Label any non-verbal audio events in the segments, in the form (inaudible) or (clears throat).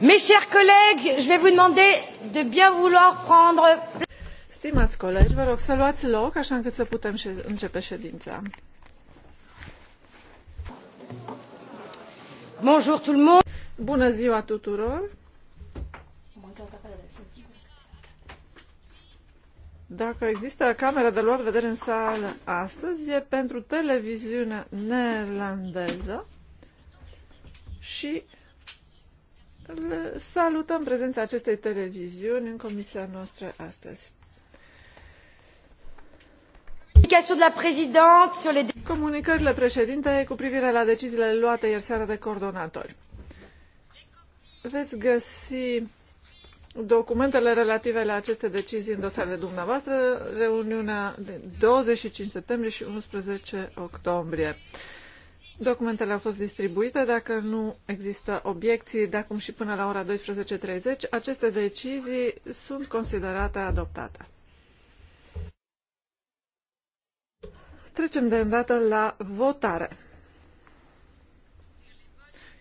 Mes chers collègues, je vais vous demander de bien vouloir prendre... Stimați colegi, vă rog să luați loc așa încât să putem începe ședința. Bonjour tout le monde. Bună ziua tuturor. Dacă există camera de luat vedere în sală astăzi, e pentru televiziunea neerlandeză și salutăm prezența acestei televiziuni în comisia noastră astăzi. Comunicările președintei cu privire la deciziile luate ieri seara de coordonatori. Veți găsi documentele relative la aceste decizii în dosarele dumneavoastră, reuniunea de 25 septembrie și 11 octombrie. Documentele au fost distribuite. Dacă nu există obiecții de acum și până la ora 12.30, aceste decizii sunt considerate adoptate. Trecem de îndată la votare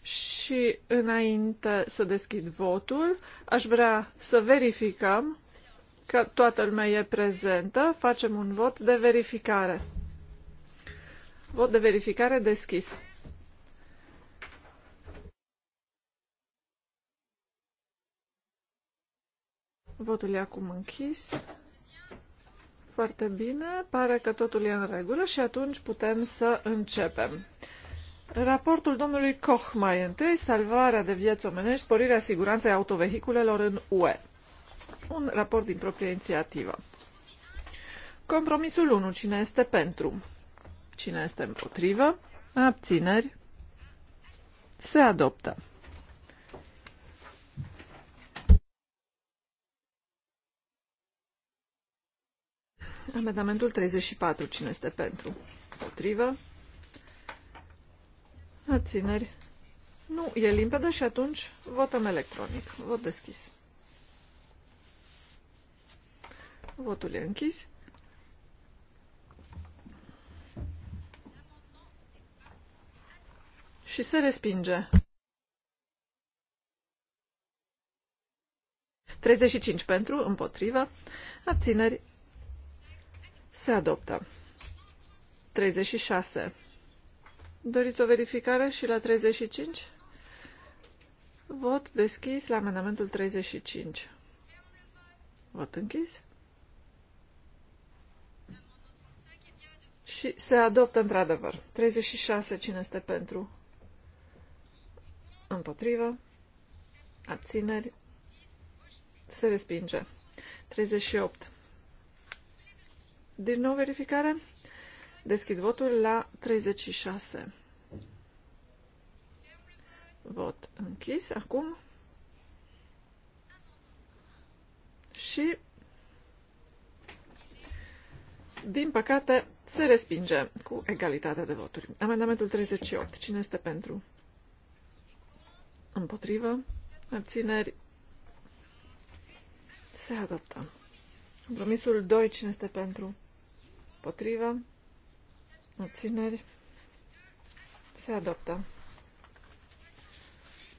și înainte să deschid votul, aș vrea să verificăm că toată lumea e prezentă. Facem un vot de verificare. Vot de verificare deschis. Votul e acum închis. Foarte bine, pare că totul e în regulă și atunci putem să începem. Raportul domnului Koch mai întâi, salvarea de vieți omenești, sporirea siguranței autovehiculelor în UE. Un raport din proprie inițiativă. Compromisul 1. Cine este pentru? Cine este împotrivă? Abțineri? Se adoptă. Amendamentul 34. Cine este pentru? Potrivă? Abțineri. Nu, e limpede și atunci votăm electronic. Vot deschis. Votul e închis. Și se respinge. 35 pentru, împotrivă, abțineri, se adoptă. 36 Doriți o verificare și la 35? Vot deschis la amendamentul 35. Vot închis. Și se adoptă într-adevăr. 36. Cine este pentru? Împotrivă. Abțineri. Se respinge. 38. Din nou verificare? Deschid votul la 36. Vot închis acum. Și, din păcate, se respinge cu egalitatea de voturi. Amendamentul 38. Cine este pentru? Împotrivă. Abțineri. Se adoptă. Promisul 2. Cine este pentru? Potrivă. Abțineri. Se adoptă.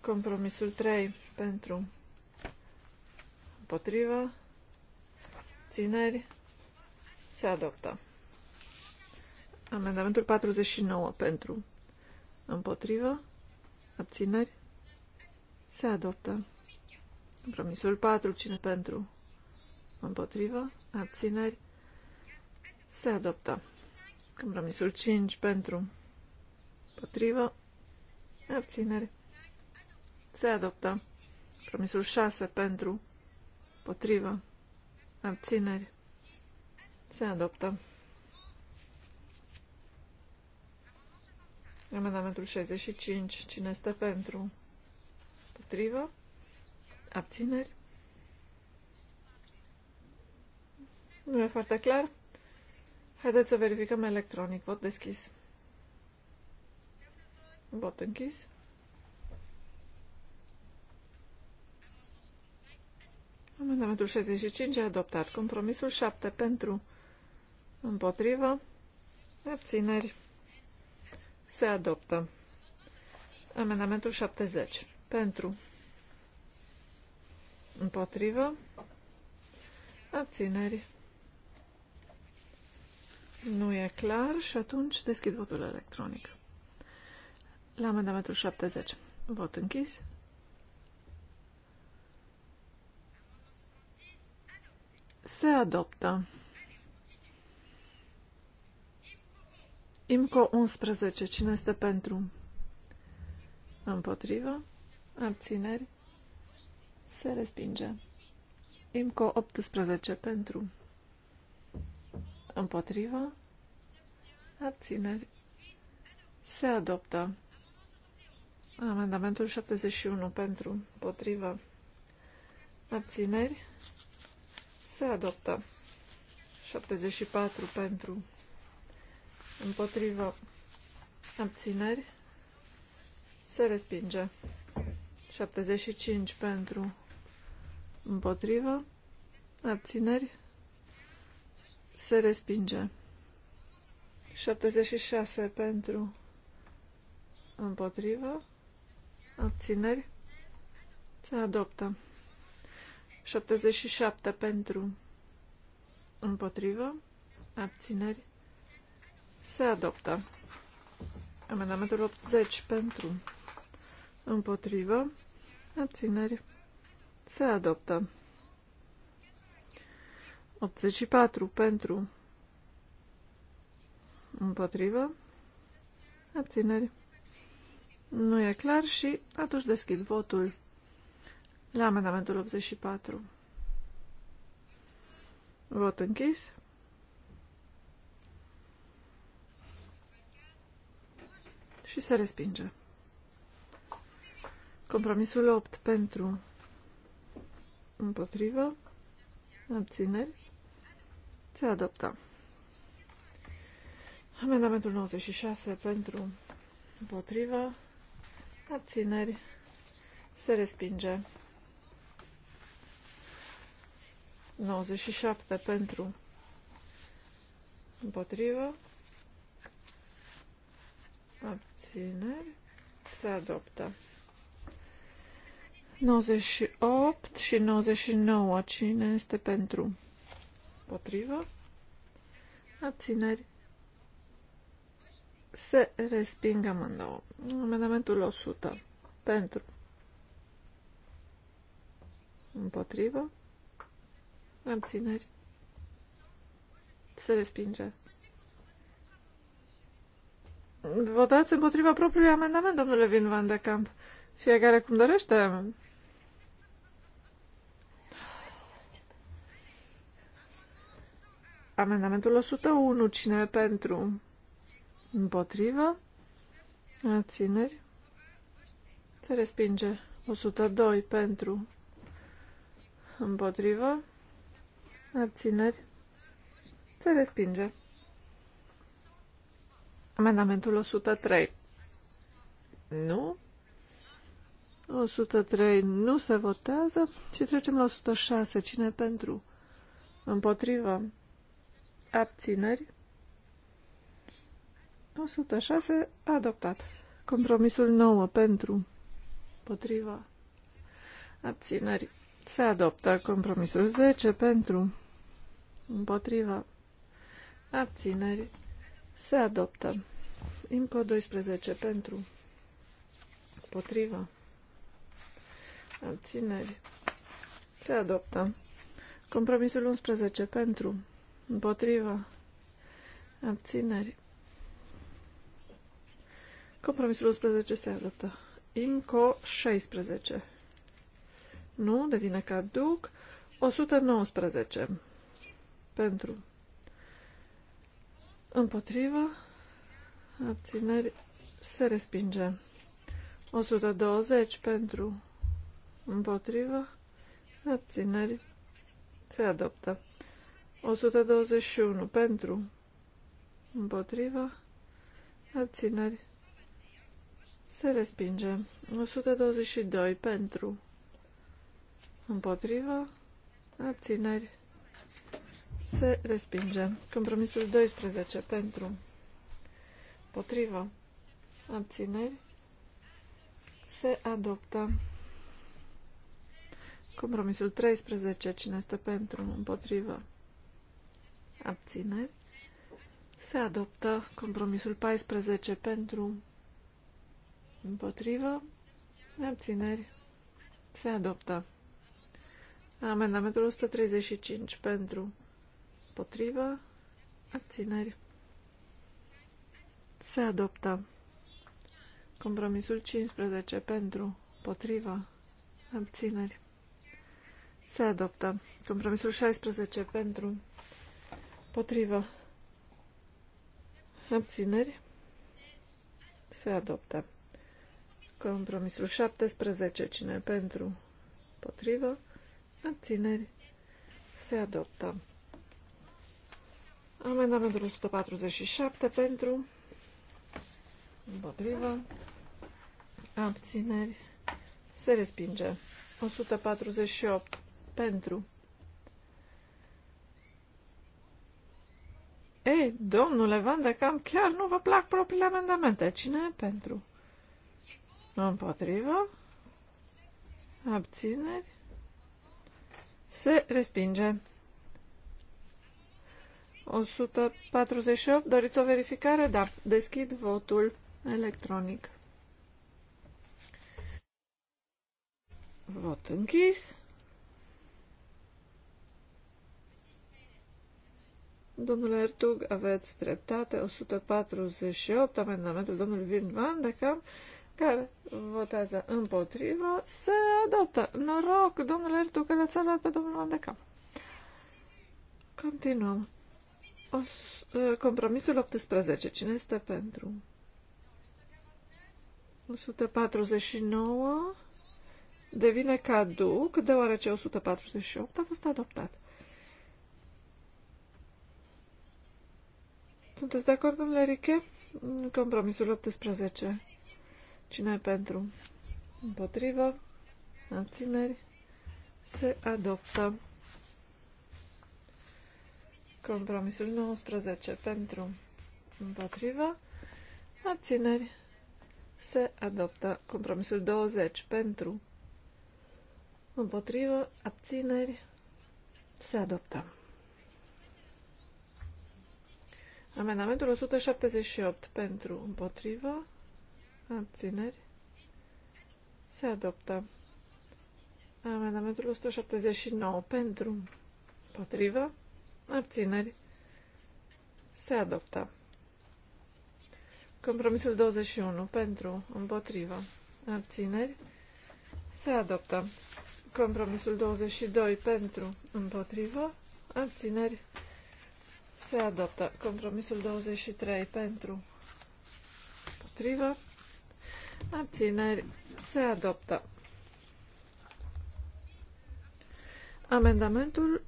Compromisul 3 pentru împotrivă. Țineri. Se adoptă. Amendamentul 49 pentru împotrivă. Abțineri. Se adoptă. Compromisul 4. Cine pentru? Împotrivă? Abțineri? Se adoptă. Compromisul 5 pentru potrivă. Abținere. Se adoptă. Compromisul 6 pentru potrivă. Abținere. Se adoptă. Amendamentul 65. Cine este pentru? Potrivă? Abțineri? Nu e foarte clar? Haideți să verificăm electronic. Vot deschis. Vot închis. Amendamentul 65 a adoptat. Compromisul 7 pentru împotrivă. Abțineri. Se adoptă. Amendamentul 70 pentru împotrivă. Abțineri. Nu e clar și atunci deschid votul electronic. La amendamentul 70. Vot închis. Se adoptă. IMCO 11. Cine este pentru? Împotrivă. Abțineri. Se respinge. IMCO 18. Pentru. Împotrivă. Abțineri. Se adoptă. Amendamentul 71 pentru. Împotrivă. Abțineri. Se adoptă. 74 pentru. Împotrivă. Abțineri. Se respinge. 75 pentru. Împotrivă. Abțineri se respinge. 76 pentru împotrivă, abțineri, se adoptă. 77 pentru împotrivă, abțineri, se adoptă. Amendamentul 80 pentru împotrivă, abțineri, se adoptă. 84 pentru împotrivă abțineri. Nu e clar și atunci deschid votul la amendamentul 84. Vot închis. Și se respinge. Compromisul 8 pentru împotrivă, abțineri, se adoptă. Amendamentul 96 pentru împotrivă. Abțineri. Se respinge. 97 pentru împotrivă. Abțineri. Se adoptă. 98 și 99. Cine este pentru? Împotrivă. Abțineri. Se resping amândouă. Amendamentul 100. Pentru. Împotrivă. Abțineri. Se respinge. Votați împotriva propriului amendament, domnule Vin Van de Camp. Fiecare cum dorește. Amendamentul 101. Cine e pentru? Împotrivă. Ațineri? Se respinge. 102 pentru. Împotrivă. Abțineri. Se respinge. Amendamentul 103. Nu. 103 nu se votează și trecem la 106. Cine pentru? Împotrivă abțineri, 106, adoptat. Compromisul 9 pentru, potriva, abțineri, se adoptă. Compromisul 10 pentru, împotriva, abțineri, se adoptă. IMCO 12 pentru, potriva, abțineri, se adoptă. Compromisul 11 pentru, împotriva abținerii. Compromisul 11 se adoptă. Inco 16. Nu, devine caduc. 119. Pentru. Împotriva Abțineri. Se respinge. 120 pentru. Împotrivă. Abțineri. Se adoptă. 121 pentru, împotriva, abțineri, se respinge. 122 pentru, împotriva, abțineri, se respinge. Compromisul 12 pentru, împotriva, abțineri, se adoptă. Compromisul 13, cine este pentru, împotriva, abțineri, se adoptă compromisul 14 pentru, împotrivă, abțineri, se adoptă. Amendamentul 135 pentru, împotrivă, abțineri, se adoptă. Compromisul 15 pentru, împotrivă abțineri. Se adoptă. Compromisul 16 pentru, Potrivă. Abțineri. Se adoptă. Compromisul 17. Cine pentru? Potrivă. Abțineri. Se adoptă. Amendamentul 147 pentru. potrivă, Abțineri. Se respinge. 148 pentru. Ei, domnule Van de Camp, chiar nu vă plac propriile amendamente. Cine e pentru? Împotrivă? Abțineri? Se respinge. 148. Doriți o verificare? Da. Deschid votul electronic. Vot închis. Domnule Ertug, aveți dreptate. 148, amendamentul domnului Van de Cam care votează împotriva se adoptă. Noroc, domnule Ertug, că l-ați pe domnul Van de Cam. Continuăm. O, eh, compromisul 18. Cine este pentru? 149 devine caduc, deoarece 148 a fost adoptat. Sunteți de acord, domnule Riche? Compromisul 18. Cine e pentru? Împotrivă? Abțineri? Se adoptă. Compromisul 19. Pentru? Împotrivă? Abțineri? Se adoptă. Compromisul 20. Pentru? Împotrivă? Abțineri? Se adoptă. Amendamentul 178 pentru împotrivă, abțineri, se adoptă. Amendamentul 179 pentru împotrivă, abțineri, se adoptă. Compromisul 21 pentru împotrivă, abțineri, se adoptă. Compromisul 22 pentru împotrivă, abțineri, se adoptă. Compromisul 23 pentru. Potrivă. Abțineri. Se adoptă. Amendamentul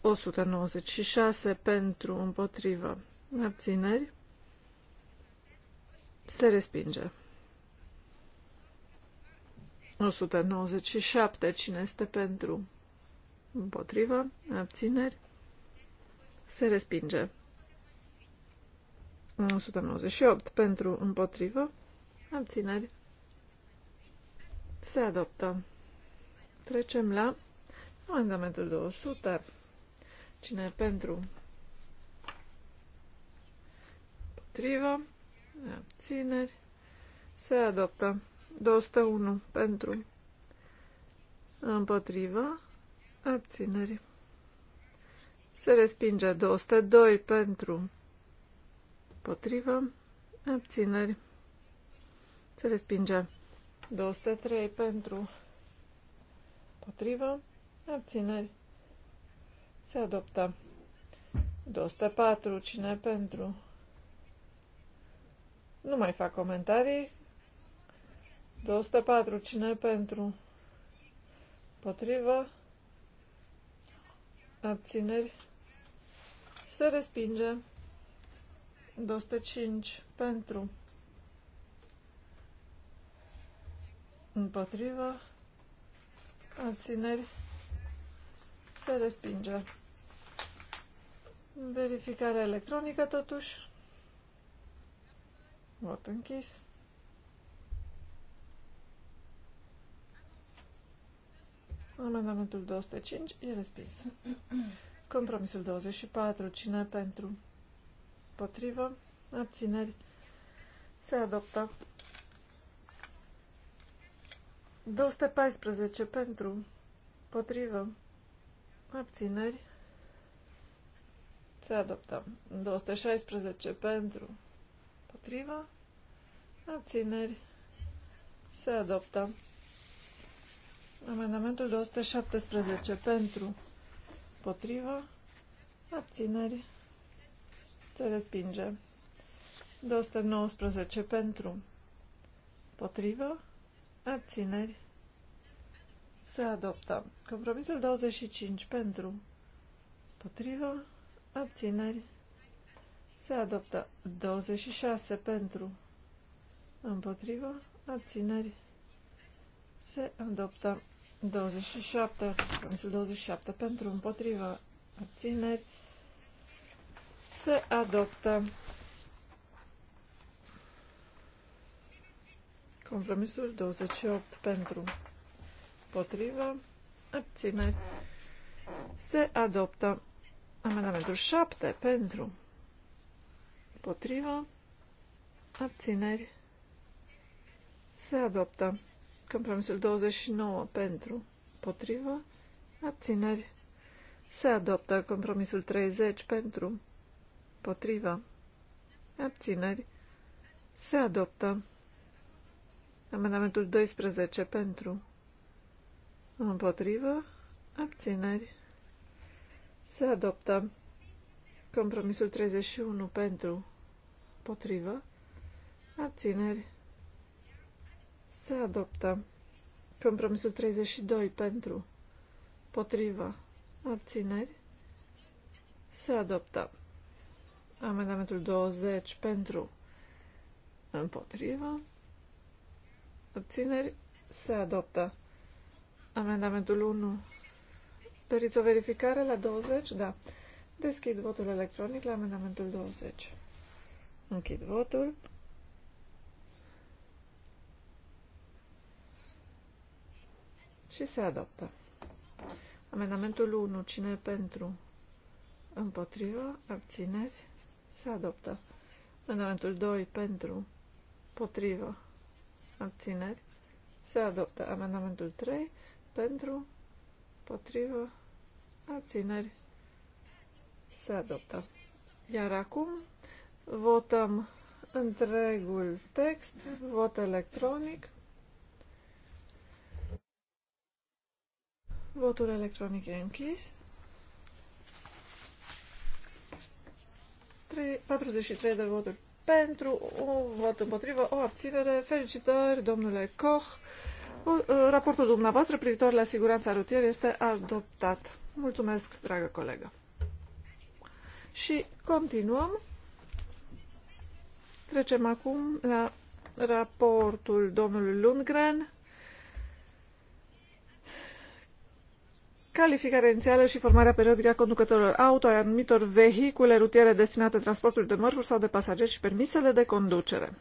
196 pentru împotrivă. Abțineri. Se respinge. 197. Cine este pentru? Împotrivă. Abțineri. Se respinge. 198 pentru împotrivă. Abțineri. Se adoptă. Trecem la amendamentul 200. Cine pentru? Împotrivă. Abțineri. Se adoptă. 201 pentru. Împotrivă. Abțineri. Se respinge 202 pentru potrivă, abțineri. Se respinge 203 pentru potrivă, abțineri. Se adoptă 204 cine pentru. Nu mai fac comentarii. 204 cine pentru potrivă, abțineri, se respinge 205 pentru împotriva abțineri se respinge verificarea electronică totuși vot închis Amendamentul 205 e respins. Compromisul 24. Cine pentru? Potrivă? Abțineri? Se adoptă. 214 pentru? Potrivă? Abțineri? Se adoptă. 216 pentru? Potrivă? Abțineri? Se adoptă. Amendamentul 217 pentru, potrivă, abțineri, se respinge. 219 pentru, potrivă, abțineri, se adoptă. Compromisul 25 pentru, potrivă, abțineri, se adoptă. 26 pentru, împotrivă, abțineri, se adoptă. 27, 27 pentru împotriva abțineri se adoptă. Compromisul 28 pentru împotriva abțineri se adoptă. Amendamentul 7 pentru împotriva abțineri se adoptă. Compromisul 29 pentru, potrivă, abțineri. Se adoptă compromisul 30 pentru, potrivă, abțineri. Se adoptă amendamentul 12 pentru, împotrivă, abțineri. Se adoptă compromisul 31 pentru, potrivă, abțineri se adoptă. Compromisul 32 pentru. Potriva. Abțineri. Se adoptă. Amendamentul 20 pentru. Împotriva. Abțineri. Se adoptă. Amendamentul 1. Doriți o verificare la 20? Da. Deschid votul electronic la amendamentul 20. Închid votul. și se adoptă. Amendamentul 1. Cine pentru? Împotrivă. Abțineri. Se adoptă. Amendamentul 2. Pentru. Potrivă. Abțineri. Se adoptă. Amendamentul 3. Pentru. Potrivă. Abțineri. Se adoptă. Iar acum votăm întregul text, vot electronic. Votul electronic e închis. 43 de voturi pentru, un vot împotrivă, o abținere. Felicitări, domnule Koch. Uh, raportul dumneavoastră privitor la siguranța rutieră este adoptat. Mulțumesc, dragă colegă. Și continuăm. Trecem acum la raportul domnului Lundgren calificarea inițială și formarea periodică a conducătorilor auto, ai anumitor vehicule rutiere destinate transportului de mărfuri sau de pasageri și permisele de conducere.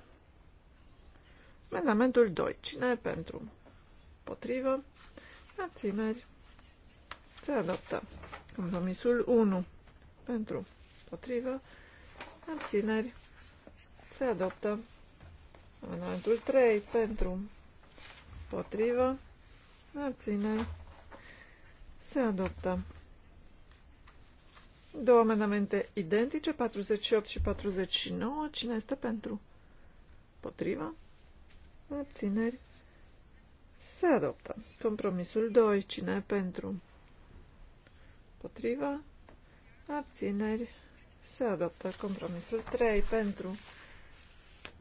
Amendamentul 2. Cine e pentru? Potrivă. Abțineri. Se adoptă. Compromisul 1. Pentru. Potrivă. Abțineri. Se adoptă. Amendamentul 3. Pentru. Potrivă. Abțineri se adoptă. Două amendamente identice, 48 și 49. Cine este pentru? Potriva? Abțineri. Se adoptă. Compromisul 2. Cine pentru? Potriva? Abțineri. Se adoptă. Compromisul 3. Pentru?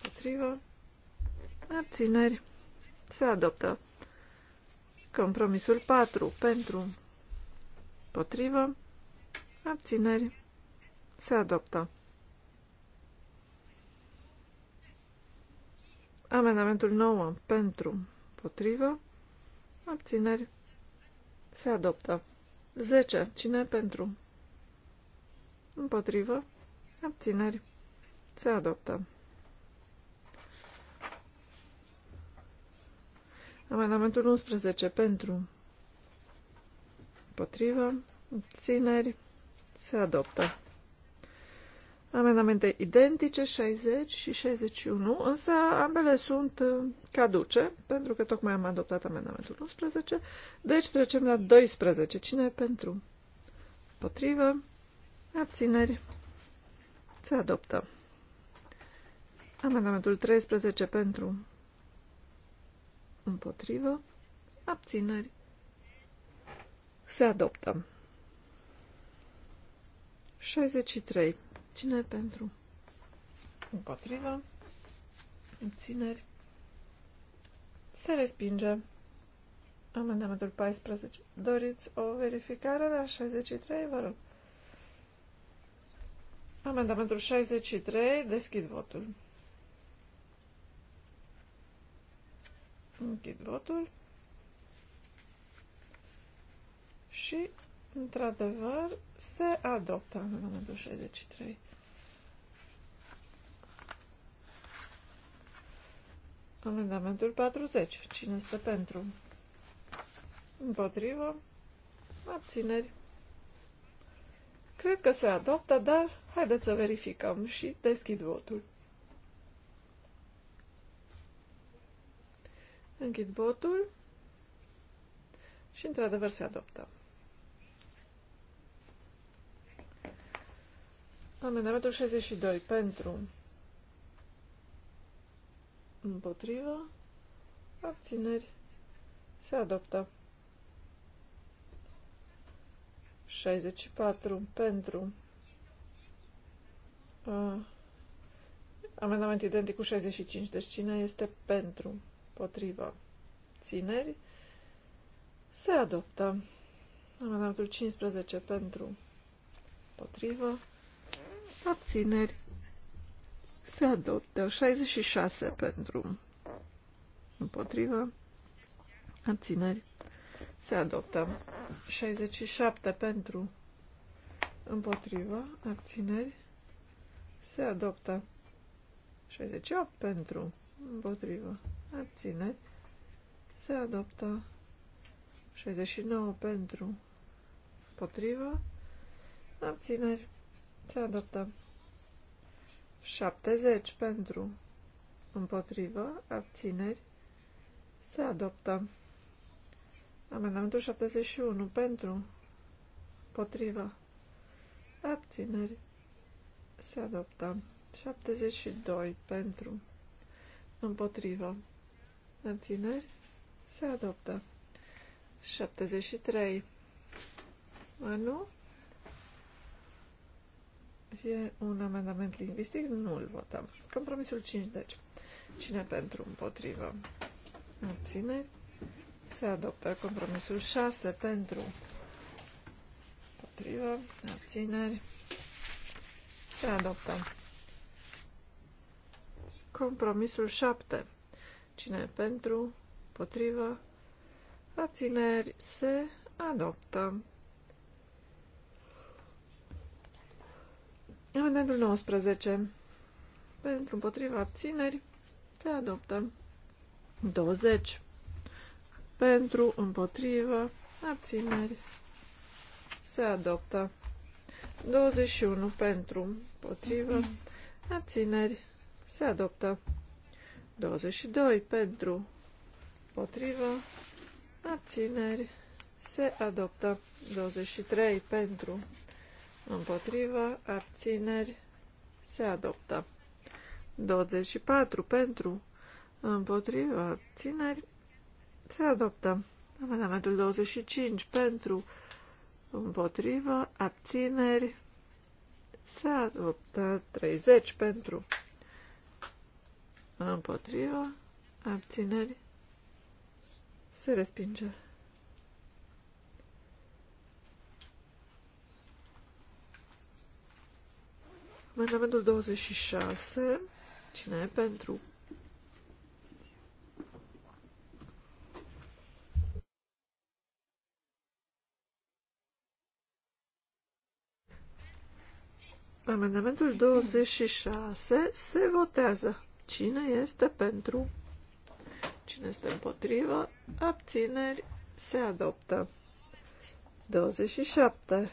Potriva? Abțineri. Se adoptă. Compromisul 4. Pentru? Potriva, Potrivă. Abțineri. Se adoptă. Amendamentul 9 pentru potrivă. Abțineri. Se adoptă. 10. Cine pentru? Împotrivă. Abțineri. Se adoptă. Amendamentul 11 pentru Împotrivă. Țineri. Se adoptă. Amendamente identice 60 și 61, însă ambele sunt uh, caduce, pentru că tocmai am adoptat amendamentul 11. Deci trecem la 12. Cine e pentru? Potrivă. Abțineri. Se adoptă. Amendamentul 13 pentru. Împotrivă. Abțineri. Se adoptă. 63. Cine e pentru? Împotrivă. Obțineri. Se respinge. Amendamentul 14. Doriți o verificare la 63? Vă rog. Amendamentul 63. Deschid votul. Închid votul. și, într-adevăr, se adoptă amendamentul 63. Amendamentul 40. Cine este pentru? Împotrivă? Abțineri. Cred că se adoptă, dar haideți să verificăm și deschid votul. Închid votul și, într-adevăr, se adoptă. Amendamentul 62. Pentru. Împotrivă. Abțineri. Se adoptă. 64. Pentru. Uh, amendament identic cu 65. Deci cine este pentru? Potriva. Țineri. Se adoptă. Amendamentul 15 pentru. Potrivă abțineri, se adoptă 66 pentru împotrivă, abțineri, se adoptă 67 pentru împotrivă, abțineri, se adoptă 68 pentru împotrivă, abțineri, se adoptă 69 pentru împotrivă, abțineri, se adoptă. 70 pentru. Împotrivă. Abțineri. Se adoptă. Amendamentul 71 pentru. Împotrivă. Abțineri. Se adoptă. 72 pentru. Împotrivă. Abțineri. Se adoptă. 73. A, nu? fie un amendament lingvistic, nu îl votăm. Compromisul 5, deci. Cine pentru, împotrivă, abțineri, se adoptă. Compromisul 6, pentru, împotrivă, abțineri, se adoptă. Compromisul 7. Cine pentru, împotrivă, abțineri, se adoptă. Amendamentul 19. Pentru împotriva abțineri se adoptă. 20. Pentru împotriva abțineri se adoptă. 21. Pentru împotriva abțineri se adoptă. 22. Pentru împotriva abțineri se adoptă. 23. Pentru împotrivă, abțineri, se adoptă. 24 pentru, împotrivă, abțineri, se adoptă. Amendamentul 25 pentru, împotrivă, abțineri, se adoptă. 30 pentru, împotrivă, abțineri, se respinge. Amendamentul 26. Cine e pentru? Amendamentul 26 se votează. Cine este pentru? Cine este împotrivă? Abțineri se adoptă. 27.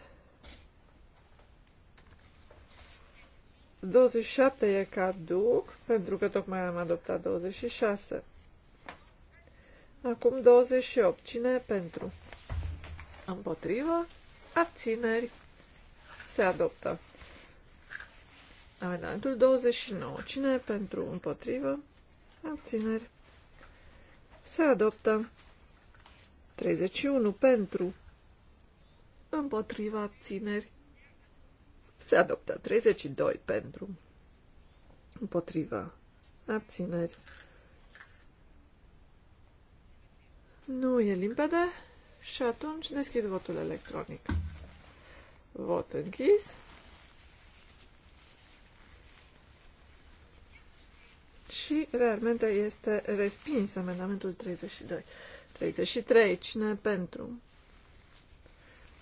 27 e caduc, pentru că tocmai am adoptat 26. Acum 28. Cine e pentru? Împotrivă? Abțineri? Se adoptă. Amendamentul 29. Cine e pentru? Împotrivă? Abțineri? Se adoptă. 31. Pentru? Împotrivă? abțineri? Se adoptă 32 pentru. Împotriva. Abțineri. Nu e limpede și atunci deschid votul electronic. Vot închis. Și realmente este respins amendamentul 32. 33. Cine pentru?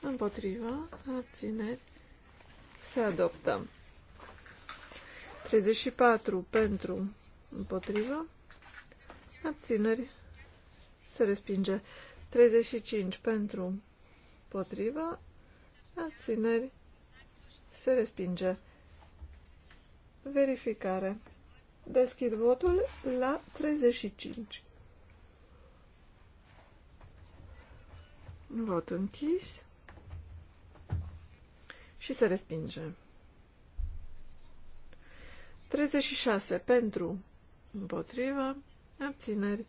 Împotriva. Abțineri. Se adoptă. 34 pentru împotrivă. Abțineri. Se respinge. 35 pentru împotrivă. Abțineri. Se respinge. Verificare. Deschid votul la 35. Vot închis și se respinge. 36 pentru, împotrivă, abțineri,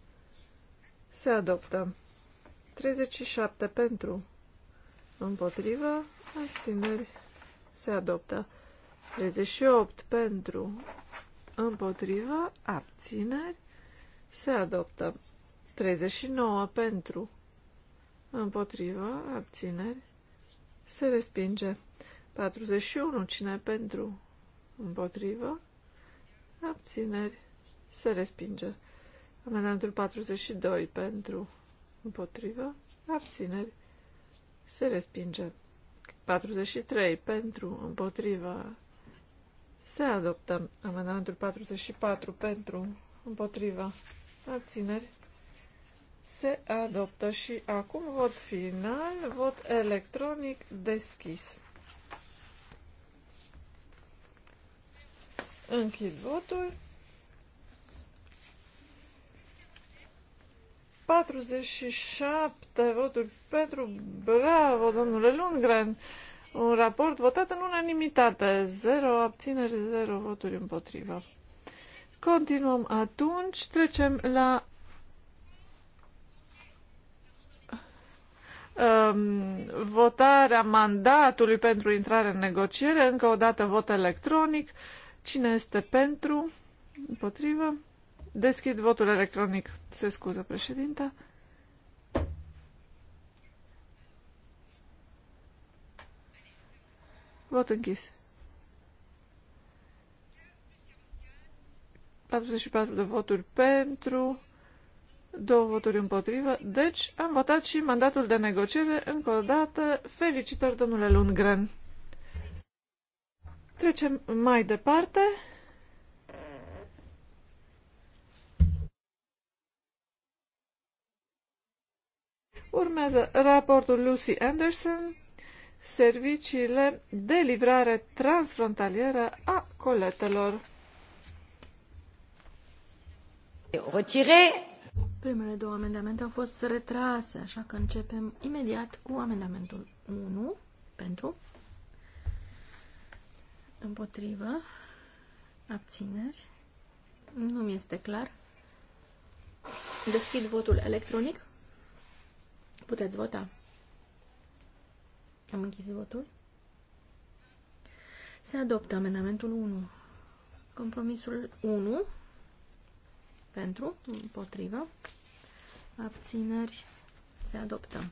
se adoptă. 37 pentru, împotrivă, abțineri, se adoptă. 38 pentru, împotrivă, abțineri, se adoptă. 39 pentru, împotrivă, abțineri, se respinge. 41. Cine pentru? Împotrivă. Abțineri. Se respinge. Amendamentul 42. Pentru. Împotrivă. Abțineri. Se respinge. 43. Pentru. Împotrivă. Se adoptă. Amendamentul 44. Pentru. Împotrivă. Abțineri se adoptă și acum vot final, vot electronic deschis. Închid votul. 47 voturi pentru. Bravo, domnule Lundgren! Un raport votat în unanimitate. 0 abțineri, 0 voturi împotriva. Continuăm atunci. Trecem la um, votarea mandatului pentru intrare în negociere, încă o dată vot electronic. Cine este pentru? Împotrivă? Deschid votul electronic. Se scuză președinta. Vot închis. 44 de voturi pentru, două voturi împotrivă. Deci am votat și mandatul de negociere. Încă o dată, felicitări domnule Lundgren. Trecem mai departe. Urmează raportul Lucy Anderson, serviciile de livrare transfrontalieră a coletelor. Retire. Primele două amendamente au fost retrase, așa că începem imediat cu amendamentul 1 pentru Împotrivă. Abțineri. Nu mi este clar. Deschid votul electronic. Puteți vota. Am închis votul. Se adoptă amendamentul 1. Compromisul 1. Pentru. Împotrivă. Abțineri. Se adoptă.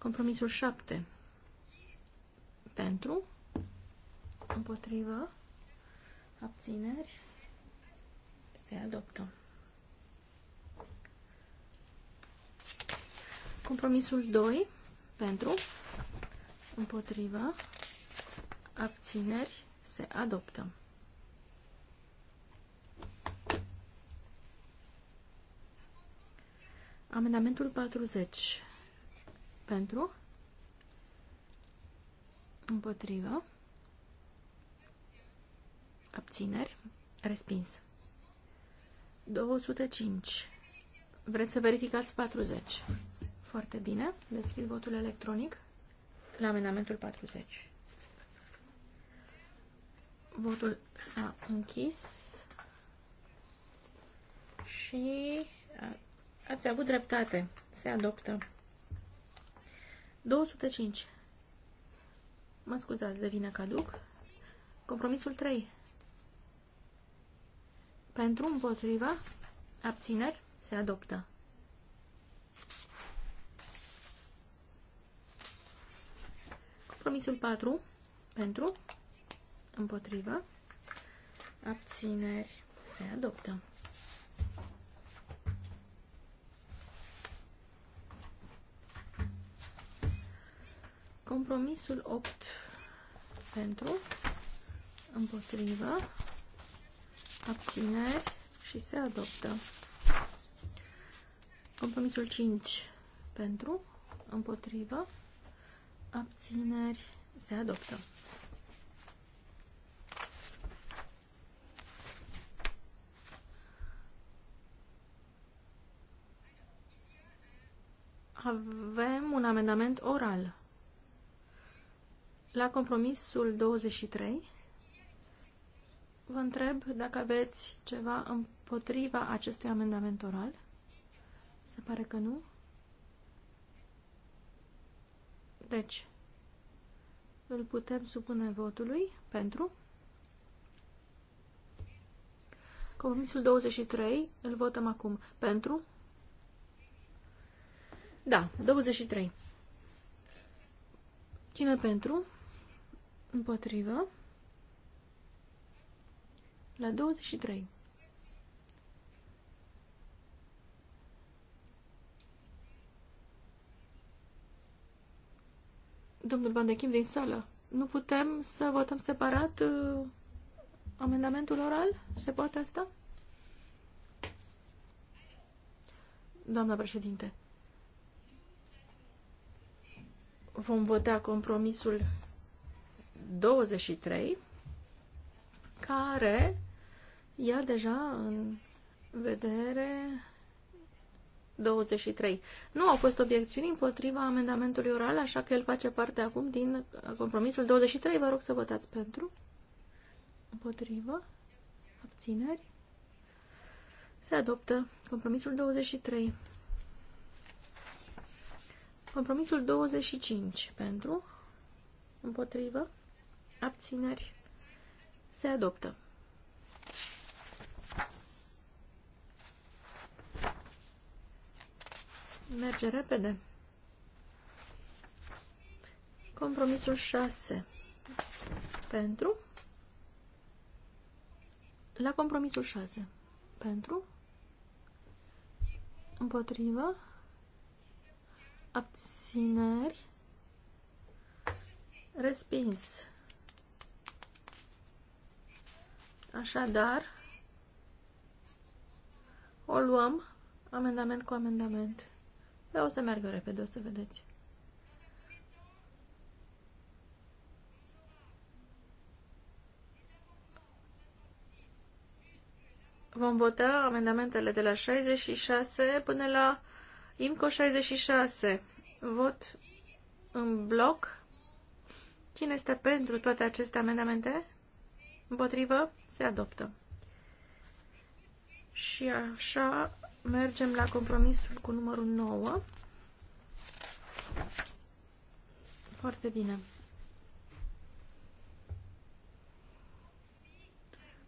Compromisul 7. Pentru. Împotrivă. Abțineri. Se adoptă. Compromisul 2. Pentru. Împotrivă. Abțineri. Se adoptă. Amendamentul 40 pentru. Împotrivă. Abțineri. Respins. 205. Vreți să verificați 40. Foarte bine. Deschid votul electronic la amendamentul 40. Votul s-a închis și ați avut dreptate. Se adoptă. 205. Mă scuzați, devine caduc. Compromisul 3. Pentru împotriva, abțineri, se adoptă. Compromisul 4. Pentru împotriva, abțineri, se adoptă. Compromisul 8 pentru, împotrivă, abțineri și se adoptă. Compromisul 5 pentru, împotrivă, abțineri, se adoptă. Avem un amendament oral. La compromisul 23 vă întreb dacă aveți ceva împotriva acestui amendament oral. Se pare că nu. Deci, îl putem supune votului pentru. Compromisul 23 îl votăm acum pentru. Da, 23. Cine pentru? Împotrivă. La 23. Domnul Bandechim din sală, nu putem să votăm separat uh, amendamentul oral? Se poate asta? Doamna președinte, vom vota compromisul 23, care ia deja în vedere 23. Nu au fost obiecțiuni împotriva amendamentului oral, așa că el face parte acum din compromisul 23. Vă rog să votați pentru. Împotrivă. Abțineri. Se adoptă compromisul 23. Compromisul 25 pentru. Împotrivă abțineri, se adoptă. Merge repede. Compromisul 6. Pentru. La compromisul 6. Pentru. Împotrivă. Abțineri. Respins. Așadar, o luăm amendament cu amendament. Dar o să meargă repede, o să vedeți. Vom vota amendamentele de la 66 până la IMCO 66. Vot în bloc. Cine este pentru toate aceste amendamente? Împotrivă? Se adoptă. Și așa mergem la compromisul cu numărul 9. Foarte bine.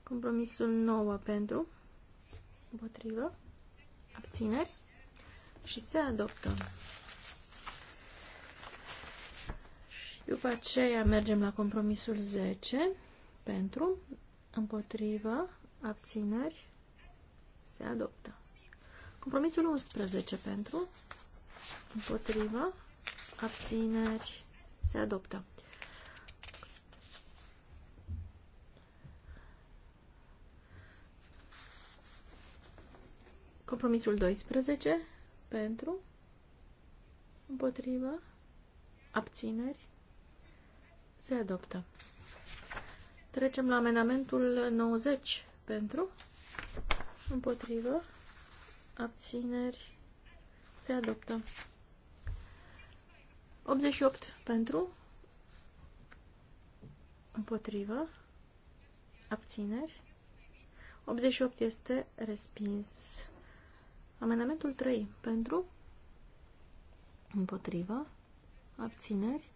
Compromisul 9 pentru, împotrivă, abțineri și se adoptă. Și după aceea mergem la compromisul 10 pentru, împotrivă, abțineri, se adoptă. Compromisul 11 pentru, împotrivă, abțineri, se adoptă. Compromisul 12 pentru, împotrivă, abțineri, se adoptă. Trecem la amenamentul 90 pentru, împotrivă, abțineri, se adoptă. 88 pentru, împotrivă, abțineri. 88 este respins. Amenamentul 3 pentru, împotrivă, abțineri,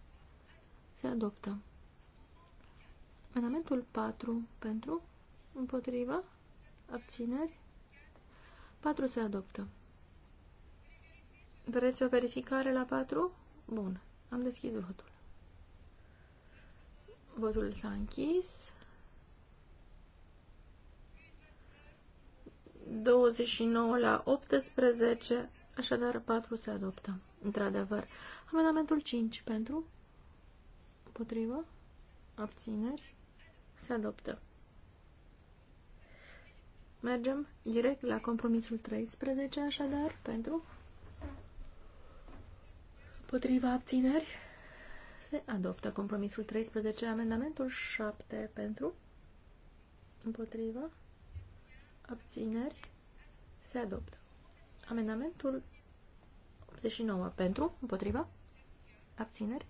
se adoptă. Amendamentul 4 pentru, împotriva, abțineri, 4 se adoptă. Vreți o verificare la 4? Bun, am deschis votul. Votul s-a închis. 29 la 18, așadar 4 se adoptă, într-adevăr. Amendamentul 5 pentru, împotrivă, abțineri, se adoptă. Mergem direct la compromisul 13, așadar, pentru împotriva abțineri. Se adoptă compromisul 13, amendamentul 7 pentru împotriva abțineri. Se adoptă. Amendamentul 89 pentru împotriva abțineri.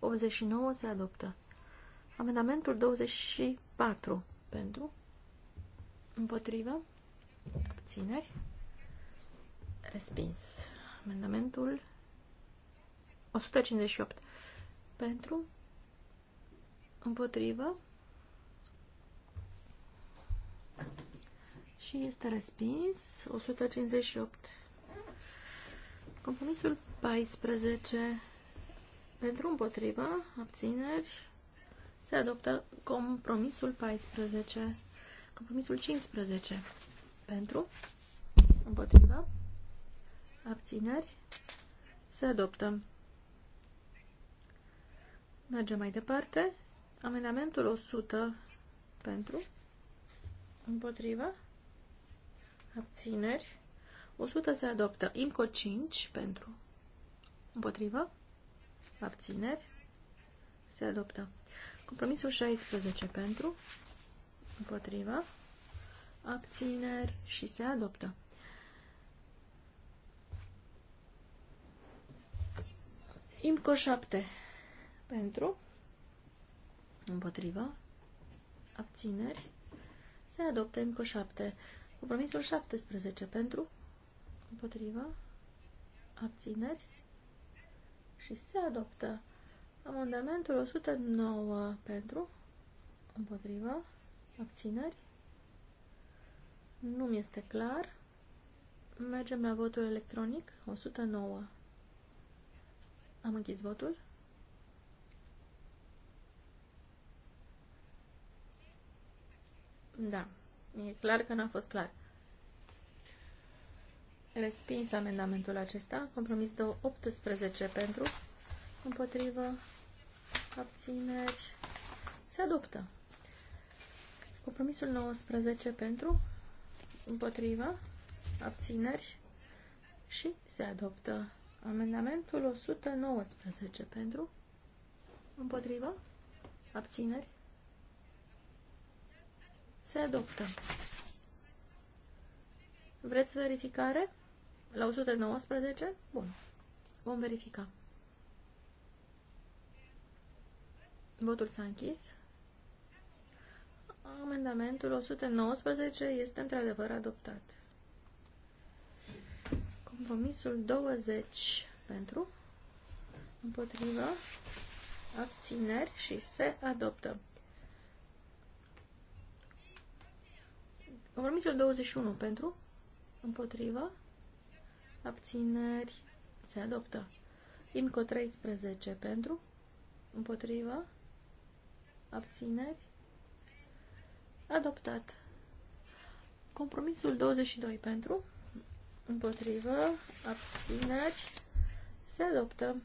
89 se adoptă. Amendamentul 24 pentru, împotrivă, abțineri, respins. Amendamentul 158 pentru, împotrivă și este respins 158. Compromisul 14 pentru împotrivă, abțineri, se adoptă compromisul 14, compromisul 15 pentru, împotriva, abțineri, se adoptă. Mergem mai departe. Amendamentul 100 pentru, împotriva, abțineri, 100 se adoptă. IMCO 5 pentru, împotriva, abțineri, se adoptă. Compromisul 16 pentru, împotriva, abțineri și se adoptă. IMCO 7 pentru, împotriva, abțineri, se adoptă IMCO 7. Compromisul 17 pentru, împotriva, abțineri și se adoptă. Amendamentul 109 pentru, împotriva, abțineri. Nu mi este clar. Mergem la votul electronic. 109. Am închis votul. Da, e clar că n-a fost clar. Respins amendamentul acesta. Compromis de 18 pentru, împotrivă, abțineri, se adoptă. Compromisul 19 pentru, împotrivă, abțineri și se adoptă. Amendamentul 119 pentru, împotrivă, abțineri, se adoptă. Vreți verificare? La 119? Bun. Vom verifica. Votul s-a închis. Amendamentul 119 este într-adevăr adoptat. Compromisul 20 pentru, împotrivă, abțineri și se adoptă. Compromisul 21 pentru, împotrivă, abțineri, se adoptă. IMCO 13 pentru, împotrivă, abțineri, adoptat. Compromisul 22 pentru, împotrivă, abțineri, se adoptă.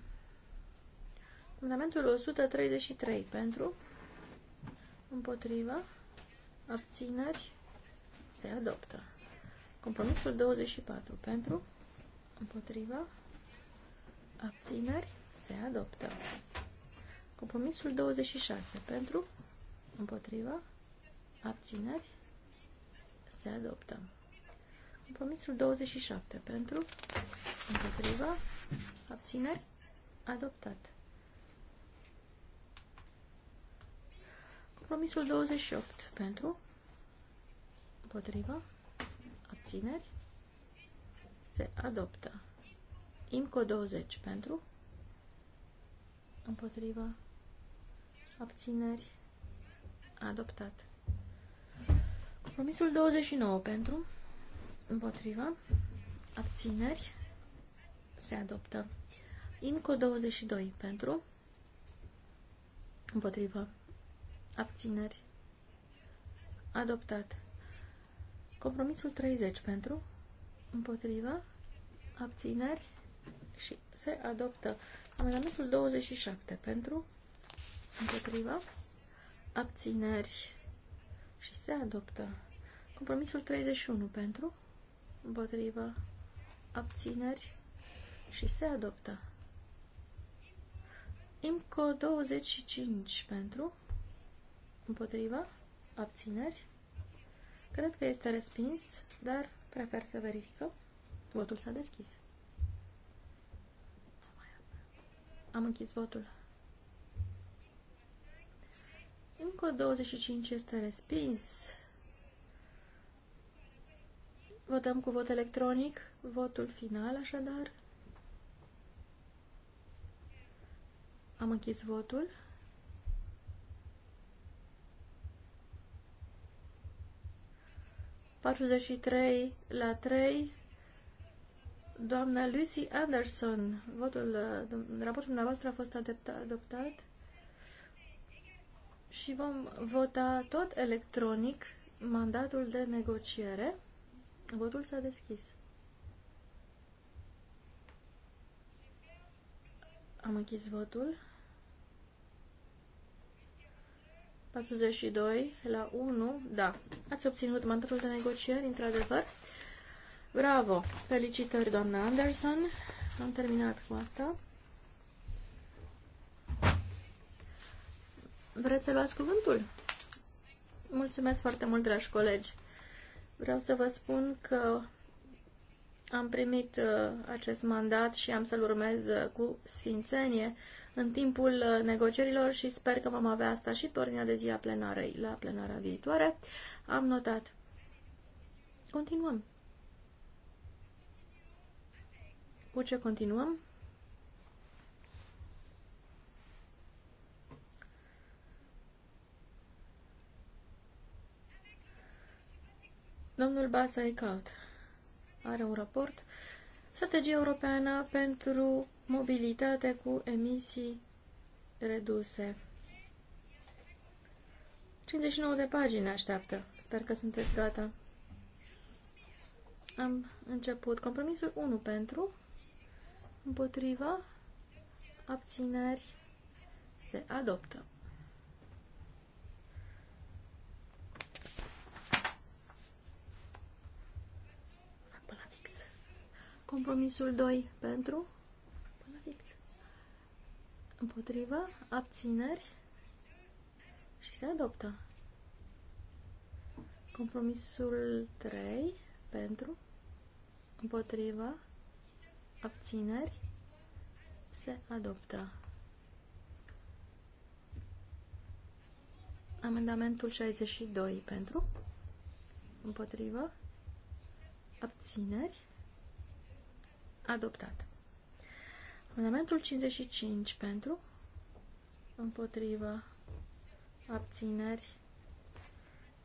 Amendamentul 133 pentru, împotrivă, abțineri, se adoptă. Compromisul 24 pentru, împotrivă, abțineri, se adoptă. Compromisul 26 pentru, împotriva, abțineri, se adoptă. Compromisul 27 pentru, împotriva, abțineri, adoptat. Compromisul 28 pentru, împotriva, abțineri, se adoptă. IMCO 20 pentru, împotriva, abțineri, adoptat. Compromisul 29 pentru, împotriva, abțineri, se adoptă. Inco 22 pentru, împotriva, abțineri, adoptat. Compromisul 30 pentru, împotriva, abțineri și se adoptă. Amendamentul 27 pentru, Împotrivă. Abțineri. Și se adoptă. Compromisul 31 pentru. Împotrivă. Abțineri. Și se adoptă. IMCO 25 pentru. Împotrivă. Abțineri. Cred că este respins, dar prefer să verificăm. Votul s-a deschis. Am închis votul. Încă 25 este respins. Votăm cu vot electronic votul final, așadar. Am închis votul. trei la 3. Doamna Lucy Anderson, votul, uh, raportul dumneavoastră a fost adoptat și vom vota tot electronic mandatul de negociere. Votul s-a deschis. Am închis votul. 42 la 1, da. Ați obținut mandatul de negocieri, într-adevăr. Bravo! Felicitări, doamna Anderson. Am terminat cu asta. Vreți să luați cuvântul? Mulțumesc foarte mult, dragi colegi. Vreau să vă spun că am primit uh, acest mandat și am să-l urmez uh, cu sfințenie în timpul uh, negocierilor și sper că vom avea asta și pe ordinea de zi a plenarei, la plenara viitoare. Am notat. Continuăm. Cu ce continuăm? Domnul Basa Ecaut are un raport Strategia europeană pentru mobilitate cu emisii reduse. 59 de pagini așteaptă. Sper că sunteți gata. Am început. Compromisul 1 pentru, împotriva, abțineri, se adoptă. Compromisul 2 pentru. Până fix. Împotrivă. Abțineri. Și se adoptă. Compromisul 3 pentru. Împotrivă. Abțineri. Se adoptă. Amendamentul 62 pentru. Împotrivă. Abțineri. Adoptat. Fundamentul 55 pentru, împotrivă, abțineri,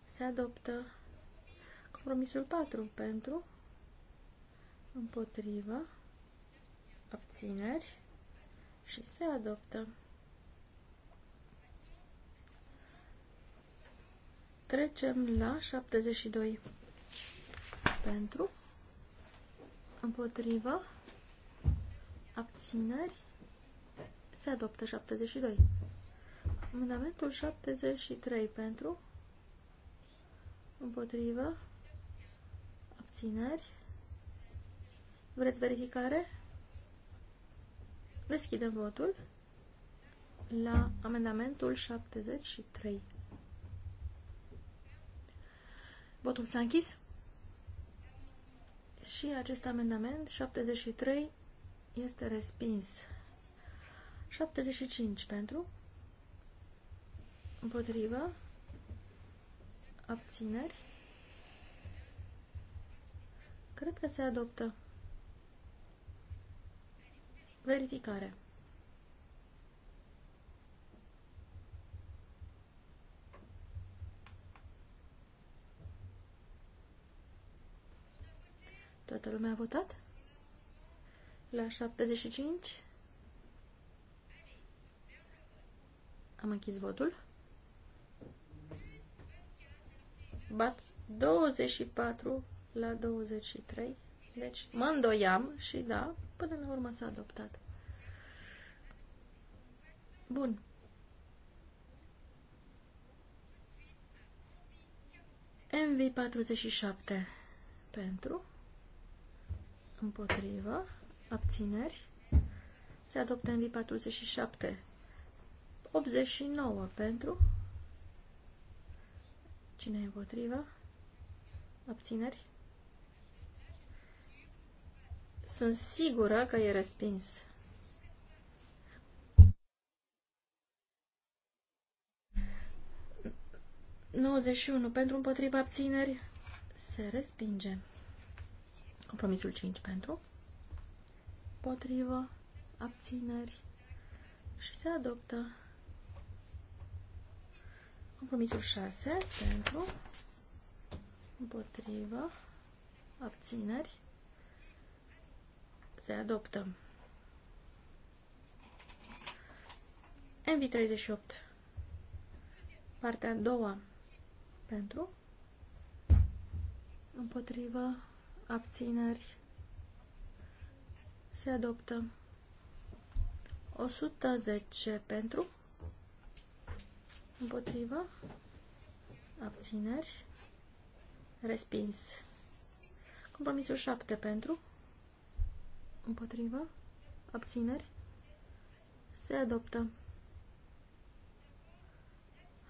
se adoptă. Compromisul 4 pentru, împotrivă, abțineri și se adoptă. Trecem la 72 pentru, Împotrivă. Abțineri. Se adoptă 72. Amendamentul 73 pentru. Împotrivă. Abțineri. Vreți verificare? Deschidem votul la amendamentul 73. Votul s-a închis. Și acest amendament 73 este respins. 75 pentru, împotrivă, abțineri. Cred că se adoptă. Verificare. Toată lumea a votat? La 75? Am închis votul. Bat 24 la 23. Deci mă îndoiam și da, până la urmă s-a adoptat. Bun. MV47 pentru împotrivă, abțineri, se adoptă în 47 89 pentru, cine e împotrivă, abțineri. Sunt sigură că e respins. Nouăzeci și unu pentru împotriva abțineri se respinge. Compromisul 5 pentru. Potrivă. Abțineri. Și se adoptă. Compromisul 6 pentru. Împotrivă. Abțineri. Se adoptă. MV38. Partea a doua. Pentru. Împotrivă abțineri, se adoptă. 110 pentru, împotrivă, abțineri, respins. Compromisul 7 pentru, împotrivă, abțineri, se adoptă.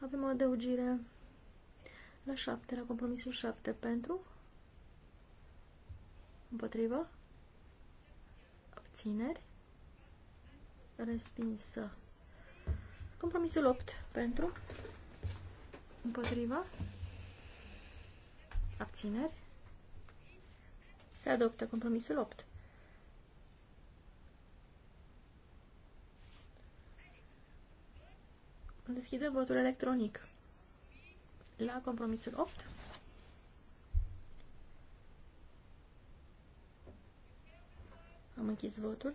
Avem o adăugire la 7, la compromisul 7 pentru, Împotrivă? Abțineri? Respinsă. Compromisul 8 pentru? Împotrivă? Abțineri? Se adoptă compromisul 8. Deschidem votul electronic la compromisul 8. Am închis votul.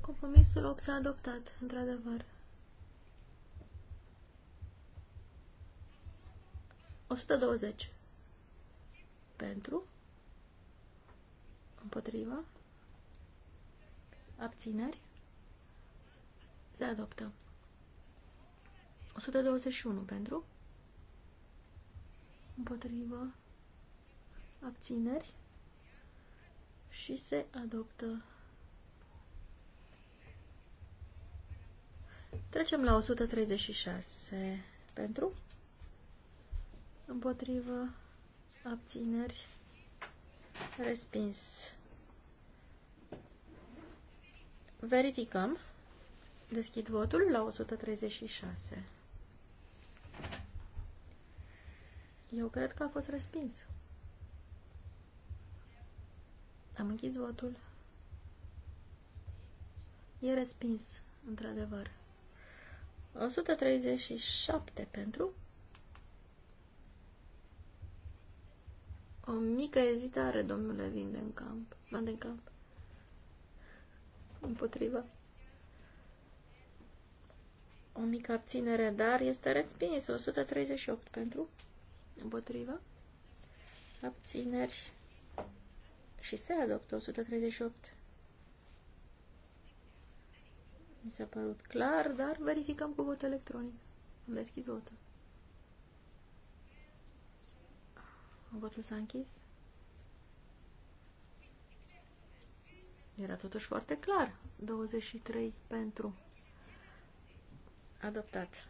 Compromisul 8 s-a adoptat, într-adevăr. 120 pentru, împotriva, abțineri, se adoptă. 121 pentru, împotriva, abțineri și se adoptă. Trecem la 136. Pentru? Împotrivă, abțineri, respins. Verificăm. Deschid votul la 136. Eu cred că a fost respins. Am închis votul. E respins, într-adevăr. 137 pentru. O mică ezitare, domnule Vindencamp. Vandencamp. Împotriva. O mică abținere, dar este respins. 138 pentru. Împotriva. Abțineri și se adoptă 138. Mi s-a părut clar, dar verificăm cu vot electronic. Am deschis votul. Votul s-a închis. Era totuși foarte clar. 23 pentru. Adoptat.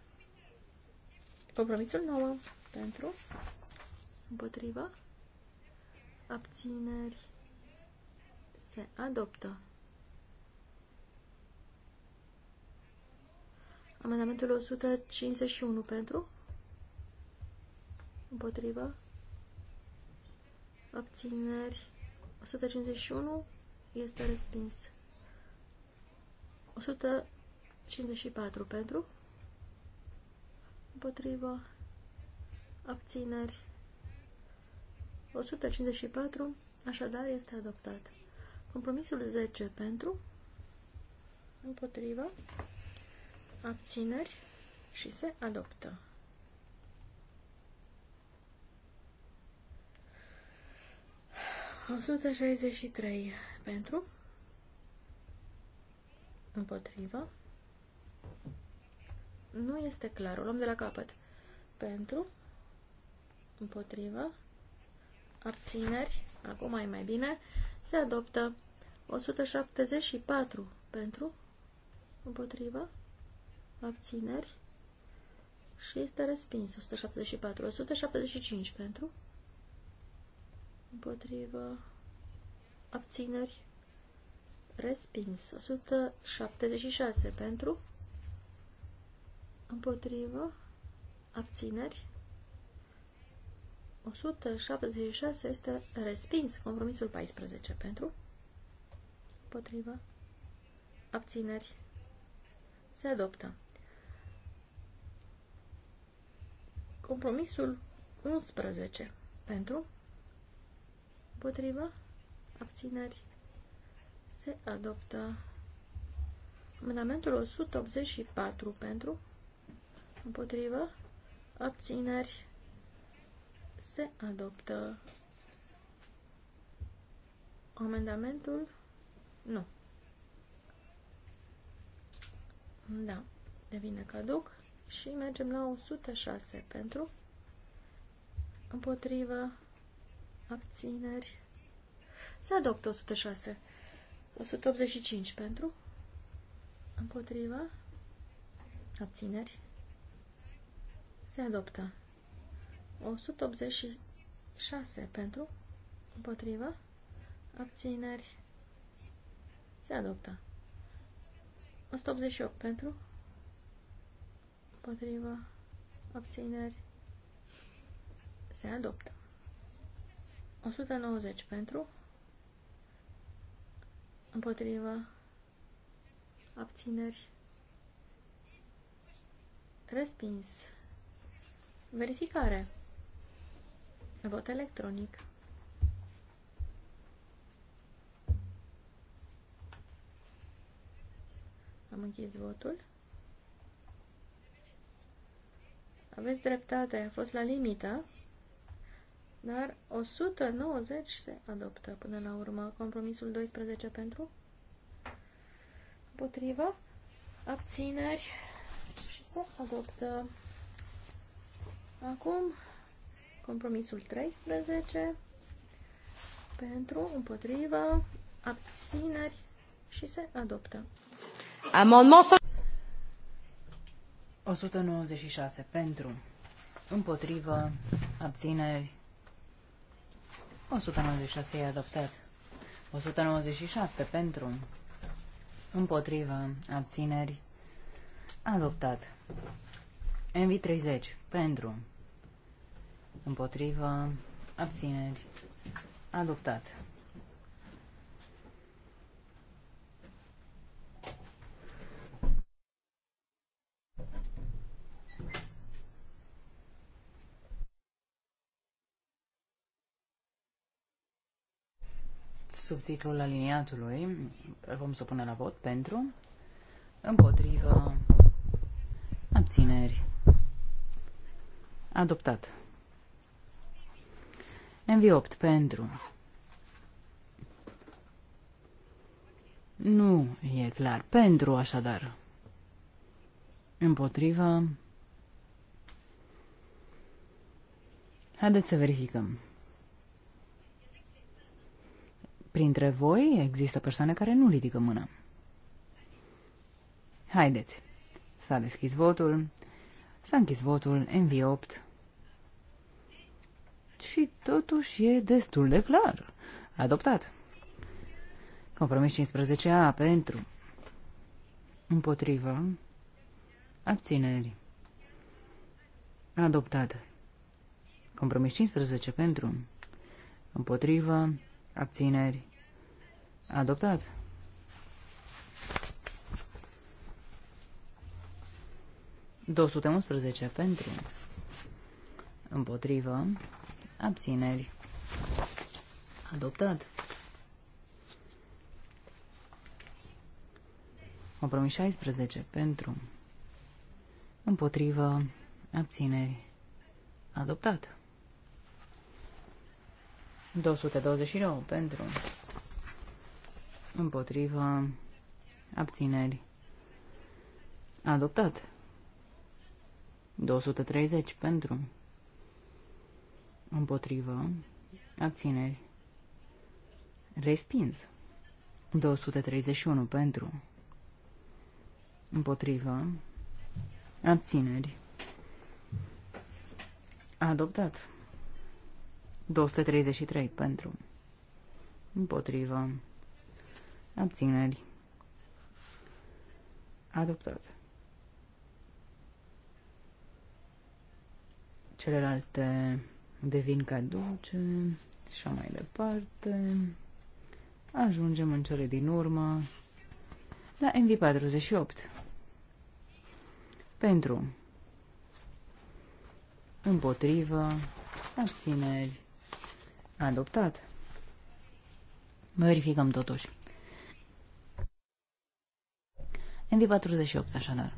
Compromisul 9 pentru. Împotriva. Abțineri se adoptă. Amendamentul 151 pentru, împotrivă, abțineri, 151 este respins. 154 pentru, împotrivă, abțineri, 154, așadar este adoptat. Compromisul 10 pentru, împotrivă, abțineri și se adoptă. Osută șaizeci și trei pentru, împotrivă, nu este clar, o luăm de la capăt, pentru, împotrivă, abțineri, acum mai mai bine, se adoptă 174 pentru, împotrivă, abțineri și este respins. 174, 175 pentru, împotrivă, abțineri, respins. 176 pentru, împotrivă, abțineri. 176 este respins. Compromisul 14 pentru, Împotrivă. Abțineri. Se adoptă. Compromisul 11. Pentru. Împotrivă. Abțineri. Se adoptă. Amendamentul 184 pentru. Împotrivă. Abțineri. Se adoptă. Amendamentul nu. Da, devine caduc și mergem la 106 pentru împotrivă abțineri. Se adoptă 106. 185 pentru împotrivă abțineri. Se adoptă 186 pentru împotrivă abțineri se adoptă. 188 pentru. Împotriva. Abțineri. Se adoptă. 190 pentru. Împotriva. Abțineri. Respins. Verificare. Vot electronic. Am închis votul. Aveți dreptate, a fost la limită, dar 190 se adoptă până la urmă. Compromisul 12 pentru? potrivă Abțineri? Și se adoptă. Acum, compromisul 13 pentru, împotriva, abțineri și se adoptă. Amendement 196 pentru, împotrivă, abțineri. 196 e adoptat. 197 pentru, împotrivă, abțineri. Adoptat. MV30 pentru, împotrivă, abțineri. Adoptat. subtitlul aliniatului. vom vom punem la vot pentru, împotrivă, abțineri. Adoptat. MV8 pentru. Nu e clar. Pentru, așadar. Împotrivă. Haideți să verificăm. Printre voi există persoane care nu ridică mâna. Haideți. S-a deschis votul. S-a închis votul mv 8 Și totuși e destul de clar. Adoptat. Compromis 15A pentru. Împotrivă. Abțineri. Adoptat. Compromis 15 pentru. Împotrivă. Abțineri. Adoptat. unsprezece pentru. Împotrivă. Abțineri. Adoptat. Compromis 16 pentru. Împotrivă. Abțineri. Adoptat. 229 pentru împotriva, abțineri, adoptat. 230 pentru, Împotrivă. abțineri, respins. 231 pentru, Împotrivă. abțineri, adoptat. 233 pentru, Împotrivă abțineri, adoptat. Celelalte devin caduce și așa mai departe. Ajungem în cele din urmă la MV48. Pentru împotrivă, abțineri, adoptat. Verificăm totuși. NV48, așadar.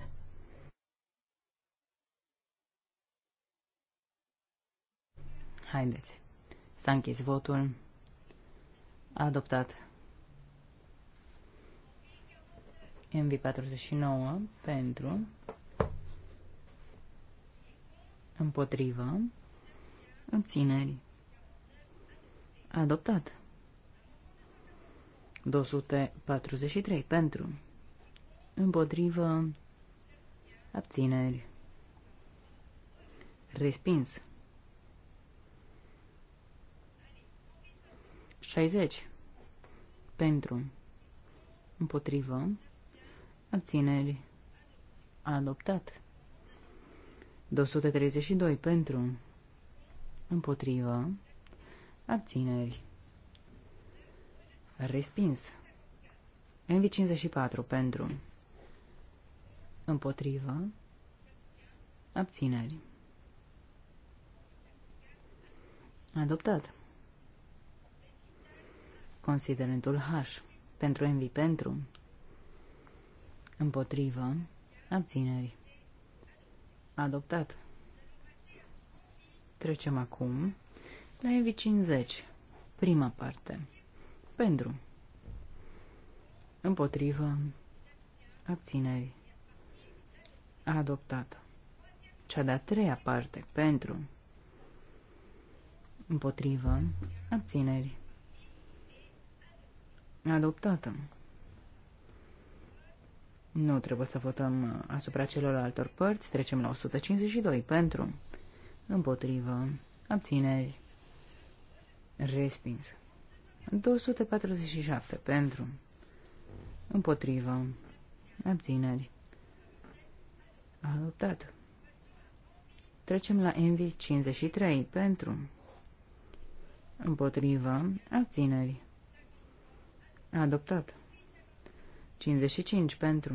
Haideți. S-a închis votul. A adoptat. MV49 pentru împotrivă obțineri. Adoptat. 243 pentru împotrivă, abțineri, respins. 60. Pentru, împotrivă, abțineri, adoptat. 232. Pentru, împotrivă, abțineri, respins. MV54 pentru Împotrivă. Abțineri. Adoptat. Considerentul H. Pentru envi pentru. Împotrivă. Abțineri. Adoptat. Trecem acum la envi 50. Prima parte. Pentru. Împotrivă. Abțineri adoptat. Cea de-a treia parte, pentru, împotrivă, abțineri, adoptată. Nu trebuie să votăm asupra celorlaltor părți, trecem la 152, pentru, împotrivă, abțineri, respins. 247, pentru, împotrivă, abțineri, Adoptat. Trecem la Envy 53. Pentru. împotriva Abțineri. Adoptat. 55. Pentru.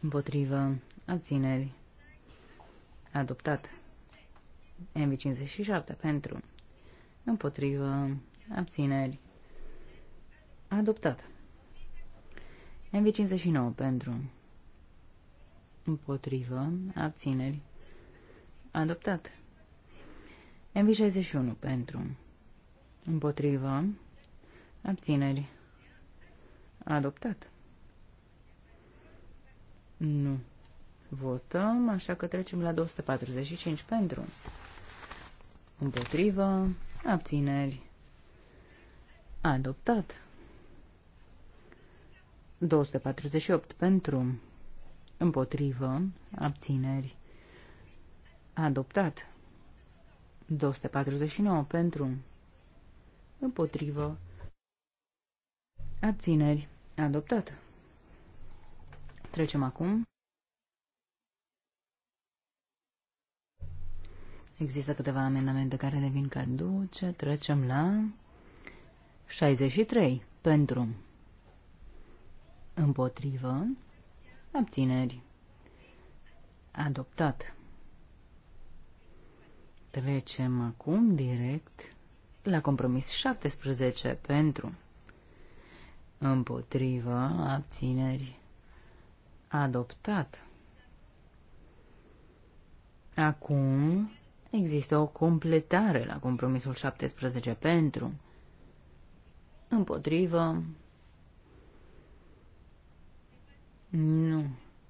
împotriva Abțineri. Adoptat. Envy 57. Pentru. împotriva Abțineri. Adoptat. MV59 pentru împotrivă, abțineri, adoptat. MV61 pentru, împotrivă, abțineri, adoptat. Nu. Votăm, așa că trecem la 245 pentru. Împotrivă, abțineri, adoptat. 248 pentru, împotrivă, abțineri, adoptat. 249 pentru, împotrivă, abțineri, adoptat. Trecem acum. Există câteva amendamente care devin caduce. Trecem la 63 pentru, împotrivă, Abțineri. Adoptat. Trecem acum direct la compromis 17 pentru împotrivă abțineri adoptat. Acum există o completare la compromisul 17 pentru împotrivă Nu,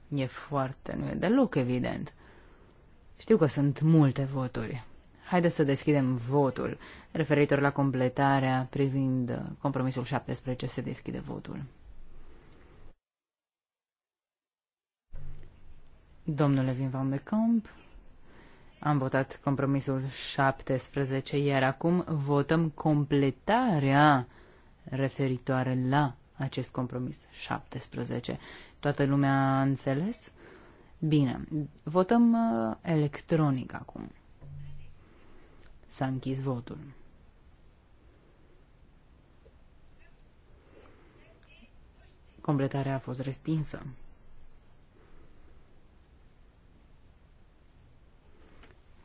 e foarte, nu e deloc evident. Știu că sunt multe voturi. Haideți să deschidem votul referitor la completarea privind compromisul 17. Se deschide votul. Domnule Vin Van de Camp, am votat compromisul 17, iar acum votăm completarea referitoare la acest compromis 17. Toată lumea a înțeles? Bine, votăm uh, electronic acum. S-a închis votul. Completarea a fost respinsă.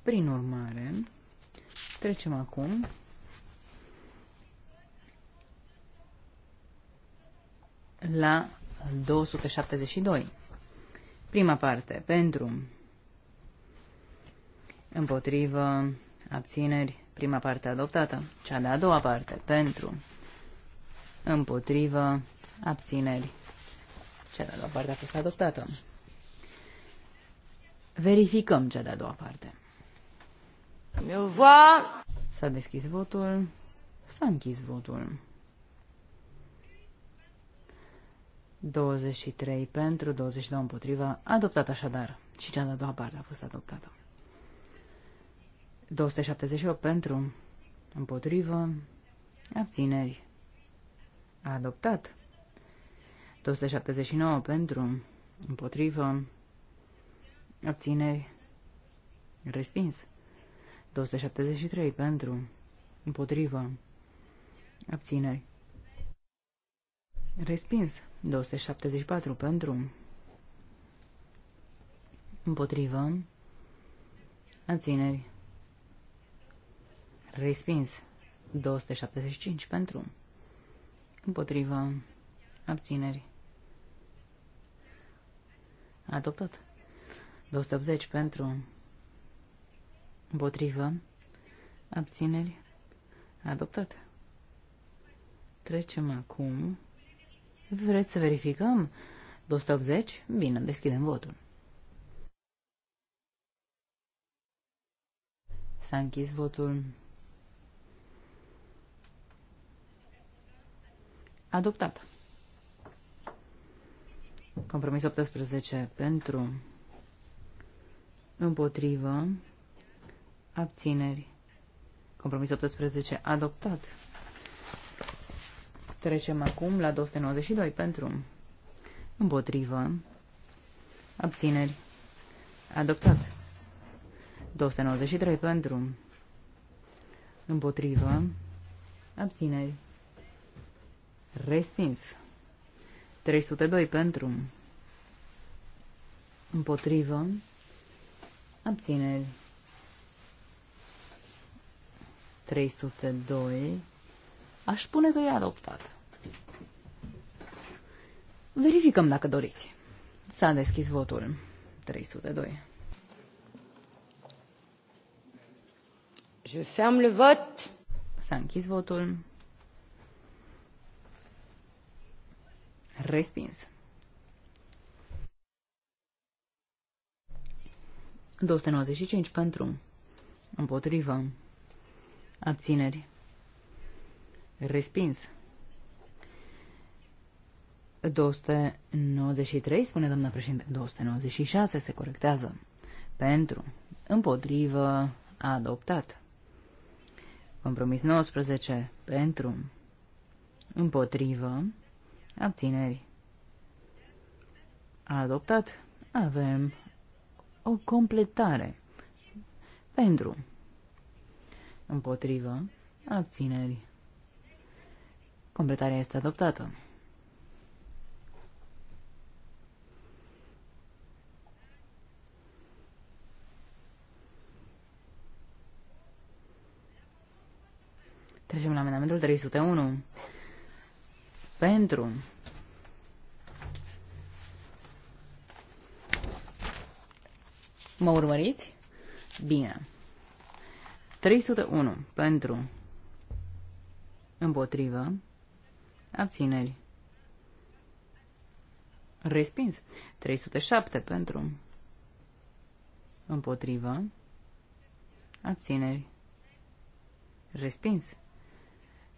Prin urmare, trecem acum la 272. Prima parte, pentru, împotrivă, abțineri, prima parte adoptată. Cea de-a doua parte, pentru, împotrivă, abțineri, cea de-a doua parte a fost adoptată. Verificăm cea de-a doua parte. S-a deschis votul, s-a închis votul. 23 pentru, 22 împotriva, adoptat așadar. Și cea de-a doua parte a fost adoptată. 278 pentru, împotrivă, abțineri, adoptat. 279 pentru, împotrivă, abțineri, respins. 273 pentru, împotrivă, abțineri, respins. 274 pentru. Împotrivă. Abțineri. Respins. 275 pentru. Împotrivă. Abțineri. Adoptat. 280 pentru. Împotrivă. Abțineri. Adoptat. Trecem acum Vreți să verificăm? 280? Bine, deschidem votul. S-a închis votul. Adoptat. Compromis 18 pentru, împotrivă, abțineri. Compromis 18 adoptat. Trecem acum la 292 pentru împotrivă abțineri adoptat. 293 pentru împotrivă abțineri respins. 302 pentru împotrivă abțineri 302 Aș spune că e adoptat. Verificăm dacă doriți. S-a deschis votul. 302. Je ferme le vot. S-a închis votul. Respins. 295 pentru. Împotrivă. Abțineri. Respins. 293, spune doamna președinte, 296 se corectează. Pentru, împotrivă, adoptat. Compromis 19, pentru, împotrivă, abțineri. Adoptat, avem o completare. Pentru, împotrivă, abțineri. Completarea este adoptată. Trecem la amendamentul 301. Pentru Mă urmăriți? Bine. 301 pentru împotrivă Abțineri. Respins. 307 pentru. Împotrivă. Abțineri. Respins.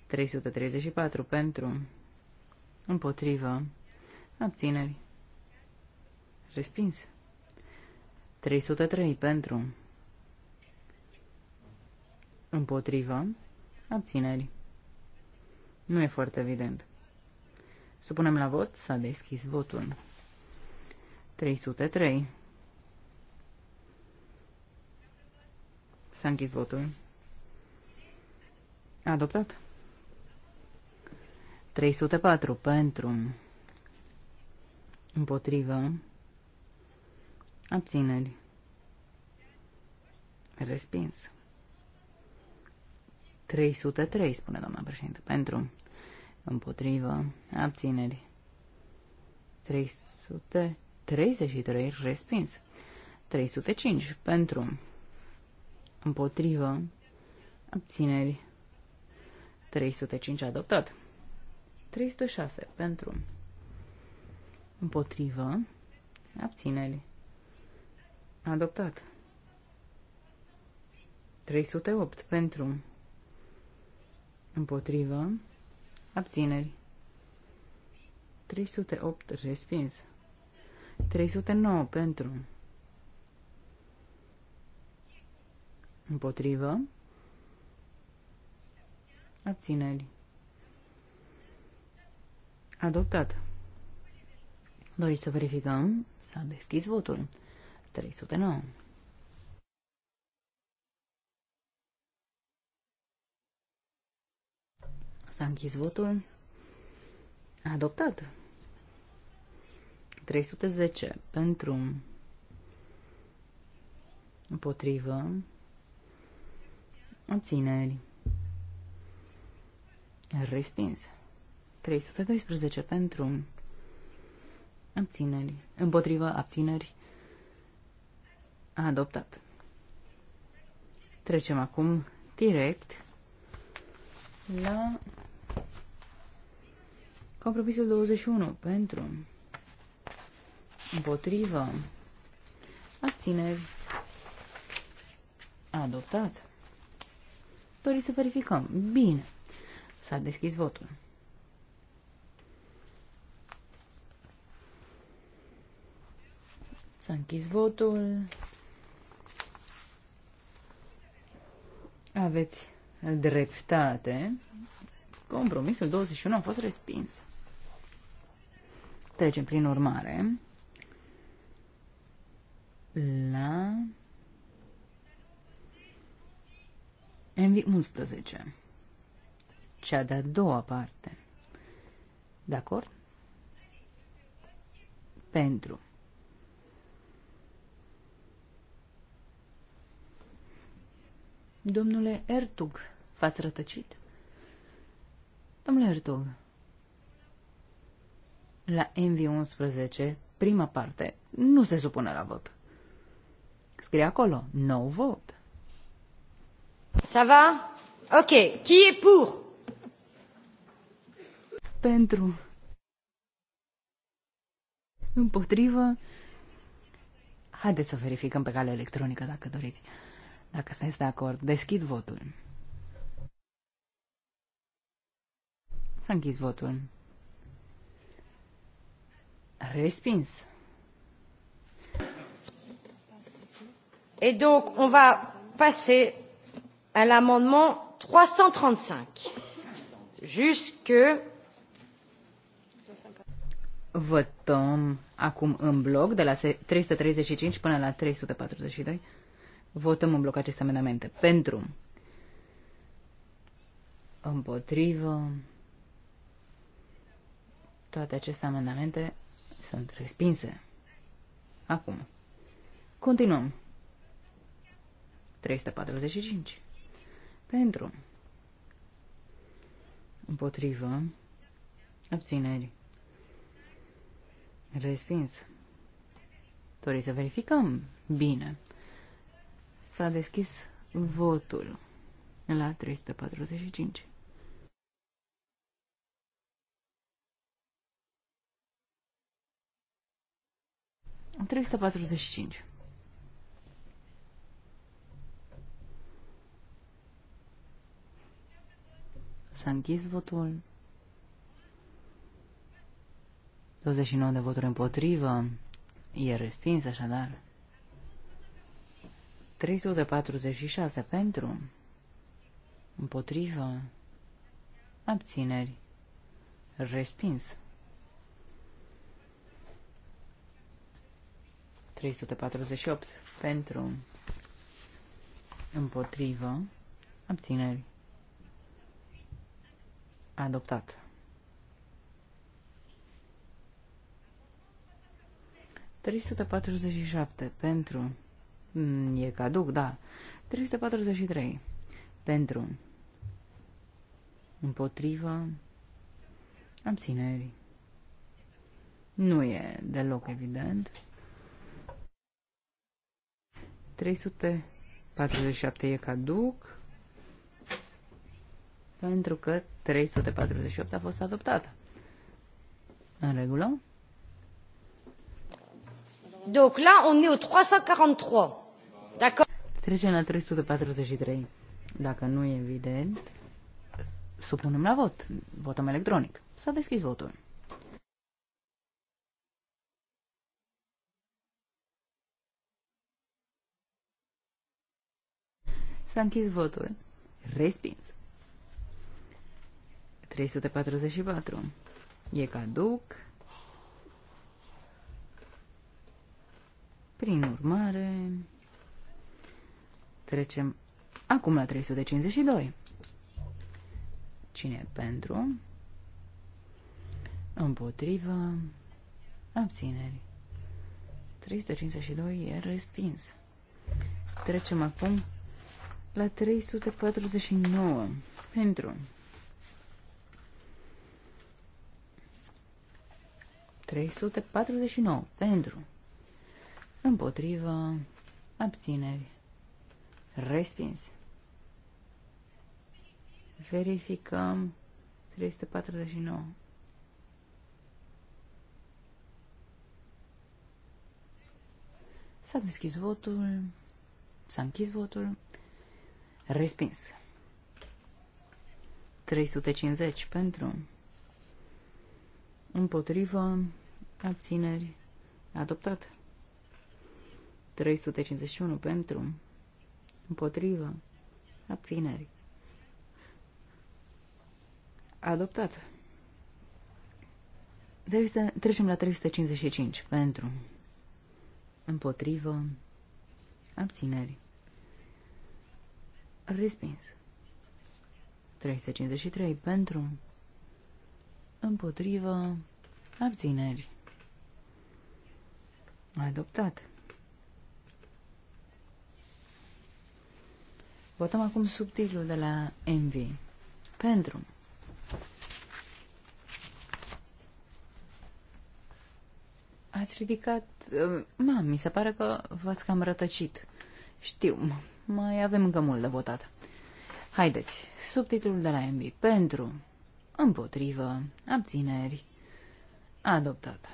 334 pentru. Împotrivă. Abțineri. Respins. 303 pentru. Împotrivă. Abțineri. Nu e foarte evident. Supunem la vot. S-a deschis votul. 303. S-a închis votul. Adoptat. 304 pentru. Împotrivă. Abțineri. Respins. 303, spune doamna președinte. Pentru, împotrivă, abțineri. 333, respins. 305, pentru, împotrivă, abțineri. 305, adoptat. 306, pentru, împotrivă, abțineri. Adoptat. 308, pentru, Împotrivă. Abțineri. 308 respins. 309 pentru. Împotrivă. Abțineri. Adoptat. Doriți să verificăm? S-a deschis votul. 309. S-a închis votul. Adoptat. 310 pentru împotrivă obțineri respins 312 pentru abțineri împotrivă abțineri adoptat trecem acum direct la Compromisul 21 pentru împotrivă abține adoptat. Doriți să verificăm. Bine. S-a deschis votul. S-a închis votul. Aveți dreptate. Compromisul 21 a fost respins. Trecem prin urmare la MV11, cea de-a doua parte. De acord? Pentru. Domnule Ertug, v-ați rătăcit? Domnule Ertug, la MV11, prima parte, nu se supune la vot. Scrie acolo, no vote. Ça va? Ok, qui e pour? Pentru. Împotrivă. Haideți să verificăm pe cale electronică dacă doriți. Dacă sunteți de acord, deschid votul. S-a închis votul. Respins. Et donc, on va passer à l'amendement 335 jusque Votăm acum în bloc de la 335 până la 342. Votăm în bloc aceste amendamente. Pentru. Împotrivă. Toate aceste amendamente sunt respinse. Acum. Continuăm. 345. Pentru. Împotrivă. Abțineri. Respins. Doriți să verificăm? Bine. S-a deschis votul la 345. 345. S-a închis votul. 29 de voturi împotrivă. E respins așadar. 346 pentru. Împotrivă. Abțineri. Respins. 348 pentru, împotrivă, abțineri, adoptat. ...347 pentru... Mm, e caduc, da. 343 pentru... împotrivă abțineri Nu e deloc evident. 347 e caduc pentru că 348 a fost adoptată. În regulă? Donc là, on est au 343. D'accord Trecem la 343. Dacă nu e evident, supunem la vot. Votăm electronic. S-a deschis votul. S-a închis votul. Respins. 344. E caduc. Prin urmare, trecem acum la 352. Cine pentru? Împotrivă. Abțineri. 352 e respins. Trecem acum la 349 pentru 349 pentru împotrivă abțineri respins verificăm 349 s-a deschis votul s-a închis votul Respins. 350 pentru. Împotrivă. Abțineri. Adoptat. 351 pentru. Împotrivă. Abțineri. Adoptat. Trecem la 355 pentru. Împotrivă. Abțineri. Respins. 353 pentru. Împotrivă. Abțineri. Adoptat. Votăm acum subtitlul de la Envy. Pentru. Ați ridicat... Uh, mam, mi se pare că v-ați cam rătăcit. Știu, mai avem încă mult de votat. Haideți, subtitlul de la MB. pentru, împotrivă, abțineri, adoptat.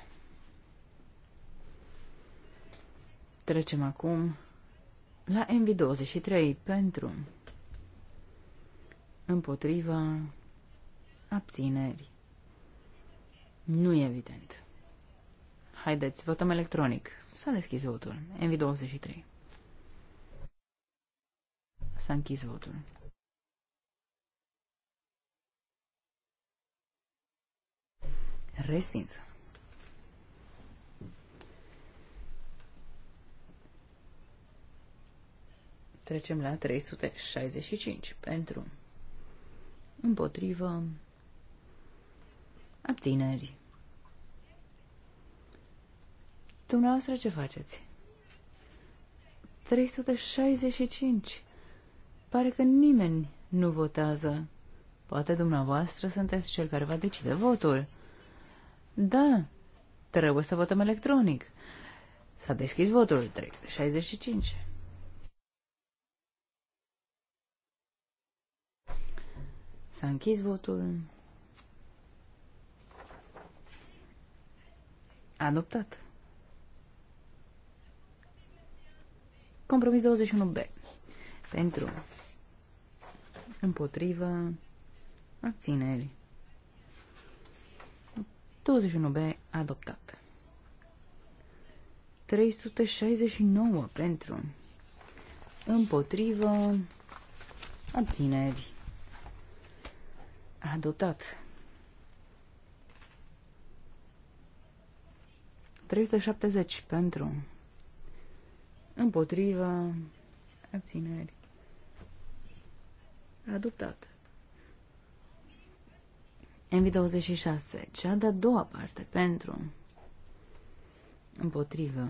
Trecem acum la MV23 pentru, împotrivă, abțineri. Nu e evident. Haideți, votăm electronic. S-a deschis votul. MV23. S-a închis votul. Respins. Trecem la 365. Pentru. Împotrivă. Abțineri. Dumneavoastră ce faceți? 365. Pare că nimeni nu votează. Poate dumneavoastră sunteți cel care va decide votul. Da, trebuie să votăm electronic. S-a deschis votul 365. S-a închis votul. Adoptat. Compromis 21B. Pentru împotrivă, abțineri. 21B adoptat. 369 pentru, împotrivă, abțineri. Adoptat. 370 pentru, împotrivă, abțineri. Adoptat. MV26. Cea de-a doua parte. Pentru. Împotrivă.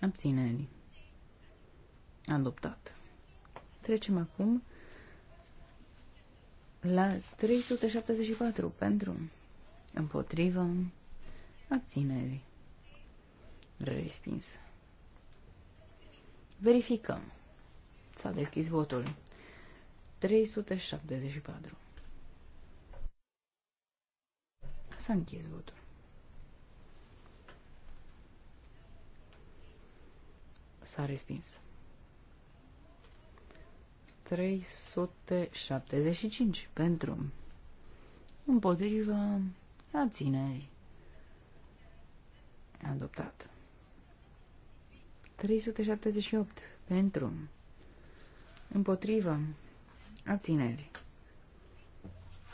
Abțineri. Adoptat. Trecem acum la 374. Pentru. Împotrivă. Abțineri. Respins. Verificăm. S-a deschis votul. 374. S-a închis votul. S-a respins. 375 pentru împotriva abținerii. Adoptat. 378 pentru împotriva Abțineri.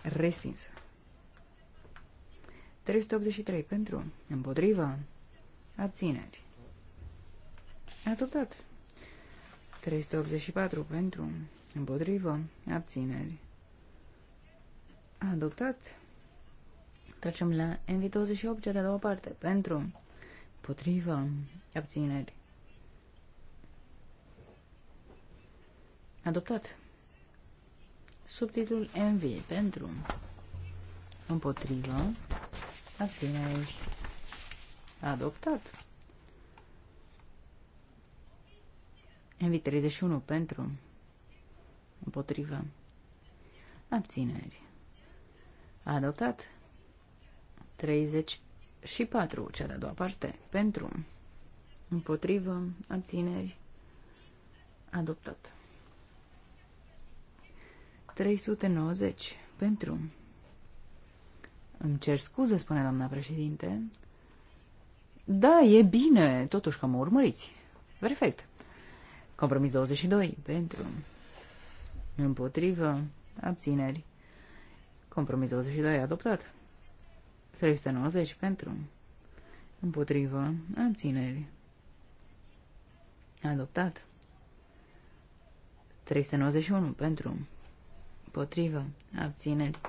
Respinsă. 383 pentru. Împotrivă. Abțineri. Adoptat. 384 pentru. Împotrivă. Abțineri. Adoptat. Trecem la nv 28 de două parte. Pentru. Împotrivă. Abțineri. Adoptat. Subtitlul MV pentru împotrivă abțineri adoptat. MV31 pentru împotrivă abțineri adoptat. 34, cea de-a doua parte, pentru împotrivă abțineri adoptat. 390 pentru. Îmi cer scuze, spune doamna președinte. Da, e bine, totuși că mă urmăriți. Perfect. Compromis 22 pentru. Împotrivă. Abțineri. Compromis 22 adoptat. 390 pentru. Împotrivă. Abțineri. Adoptat. 391 pentru. Împotrivă. Abțineri.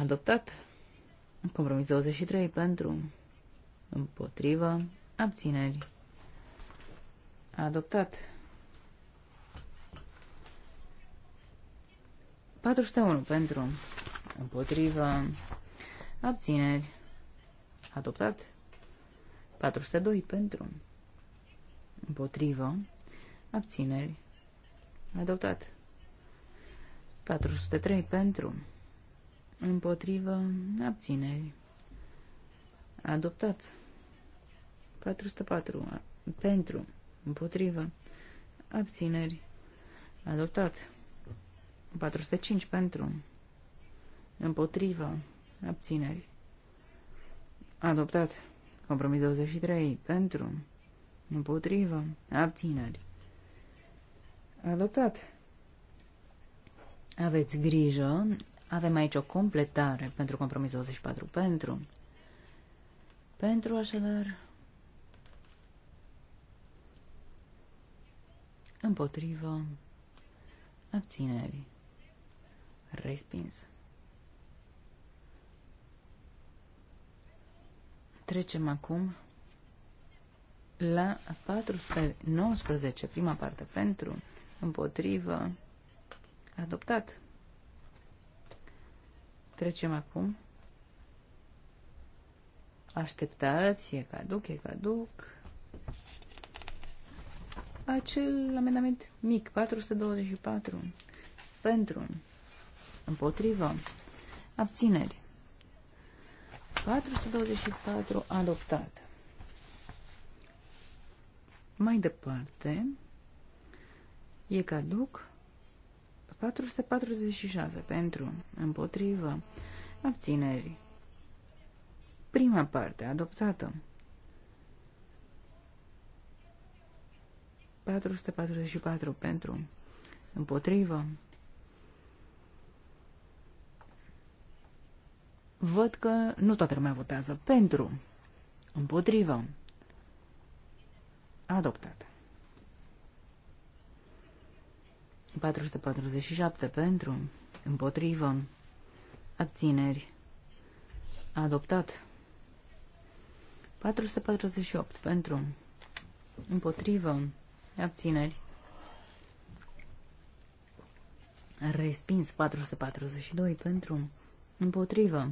Adoptat. Compromis 23 pentru. Împotrivă. Abțineri. Adoptat. 401 pentru. Împotrivă. Abțineri. Adoptat. 402 pentru. Împotrivă. Abțineri. Adoptat. 403 pentru, împotrivă, abțineri. Adoptat. 404 pentru, împotrivă, abțineri. Adoptat. 405 pentru, împotrivă, abțineri. Adoptat. Compromis 23 pentru, împotrivă, abțineri. Adoptat. Aveți grijă, avem aici o completare pentru compromis 24 pentru. Pentru așadar. Împotrivă. Abțineri. Respins. Trecem acum la 419, prima parte pentru, împotrivă, Adoptat. Trecem acum. Așteptați, e caduc, e caduc. Acel amendament mic, 424. Pentru. Împotrivă. Abțineri. 424 adoptat. Mai departe, e caduc 446 pentru, împotrivă, abțineri. Prima parte, adoptată. 444 pentru, împotrivă. Văd că nu toată lumea votează pentru, împotrivă, adoptată. 447 pentru, împotrivă, abțineri, adoptat. 448 pentru, împotrivă, abțineri, respins 442 pentru, împotrivă,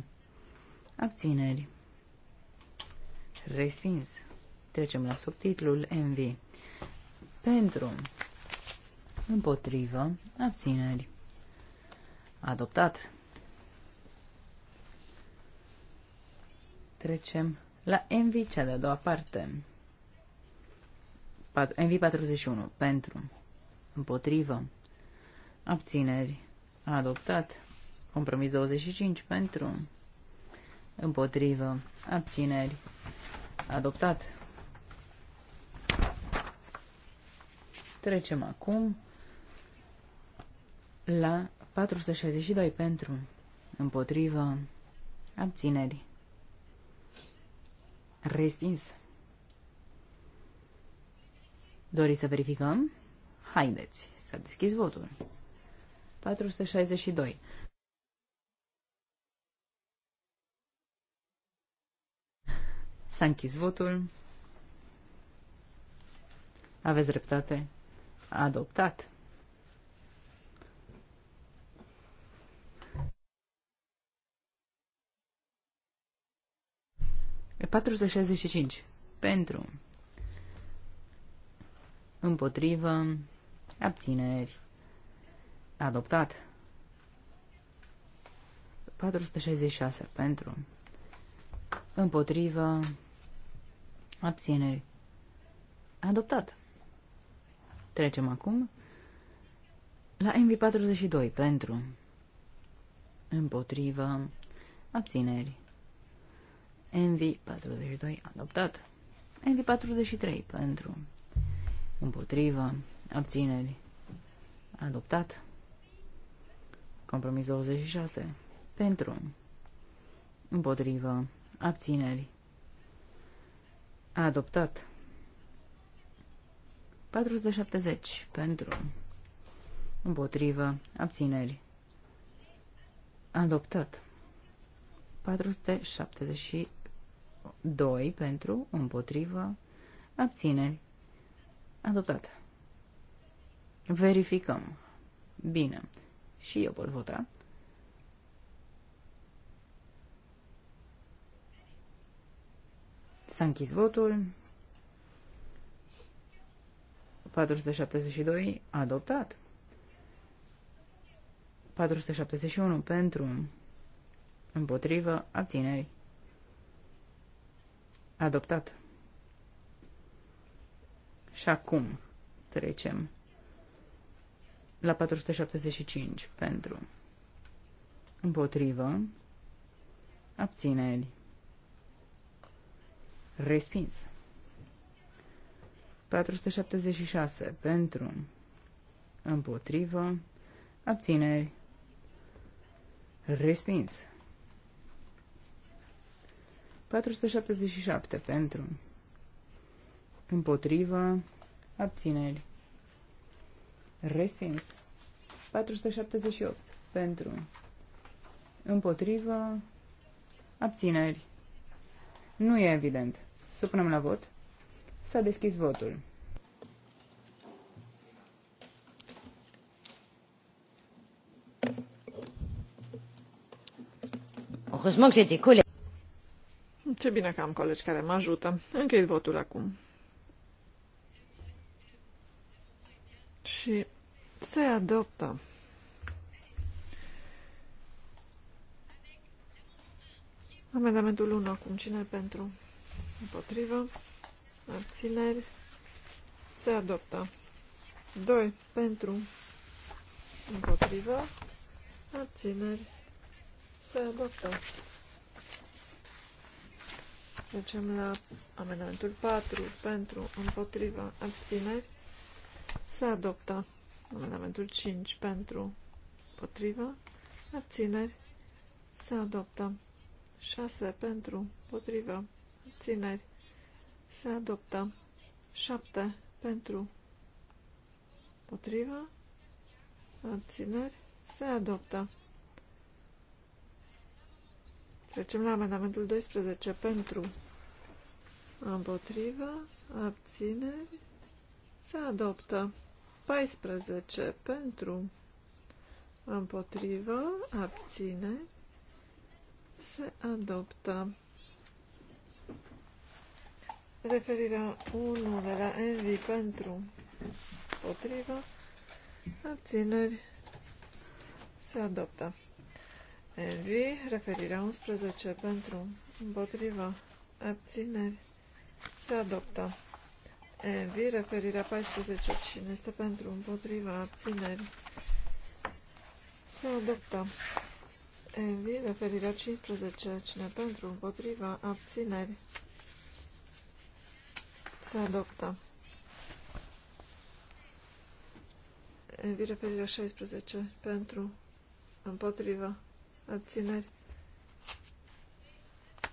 abțineri, respins. Trecem la subtitlul MV. Pentru împotrivă, abțineri. Adoptat. Trecem la MV, cea de-a doua parte. MV41, pentru, împotrivă, abțineri. Adoptat. Compromis 25, pentru, împotrivă, abțineri. Adoptat. Trecem acum la 462 pentru, împotrivă, abțineri, respins. Doriți să verificăm? Haideți, s-a deschis votul. 462. S-a închis votul. Aveți dreptate. Adoptat. 465. Pentru. Împotrivă. Abțineri. Adoptat. 466. Pentru. Împotrivă. Abțineri. Adoptat. Trecem acum la MV42. Pentru. Împotrivă. Abțineri. Envy 42 adoptat. Envy 43 pentru împotrivă abțineri adoptat. Compromis 26 pentru împotrivă abțineri adoptat. 470 pentru împotrivă abțineri adoptat. 470 2 pentru, împotrivă, abțineri. Adoptat. Verificăm. Bine. Și eu pot vota. S-a închis votul. 472 adoptat. 471 pentru împotrivă abțineri. Adoptat. Și acum trecem la 475 pentru împotrivă abțineri respins 476 pentru împotrivă abțineri respins 477 pentru. Împotrivă. Abțineri. Respins. 478 pentru. Împotrivă. Abțineri. Nu e evident. Supunem la vot. S-a deschis votul. Heureusement que j'étais collé. Ce bine că am colegi care mă ajută. Închei votul acum. Și se adoptă. Amendamentul 1 acum. Cine pentru? Împotrivă. Abțineri. Se adoptă. 2. Pentru. Împotrivă. Abțineri. Se adoptă. Mergem la amendamentul 4 pentru împotriva abțineri. Se adoptă amendamentul 5 pentru împotriva abțineri. Se adoptă 6 pentru împotriva abțineri. Se adoptă 7 pentru împotriva abțineri. Se adoptă Trecem la amendamentul 12 pentru împotrivă, abțineri, se adoptă. 14 pentru împotrivă, abțineri, se adoptă. Referirea 1 de la Envi pentru împotrivă, abțineri, se adoptă. Envy, referirea 11 pentru, împotriva, abțineri, se adoptă. Envy, referirea 14, cine este pentru, împotriva, abțineri, se adoptă. Envy, referirea 15, cine pentru, împotriva, abțineri, se adoptă. Envy, referirea 16, pentru, împotriva, abțineri,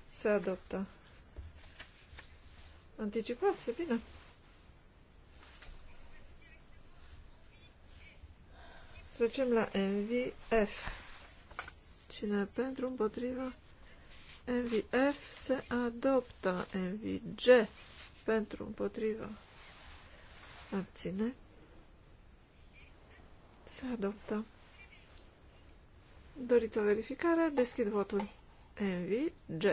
se adoptă. Anticipați, e bine. Trecem la MVF. Cine pentru, împotriva, MVF se adoptă. MVG pentru, împotriva, abține. Se adoptă. Doriți o verificare? Deschid votul. Envy G.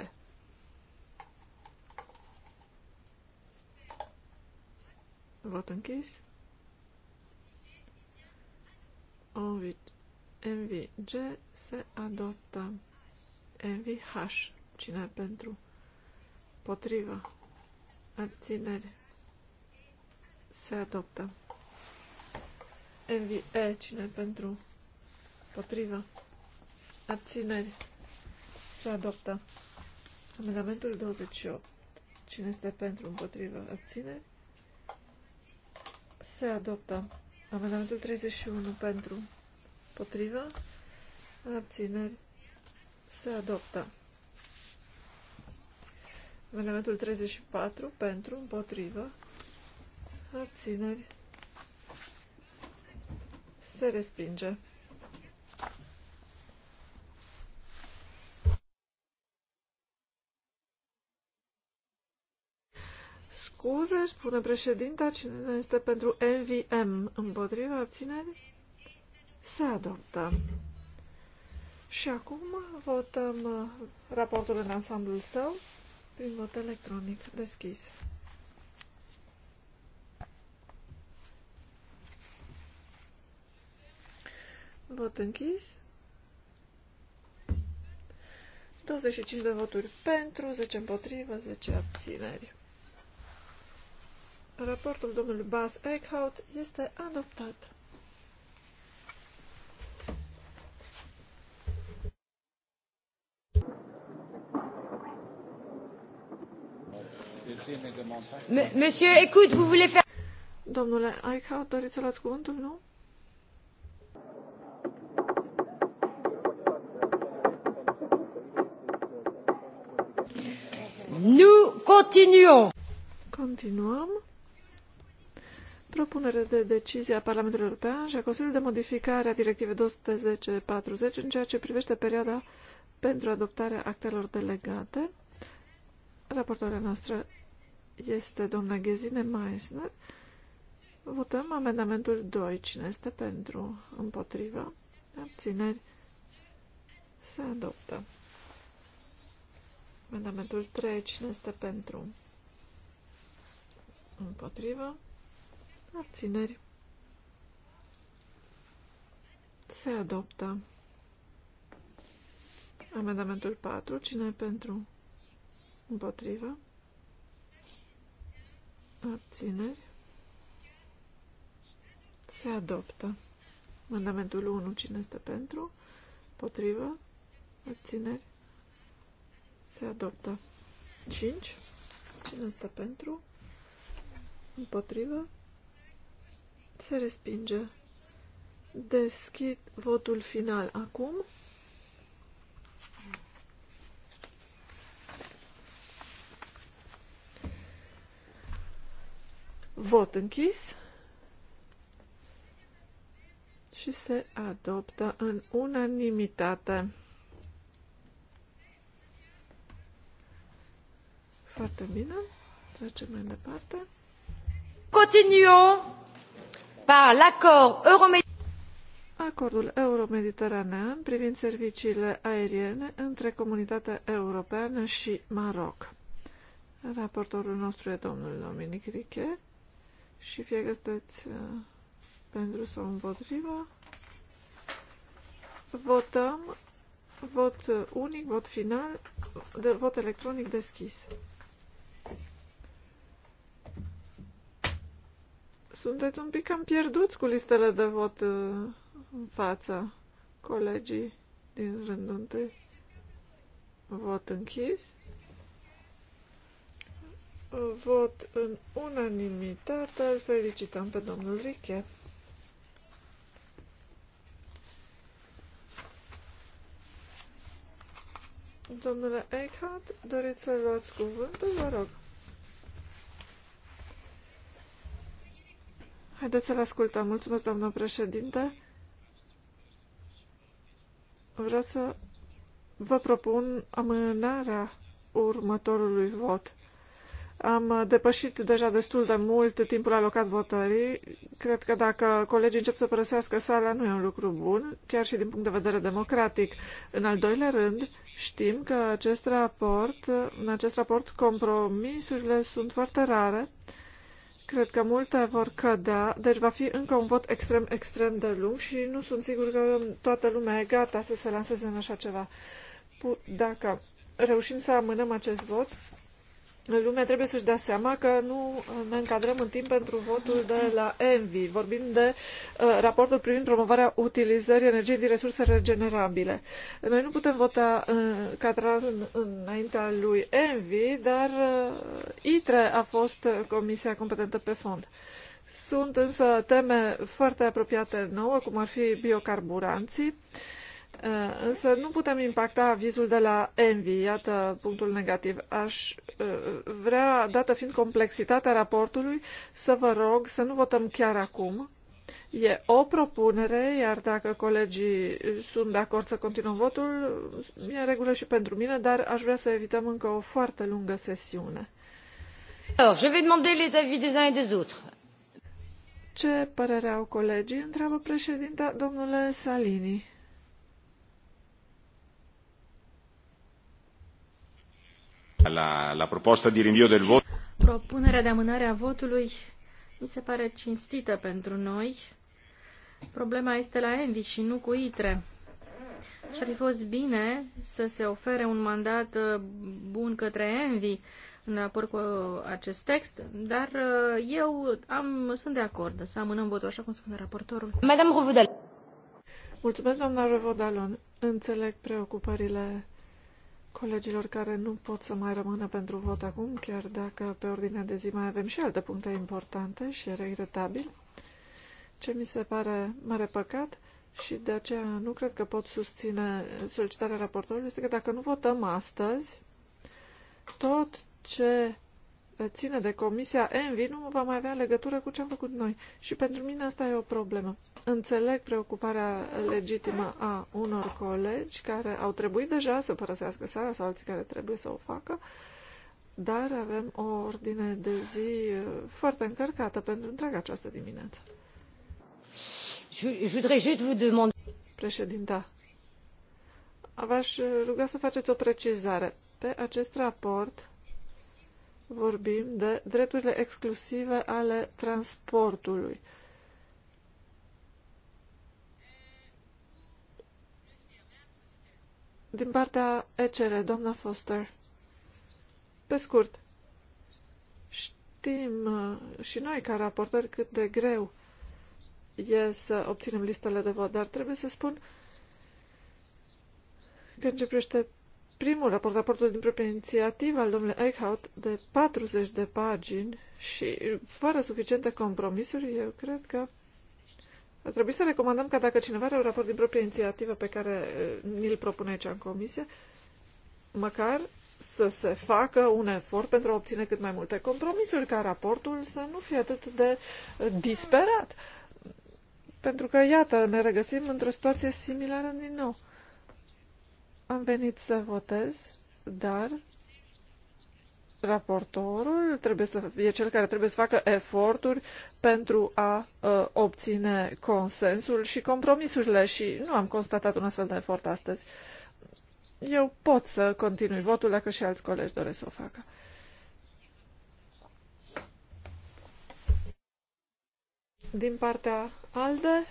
Vot închis. MVG se adoptă. MVH. Cine pentru? Potrivă. Abțineri. Se adoptă. MVE. Cine pentru? Potrivă. Abțineri. Se adoptă. Amendamentul 28. Cine este pentru, împotrivă, abțineri? Se adoptă. Amendamentul 31 pentru, împotrivă, abțineri. Se adoptă. Amendamentul 34 pentru, împotrivă, abțineri. Se respinge. scuze, spune președinta, cine este pentru NVM împotriva abțineri? Se adoptă. Și acum votăm uh, raportul în ansamblul său prin vot electronic deschis. Vot închis. 25 de voturi pentru, 10 împotrivă, 10 abțineri. Raportul domnului Bas Eichhout este adoptat. Monsieur, écoute, vous voulez faire... Domnule Eichhout, doriți să luați cuvântul, nu? Nous continuons. Continuăm propunere de decizie a Parlamentului European și a Consiliului de modificare a Directivei 210-40 în ceea ce privește perioada pentru adoptarea actelor delegate. Raportoarea noastră este doamna Ghezine Meisner. Votăm amendamentul 2. Cine este pentru? Împotriva? Abțineri? Se adoptă. Amendamentul 3. Cine este pentru? Împotriva? Abțineri. Se adoptă. Amendamentul 4. Cine e pentru? Împotrivă. Abțineri. Se adoptă. Amendamentul 1. Cine este pentru? Împotrivă. Abțineri. Se adoptă. 5. Cine este pentru? Împotrivă. Se respinge. Deschid votul final acum. Vot închis și se adoptă în unanimitate. Foarte bine. Trecem mai departe. Continuăm par l'accord mediterranean acordul euromediteranean privind serviciile aeriene între Comunitatea Europeană și Maroc. Raportorul nostru e domnul Dominic Riche și fie că sunteți uh, pentru sau împotriva, votăm vot unic, vot final, de, vot electronic deschis. sunteți un pic cam pierduți cu listele de vot uh, în fața colegii din rândul întâi. Vot închis. Vot în unanimitate. Îl felicităm pe domnul Riche. Domnule Eichhardt, doriți să luați cuvântul? Vă rog. Haideți să-l ascultăm. Mulțumesc, doamnă președinte. Vreau să vă propun amânarea următorului vot. Am depășit deja destul de mult timpul alocat votării. Cred că dacă colegii încep să părăsească sala, nu e un lucru bun, chiar și din punct de vedere democratic. În al doilea rând, știm că acest raport, în acest raport compromisurile sunt foarte rare Cred că multe vor cădea, deci va fi încă un vot extrem, extrem de lung și nu sunt sigur că toată lumea e gata să se lanseze în așa ceva. Dacă reușim să amânăm acest vot, lumea trebuie să-și dea seama că nu ne încadrăm în timp pentru votul de la ENVI. Vorbim de uh, raportul privind promovarea utilizării energiei din resurse regenerabile. Noi nu putem vota uh, ca în, înaintea lui ENVI, dar uh, ITRE a fost comisia competentă pe fond. Sunt însă teme foarte apropiate nouă, cum ar fi biocarburanții. Uh, Eh, însă nu putem impacta avizul de la Envi, iată punctul negativ. Aș eh, vrea, dată fiind complexitatea raportului, să vă rog să nu votăm chiar acum. E o propunere, iar dacă colegii sunt de acord să continuăm votul, e în regulă și pentru mine, dar aș vrea să evităm încă o foarte lungă sesiune. Alors, je vais demander les avis des uns et des autres. Ce părere au colegii? Întreabă președinta domnule Salini. La, la proposta de rinvio del vot. Propunerea de amânare a votului mi se pare cinstită pentru noi. Problema este la Envi și nu cu ITRE. Și ar fi fost bine să se ofere un mandat uh, bun către Envi în raport cu uh, acest text, dar uh, eu am, sunt de acord să amânăm votul, așa cum spune raportorul. Madame Revodal. Mulțumesc, doamna Revodalon. Înțeleg preocupările colegilor care nu pot să mai rămână pentru vot acum, chiar dacă pe ordinea de zi mai avem și alte puncte importante și regretabil, ce mi se pare mare păcat și de aceea nu cred că pot susține solicitarea raportorului, este că dacă nu votăm astăzi, tot ce ține de Comisia Envi nu va mai avea legătură cu ce am făcut noi. Și pentru mine asta e o problemă. Înțeleg preocuparea legitimă a unor colegi care au trebuit deja să părăsească seara sau alții care trebuie să o facă, dar avem o ordine de zi uh, foarte încărcată pentru întreaga această dimineață. Președinta, v-aș ruga să faceți o precizare. Pe acest raport, vorbim de drepturile exclusive ale transportului. Din partea ECR, doamna Foster, pe scurt, știm uh, și noi ca raportări cât de greu e să obținem listele de vot, dar trebuie să spun că în primul raport, raportul din proprie inițiativă al domnului Eichhout, de 40 de pagini și fără suficiente compromisuri, eu cred că ar trebui să recomandăm ca dacă cineva are un raport din proprie inițiativă pe care uh, ni-l propune aici în comisie, măcar să se facă un efort pentru a obține cât mai multe compromisuri, ca raportul să nu fie atât de uh, disperat. Pentru că, iată, ne regăsim într-o situație similară din nou. Am venit să votez, dar raportorul trebuie să e cel care trebuie să facă eforturi pentru a uh, obține consensul și compromisurile și nu am constatat un astfel de efort astăzi. Eu pot să continui votul dacă și alți colegi doresc să o facă. Din partea ALDE,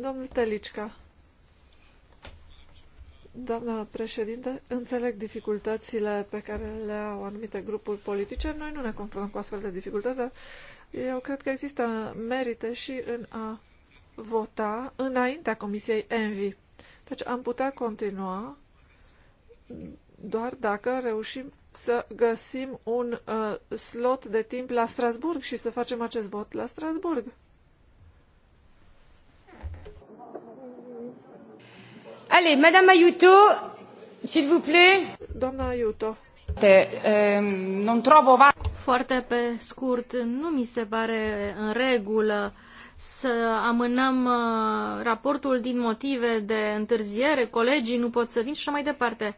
domnul Telicca. Doamna președinte, înțeleg dificultățile pe care le au anumite grupuri politice. Noi nu ne confruntăm cu astfel de dificultăți, dar eu cred că există merite și în a vota înaintea Comisiei Envi. Deci am putea continua doar dacă reușim să găsim un uh, slot de timp la Strasburg și să facem acest vot la Strasburg. Allez, Madame Aiuto, s'il vous plaît. Doamna Aiuto. Ehm, non trovo Foarte pe scurt, nu mi se pare în regulă să amânăm uh, raportul din motive de întârziere, colegii nu pot să vin și așa mai departe.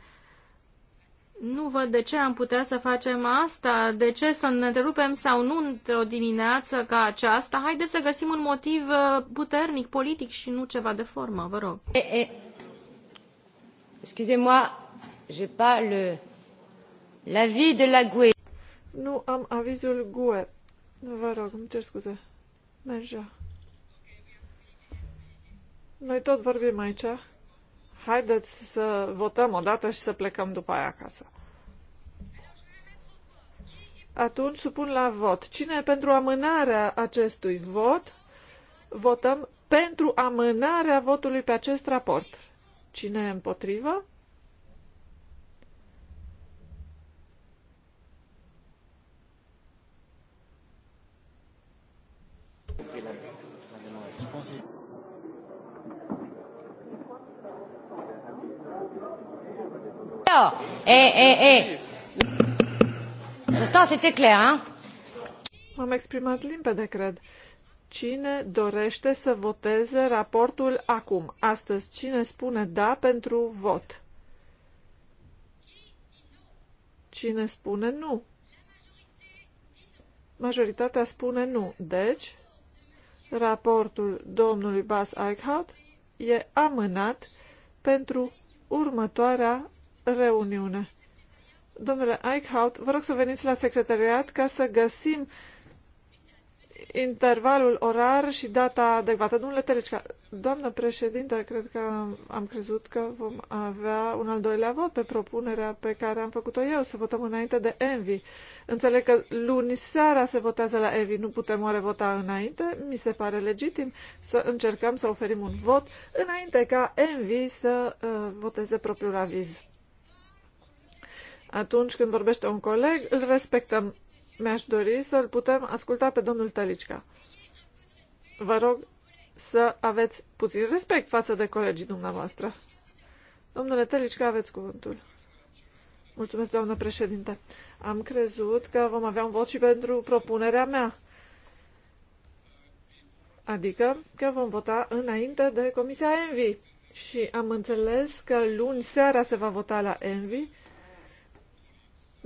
Nu văd de ce am putea să facem asta, de ce să ne întrerupem sau nu într-o dimineață ca aceasta. Haideți să găsim un motiv uh, puternic, politic și nu ceva de formă, vă rog. E, e. Excusez-moi, j'ai pas l'avis de la GUE. Nu am avizul GUE. Vă rog, îmi cer scuze. Mergea. Noi tot vorbim aici. Haideți să votăm odată și să plecăm după aia acasă. Atunci supun la vot. Cine e pentru amânarea acestui vot? Votăm pentru amânarea votului pe acest raport. Cine e împotrivă? Eh, eh, eh. M-am exprimat limpede, cred. Cine dorește să voteze raportul acum, astăzi? Cine spune da pentru vot? Cine spune nu? Majoritatea spune nu. Deci, raportul domnului Bas Eichhout e amânat pentru următoarea reuniune. Domnule Eichhout, vă rog să veniți la secretariat ca să găsim intervalul orar și data adecvată. Domnule Terecica, doamnă președinte, cred că am, am crezut că vom avea un al doilea vot pe propunerea pe care am făcut-o eu, să votăm înainte de Envi. Înțeleg că luni seara se votează la Envi, nu putem oare vota înainte? Mi se pare legitim să încercăm să oferim un vot înainte ca Envi să uh, voteze propriul aviz. Atunci când vorbește un coleg, îl respectăm mi-aș dori să-l putem asculta pe domnul Tălicica. Vă rog să aveți puțin respect față de colegii dumneavoastră. Domnule Tălicica, aveți cuvântul. Mulțumesc, doamnă președinte. Am crezut că vom avea un vot și pentru propunerea mea. Adică că vom vota înainte de Comisia Envi. Și am înțeles că luni seara se va vota la Envi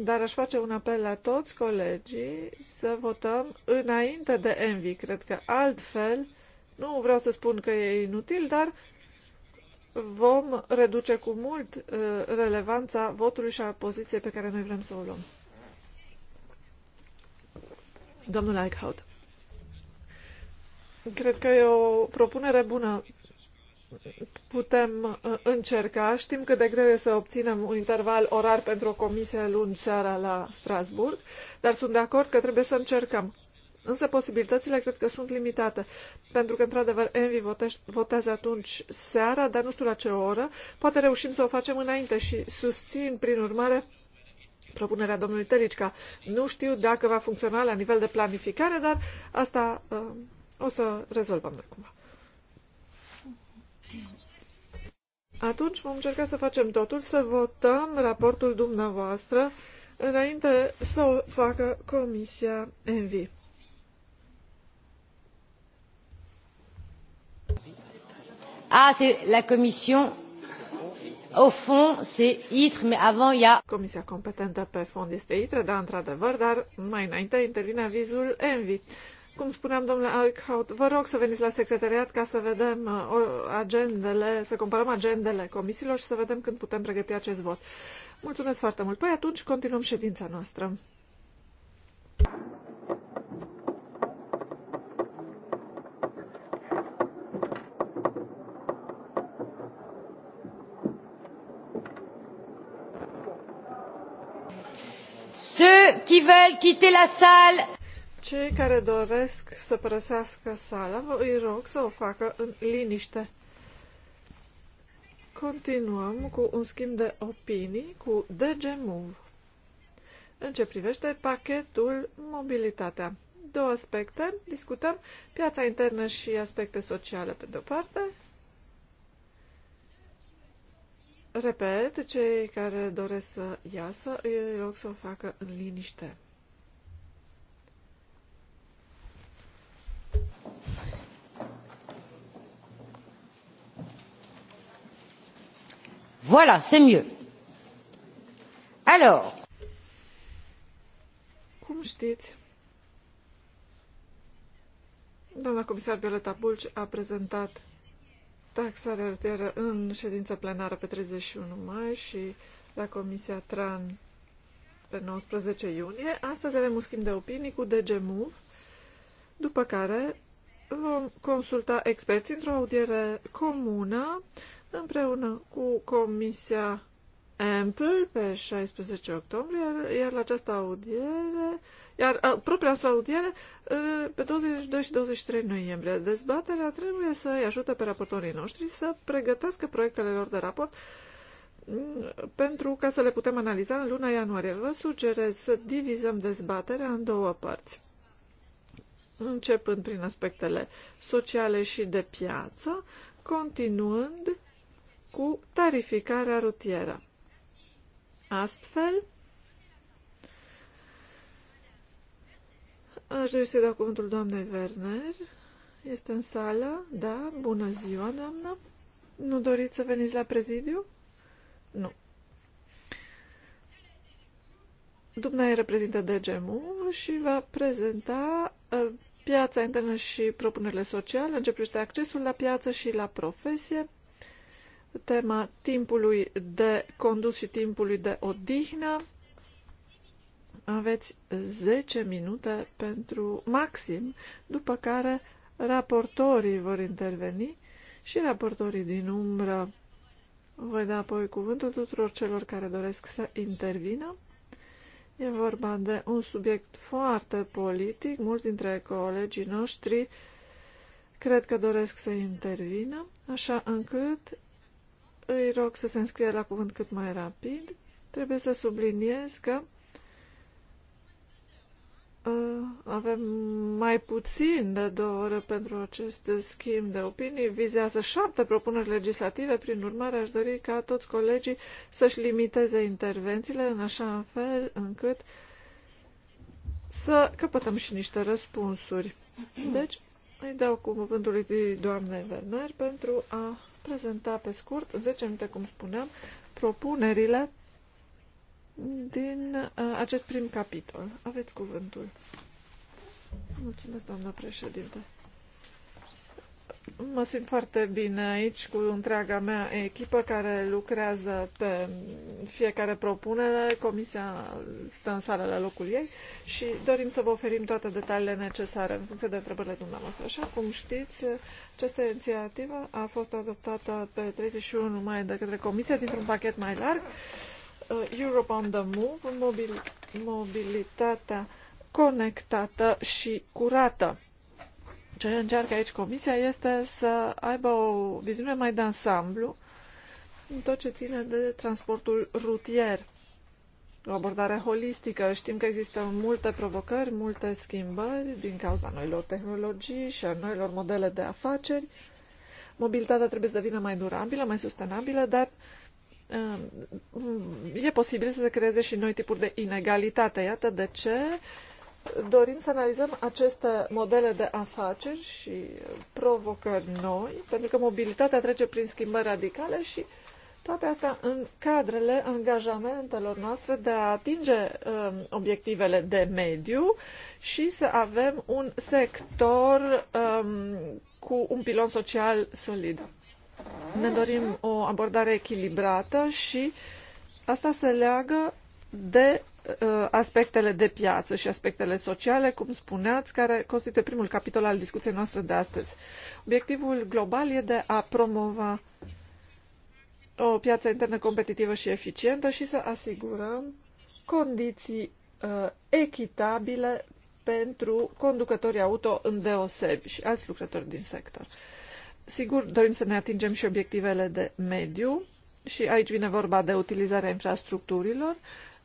dar aș face un apel la toți colegii să votăm înainte de Envi. Cred că altfel, nu vreau să spun că e inutil, dar vom reduce cu mult uh, relevanța votului și a poziției pe care noi vrem să o luăm. Domnul Eichhout. Cred că e o propunere bună putem uh, încerca. Știm cât de greu e să obținem un interval orar pentru o comisie luni seara la Strasburg, dar sunt de acord că trebuie să încercăm. Însă posibilitățile cred că sunt limitate, pentru că, într-adevăr, Envi votează atunci seara, dar nu știu la ce oră. Poate reușim să o facem înainte și susțin, prin urmare, propunerea domnului Telicca. Nu știu dacă va funcționa la nivel de planificare, dar asta uh, o să rezolvăm noi cumva. Atunci vom încerca să facem totul, să votăm raportul dumneavoastră înainte să o facă Comisia Envi. Ah, c'est la commission. Au fond, c'est ITRE, mais avant, il y a... Comisia competentă pe fond este ITRE, dar într-adevăr, dar mai înainte intervine avizul ENVI. Cum spuneam, domnule Eichhout, vă rog să veniți la secretariat ca să vedem uh, agendele, să comparăm agendele comisiilor și să vedem când putem pregăti acest vot. Mulțumesc foarte mult. Păi atunci continuăm ședința noastră. Ceux qui veulent quitter la salle. Cei care doresc să părăsească sala, vă îi rog să o facă în liniște. Continuăm cu un schimb de opinii cu DG Move. În ce privește pachetul mobilitatea. Două aspecte. Discutăm piața internă și aspecte sociale pe de-o parte. Repet, cei care doresc să iasă, îi rog să o facă în liniște. Voilà, c'est mieux. Alors. Cum știți, doamna comisar Violeta Bulci a prezentat taxarea rutieră în ședința plenară pe 31 mai și la Comisia TRAN pe 19 iunie. Astăzi avem un schimb de opinii cu DG Move, după care vom consulta experți într-o audiere comună împreună cu Comisia Ample pe 16 octombrie, iar la această audiere, iar a, propria sa audiere pe 22 și 23 noiembrie. Dezbaterea trebuie să îi ajute pe raportorii noștri să pregătească proiectele lor de raport mm, pentru ca să le putem analiza în luna ianuarie. Vă sugerez să divizăm dezbaterea în două părți, începând prin aspectele sociale și de piață, continuând cu tarificarea rutieră. Astfel, aș dori să dau cuvântul doamnei Werner. Este în sală? Da? Bună ziua, doamnă! Nu doriți să veniți la prezidiu? Nu. Dumnezeu reprezintă DGMU și va prezenta ă, piața internă și propunerile sociale, începește accesul la piață și la profesie, tema timpului de condus și timpului de odihnă. Aveți 10 minute pentru maxim, după care raportorii vor interveni și raportorii din umbră. Voi da apoi cuvântul tuturor celor care doresc să intervină. E vorba de un subiect foarte politic. Mulți dintre colegii noștri cred că doresc să intervină, așa încât îi rog să se înscrie la cuvânt cât mai rapid. Trebuie să subliniez că uh, avem mai puțin de două ore pentru acest schimb de opinii. Vizează șapte propuneri legislative, prin urmare aș dori ca toți colegii să-și limiteze intervențiile în așa fel încât să căpătăm și niște răspunsuri. Deci, îi dau cuvântul lui doamnei Werner pentru a prezenta pe scurt, 10 minute, cum spuneam, propunerile din uh, acest prim capitol. Aveți cuvântul. Mulțumesc, doamna președinte. Mă simt foarte bine aici cu întreaga mea echipă care lucrează pe fiecare propunere. Comisia stă în sală la locul ei și dorim să vă oferim toate detaliile necesare în funcție de întrebările dumneavoastră. Așa cum știți, această inițiativă a fost adoptată pe 31 mai de către Comisie dintr-un pachet mai larg, uh, Europe on the Move, mobil, mobilitatea conectată și curată. Ce încearcă aici Comisia este să aibă o viziune mai de ansamblu în tot ce ține de transportul rutier. O abordare holistică. Știm că există multe provocări, multe schimbări din cauza noilor tehnologii și a noilor modele de afaceri. Mobilitatea trebuie să devină mai durabilă, mai sustenabilă, dar um, e posibil să se creeze și noi tipuri de inegalitate. Iată de ce dorim să analizăm aceste modele de afaceri și provocări noi, pentru că mobilitatea trece prin schimbări radicale și toate astea în cadrele angajamentelor noastre de a atinge um, obiectivele de mediu și să avem un sector um, cu un pilon social solid. Ne dorim o abordare echilibrată și asta se leagă de Uh, aspectele de piață și aspectele sociale, cum spuneați, care constituie primul capitol al discuției noastre de astăzi. Obiectivul global e de a promova o piață internă competitivă și eficientă și să asigurăm condiții uh, echitabile pentru conducătorii auto îndeosebi și alți lucrători din sector. Sigur, dorim să ne atingem și obiectivele de mediu și aici vine vorba de utilizarea infrastructurilor,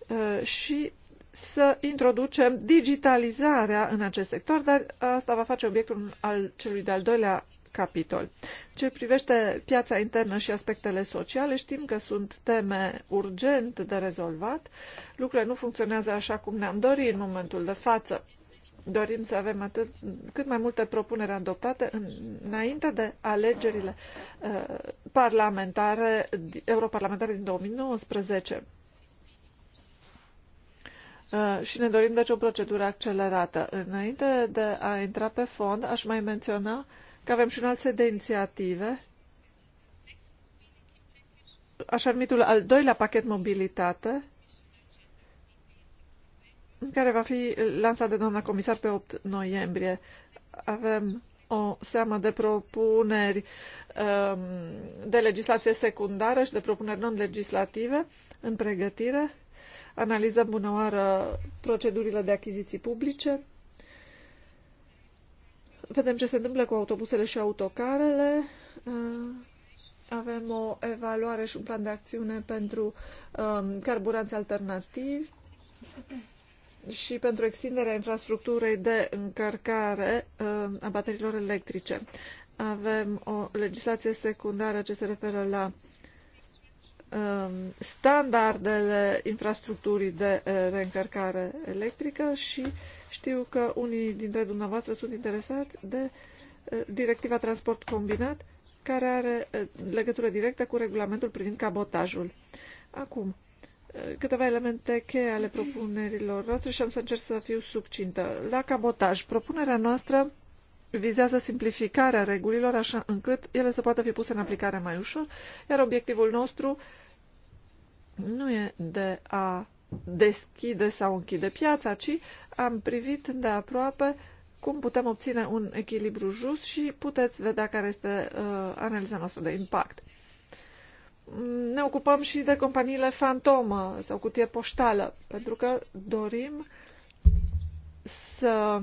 Uh, și să introducem digitalizarea în acest sector, dar asta va face obiectul al celui de-al doilea capitol. Ce privește piața internă și aspectele sociale, știm că sunt teme urgent de rezolvat. Lucrurile nu funcționează așa cum ne-am dorit în momentul de față. Dorim să avem atât, cât mai multe propuneri adoptate în, înainte de alegerile uh, parlamentare, europarlamentare din 2019 Uh, și ne dorim deci o procedură accelerată. Înainte de a intra pe fond, aș mai menționa că avem și un alt set de inițiative, așa numitul al doilea pachet mobilitate, care va fi lansat de doamna comisar pe 8 noiembrie. Avem o seamă de propuneri um, de legislație secundară și de propuneri non-legislative în pregătire analizăm bună oară procedurile de achiziții publice, vedem ce se întâmplă cu autobusele și autocarele, uh, avem o evaluare și un plan de acțiune pentru um, carburanți alternativi și pentru extinderea infrastructurii de încărcare uh, a bateriilor electrice. Avem o legislație secundară ce se referă la Um, standardele infrastructurii de uh, reîncărcare electrică și știu că unii dintre dumneavoastră sunt interesați de uh, directiva transport combinat, care are uh, legătură directă cu regulamentul privind cabotajul. Acum, câteva elemente cheie ale propunerilor noastre și am să încerc să fiu succintă. La cabotaj, propunerea noastră vizează simplificarea regulilor așa încât ele să poată fi puse în aplicare mai ușor, iar obiectivul nostru nu e de a deschide sau închide piața, ci am privit de aproape cum putem obține un echilibru just și puteți vedea care este uh, analiza noastră de impact. Ne ocupăm și de companiile fantomă sau cutie poștală, pentru că dorim să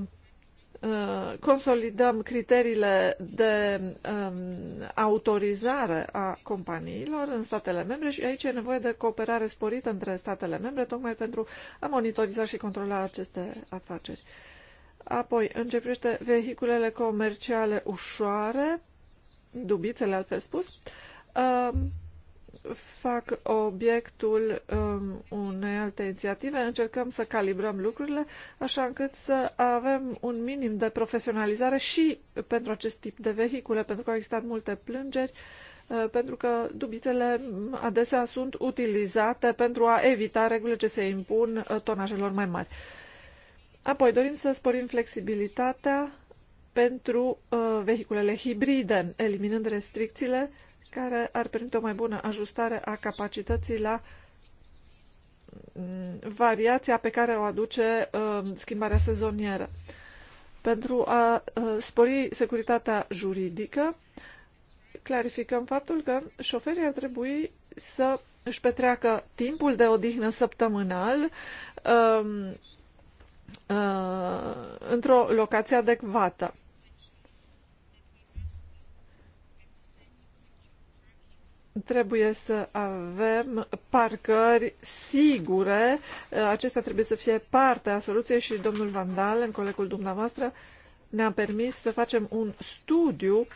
Uh, consolidăm criteriile de um, autorizare a companiilor în statele membre și aici e nevoie de cooperare sporită între statele membre, tocmai pentru a monitoriza și controla aceste afaceri. Apoi, începește vehiculele comerciale ușoare, dubițele altfel spus, um, fac obiectul um, unei alte inițiative. Încercăm să calibrăm lucrurile așa încât să avem un minim de profesionalizare și pentru acest tip de vehicule, pentru că au existat multe plângeri, uh, pentru că dubitele adesea sunt utilizate pentru a evita regulile ce se impun uh, tonajelor mai mari. Apoi dorim să sporim flexibilitatea pentru uh, vehiculele hibride, eliminând restricțiile uh, care ar permite o mai bună ajustare a capacității la mm, variația pe care o aduce uh, schimbarea sezonieră. Pentru a uh, spori securitatea juridică, clarificăm faptul că șoferii ar trebui să își petreacă timpul de odihnă săptămânal um, uh, într-o locație adecvată. trebuie să avem parcări sigure. Acestea trebuie să fie parte a soluției și domnul Vandal, în colegul dumneavoastră, ne-a permis să facem un studiu.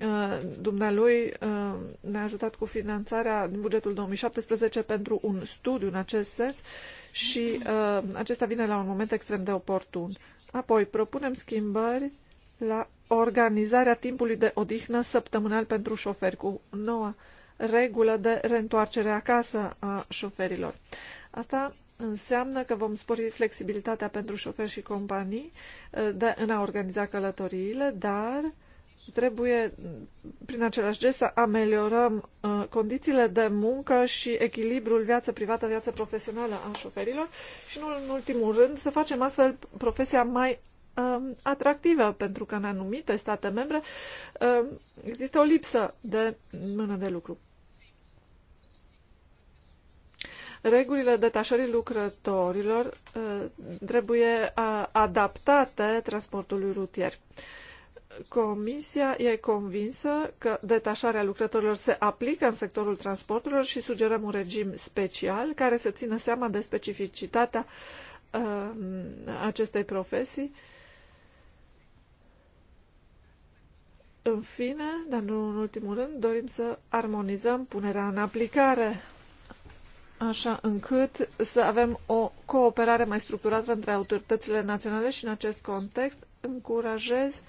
Uh, dumnealui uh, ne-a ajutat cu finanțarea din bugetul 2017 pentru un studiu în acest sens și uh, acesta vine la un moment extrem de oportun. Apoi propunem schimbări la organizarea timpului de odihnă săptămânal pentru șoferi cu noua regulă de reîntoarcere acasă a șoferilor. Asta înseamnă că vom spori flexibilitatea pentru șoferi și companii eh, de, în a organiza călătoriile, dar trebuie prin același gest să ameliorăm uh, condițiile de muncă și echilibrul viață privată, viață profesională a șoferilor și, nu în ultimul rând, să facem astfel profesia mai uh, atractivă, pentru că în anumite state membre uh, există o lipsă de mână de lucru. regulile detașării lucrătorilor uh, trebuie uh, adaptate transportului rutier. Comisia e convinsă că detașarea lucrătorilor se aplică în sectorul transporturilor și sugerăm un regim special care să țină seama de specificitatea uh, acestei profesii. În fine, dar nu în ultimul rând, dorim să armonizăm punerea în aplicare așa încât să avem o cooperare mai structurată între autoritățile naționale și în acest context încurajez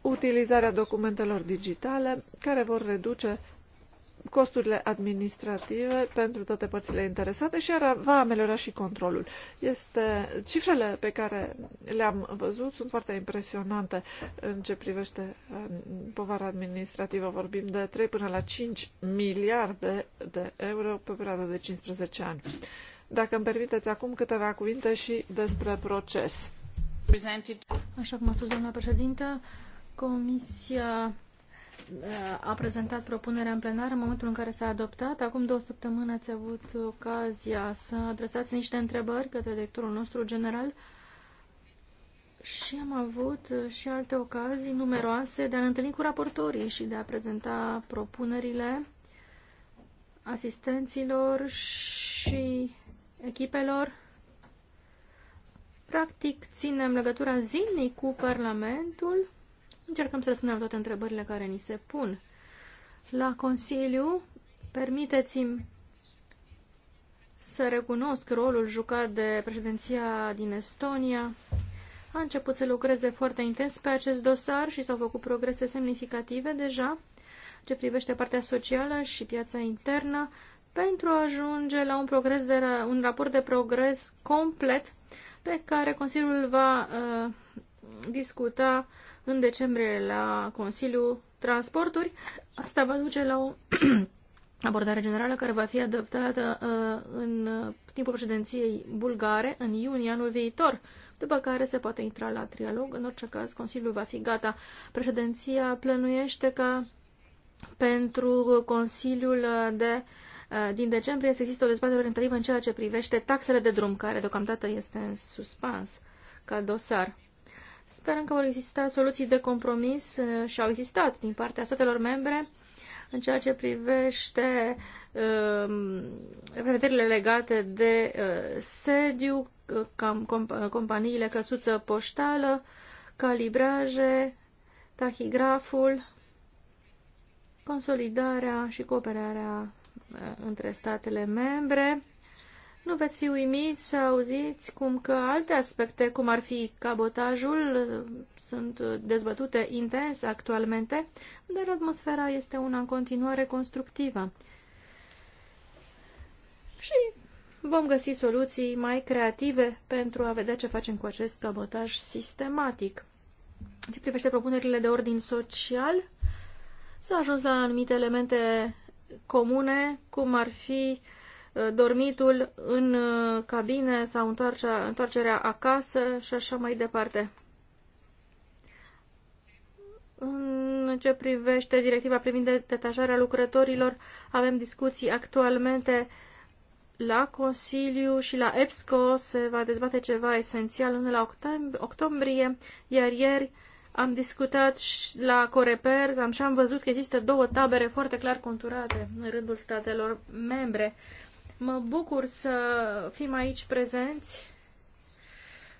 utilizarea documentelor digitale care vor reduce costurile administrative pentru toate părțile interesate și ar, va ameliora și controlul. Este, cifrele pe care le-am văzut sunt foarte impresionante în ce privește povara administrativă. Vorbim de 3 până la 5 miliarde de euro pe perioada de 15 ani. Dacă îmi permiteți acum câteva cuvinte și despre proces. Așa cum a spus doamna președintă, Comisia a prezentat propunerea în plenar în momentul în care s-a adoptat. Acum două săptămâni ați avut ocazia să adresați niște întrebări către directorul nostru general și am avut și alte ocazii numeroase de a ne întâlni cu raportorii și de a prezenta propunerile asistenților și echipelor. Practic, ținem legătura zilnic cu Parlamentul Încercăm să răspundem toate întrebările care ni se pun. La Consiliu, permiteți-mi să recunosc rolul jucat de președinția din Estonia. A început să lucreze foarte intens pe acest dosar și s-au făcut progrese semnificative deja ce privește partea socială și piața internă pentru a ajunge la un, progres de, un raport de progres complet pe care Consiliul va uh, discuta în decembrie la Consiliul Transporturi. Asta va duce la o (clears throat) abordare generală care va fi adoptată uh, în timpul președinției bulgare în iunie anul viitor, după care se poate intra la trialog. În orice caz, Consiliul va fi gata. Președinția plănuiește ca pentru Consiliul de uh, din decembrie să există o dezbatere orientativă în ceea ce privește taxele de drum, care deocamdată este în suspans ca dosar. Sperăm că vor exista soluții de compromis uh, și au existat din partea statelor membre în ceea ce privește uh, prevederile legate de uh, sediu, uh, cam, uh, companiile căsuță poștală, calibraje, tahigraful, consolidarea și cooperarea uh, între statele membre nu veți fi uimiți să auziți cum că alte aspecte, cum ar fi cabotajul, sunt dezbătute intens actualmente, dar atmosfera este una în continuare constructivă. Și vom găsi soluții mai creative pentru a vedea ce facem cu acest cabotaj sistematic. Ce privește propunerile de ordin social, s-a ajuns la anumite elemente comune, cum ar fi uh, Uh, dormitul în uh, cabine sau întoarcerea acasă și așa mai departe. În ce privește directiva privind detașarea lucrătorilor, avem discuții actualmente la Consiliu și la EPSCO se va dezbate ceva esențial în la octombrie, iar ieri am discutat și la Coreper am și am văzut că există două tabere foarte clar conturate în rândul statelor membre. Mă bucur să fim aici prezenți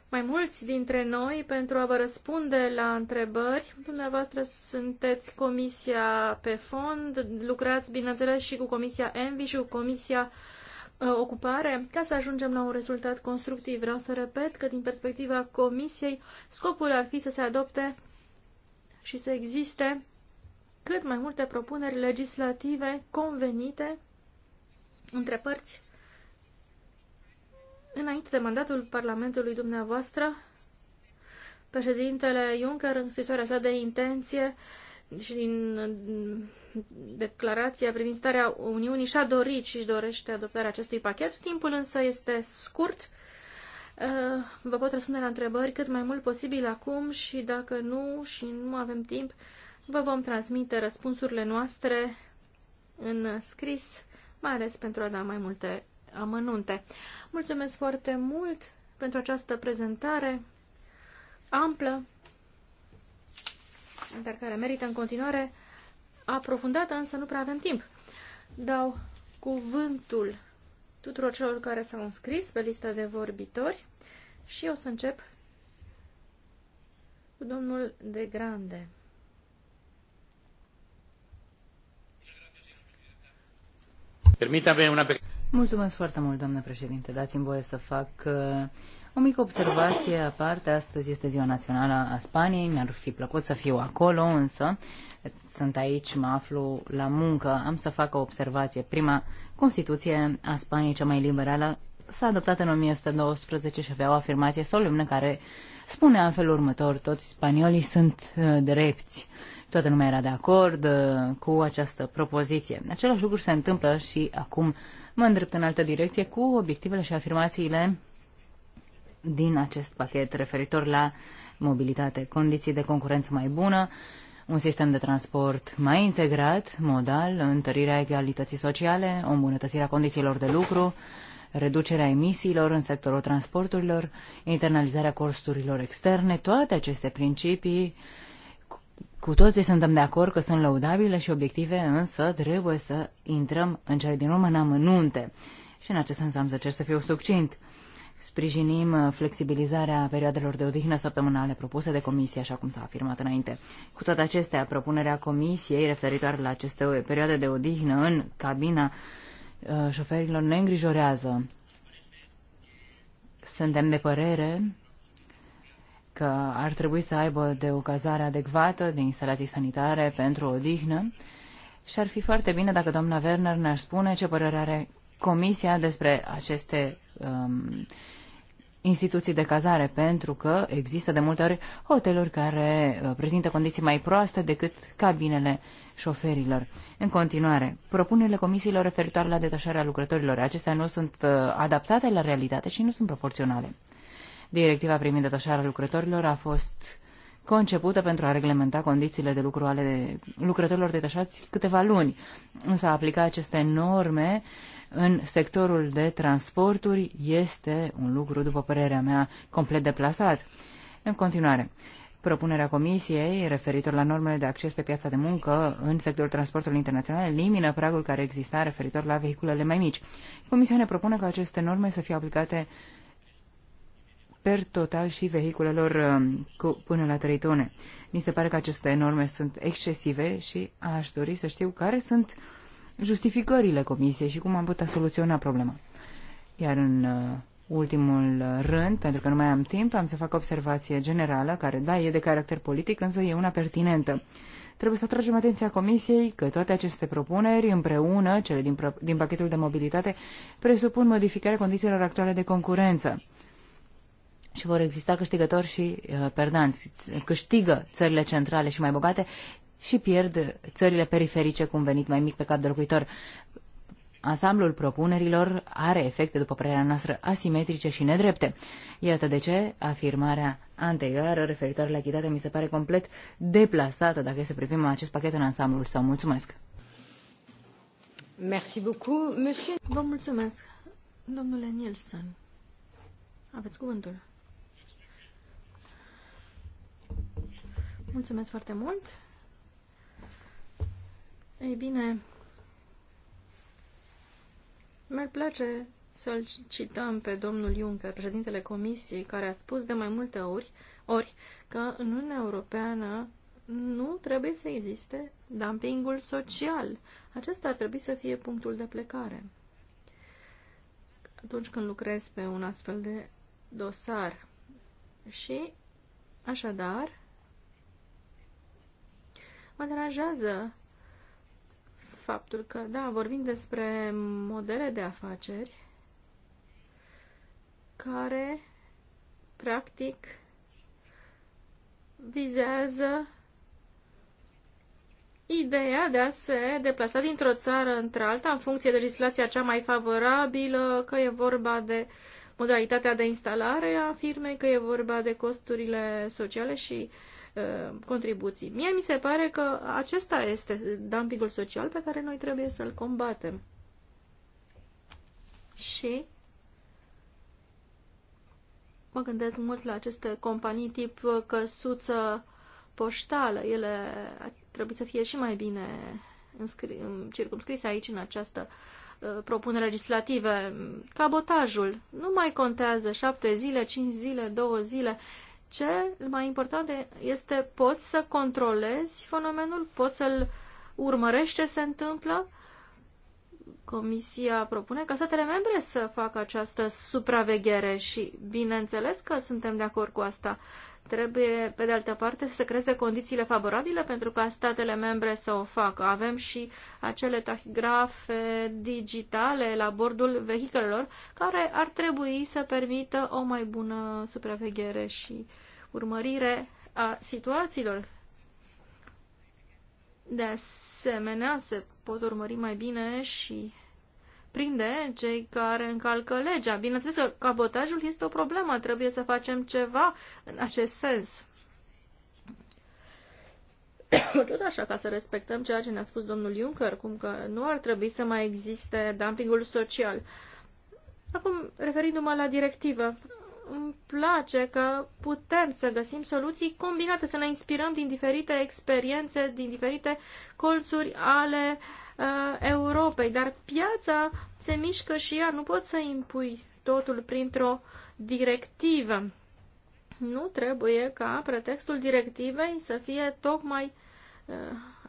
mai mulți dintre noi pentru a vă răspunde la întrebări. Dumneavoastră sunteți comisia pe fond, lucrați, bineînțeles, și cu comisia Envi și cu comisia uh, ocupare, ca să ajungem la un rezultat constructiv. Vreau să repet că, din perspectiva comisiei, scopul ar fi să se adopte și să existe cât mai multe propuneri legislative convenite între părți. Înainte de mandatul Parlamentului dumneavoastră, președintele Juncker, în scrisoarea sa de intenție și din mm, declarația privind starea Uniunii, și-a dorit și își dorește adoptarea acestui pachet. Timpul însă este scurt. Uh, vă pot răspunde la întrebări cât mai mult posibil acum și dacă nu și nu avem timp, vă vom transmite răspunsurile noastre în scris mai ales pentru a da mai multe amănunte. Mulțumesc foarte mult pentru această prezentare amplă, dar care merită în continuare aprofundată, însă nu prea avem timp. Dau cuvântul tuturor celor care s-au înscris pe lista de vorbitori și o să încep cu domnul De Grande. Permítame Mulțumesc foarte mult, domnule președinte. Dați-mi voie să fac uh, o mică observație aparte. Astăzi este ziua națională a Spaniei. Mi-ar fi plăcut să fiu acolo, însă sunt aici, mă aflu la muncă. Am să fac o observație. Prima Constituție a Spaniei, cea mai liberală, s-a adoptat în 1112 și avea o afirmație solemnă care spunea în felul următor, toți spaniolii sunt uh, drepți. Toată lumea era de acord uh, cu această propoziție. Același lucru se întâmplă și acum mă îndrept în altă direcție cu obiectivele și afirmațiile din acest pachet referitor la mobilitate, condiții de concurență mai bună, un sistem de transport mai integrat, modal, întărirea egalității sociale, o îmbunătățire a condițiilor de lucru, reducerea emisiilor în sectorul transporturilor, internalizarea costurilor externe, toate aceste principii cu toții suntem de acord că sunt lăudabile și obiective, însă trebuie să intrăm în cele din urmă în amănunte. Și în acest sens am să cer să fiu succint. Sprijinim uh, flexibilizarea perioadelor de odihnă săptămânale propuse de comisie, așa cum s-a afirmat înainte. Cu toate acestea, propunerea comisiei referitoare la aceste perioade de odihnă în cabina uh, șoferilor ne îngrijorează. Suntem de părere că ar trebui să aibă de o cazare adecvată de instalații sanitare pentru odihnă și ar fi foarte bine dacă doamna Werner ne-ar spune ce părere are Comisia despre aceste um, instituții de cazare, pentru că există de multe ori hoteluri care uh, prezintă condiții mai proaste decât cabinele șoferilor. În continuare, propunerile comisiilor referitoare la detașarea lucrătorilor, acestea nu sunt uh, adaptate la realitate și nu sunt proporționale. Directiva privind detașarea lucrătorilor a fost concepută pentru a reglementa condițiile de lucru ale lucrătorilor detașați câteva luni, însă a aplica aceste norme în sectorul de transporturi este un lucru, după părerea mea, complet deplasat. În continuare, Propunerea Comisiei referitor la normele de acces pe piața de muncă în sectorul transportului internațional elimină pragul care exista referitor la vehiculele mai mici. Comisia ne propune ca aceste norme să fie aplicate per total și vehiculelor um, cu până la 3 tone. Mi se pare că aceste norme sunt excesive și aș dori să știu care sunt justificările comisiei și cum am putea soluționa problema. Iar în uh, ultimul rând, pentru că nu mai am timp, am să fac o observație generală, care, da, e de caracter politic, însă e una pertinentă. Trebuie să atragem atenția Comisiei că toate aceste propuneri, împreună, cele din, din pachetul de mobilitate, presupun modificarea condițiilor actuale de concurență și vor exista câștigători și uh, perdanți. Câștigă țările centrale și mai bogate și pierd țările periferice cu un venit mai mic pe cap de locuitor. Ansamblul propunerilor are efecte, după părerea noastră, asimetrice și nedrepte. Iată de ce afirmarea anterioară referitoare la echitate mi se pare complet deplasată dacă să privim acest pachet în ansamblul său. Mulțumesc! Merci beaucoup, monsieur. Vă mulțumesc, domnule Nielsen. Aveți cuvântul. Mulțumesc foarte mult. Ei bine, mi-ar place să-l cităm pe domnul Juncker, președintele Comisiei, care a spus de mai multe ori, ori că în Uniunea Europeană nu trebuie să existe dumpingul social. Acesta ar trebui să fie punctul de plecare. Atunci când lucrezi pe un astfel de dosar. Și, așadar, Mă deranjează faptul că, da, vorbim despre modele de afaceri care, practic, vizează ideea de a se deplasa dintr-o țară într-alta în funcție de legislația cea mai favorabilă, că e vorba de modalitatea de instalare a firmei, că e vorba de costurile sociale și uh, Uh, contribuții. Mie mi se pare că acesta este dumpingul social pe care noi trebuie să-l combatem. Și mă gândesc mult la aceste companii tip uh, căsuță poștală. Ele trebuie să fie și mai bine um, circumscrise aici în această uh, propunere legislativă. Cabotajul nu mai contează șapte zile, cinci zile, două zile. Cel mai important este poți să controlezi fenomenul, poți să-l urmărești ce se întâmplă. Comisia propune ca statele membre să facă această supraveghere și bineînțeles că suntem de acord cu asta. Trebuie, pe de altă parte, să se creeze condițiile favorabile pentru ca statele membre să o facă. Avem și acele tahigrafe digitale la bordul vehiculelor care ar trebui să permită o mai bună supraveghere și urmărire a situațiilor. De asemenea, se pot urmări mai bine și prinde cei care încalcă legea. Bineînțeles că cabotajul este o problemă, trebuie să facem ceva în acest sens. (coughs) Tot așa, ca să respectăm ceea ce ne-a spus domnul Juncker, cum că nu ar trebui să mai existe dumpingul social. Acum, referindu-mă la directivă, îmi place că putem să găsim soluții combinate, să ne inspirăm din diferite experiențe, din diferite colțuri ale uh, Uh, Europei, dar piața se mișcă și ea, nu poți să impui totul printr-o directivă. Nu trebuie ca pretextul directivei să fie tocmai uh,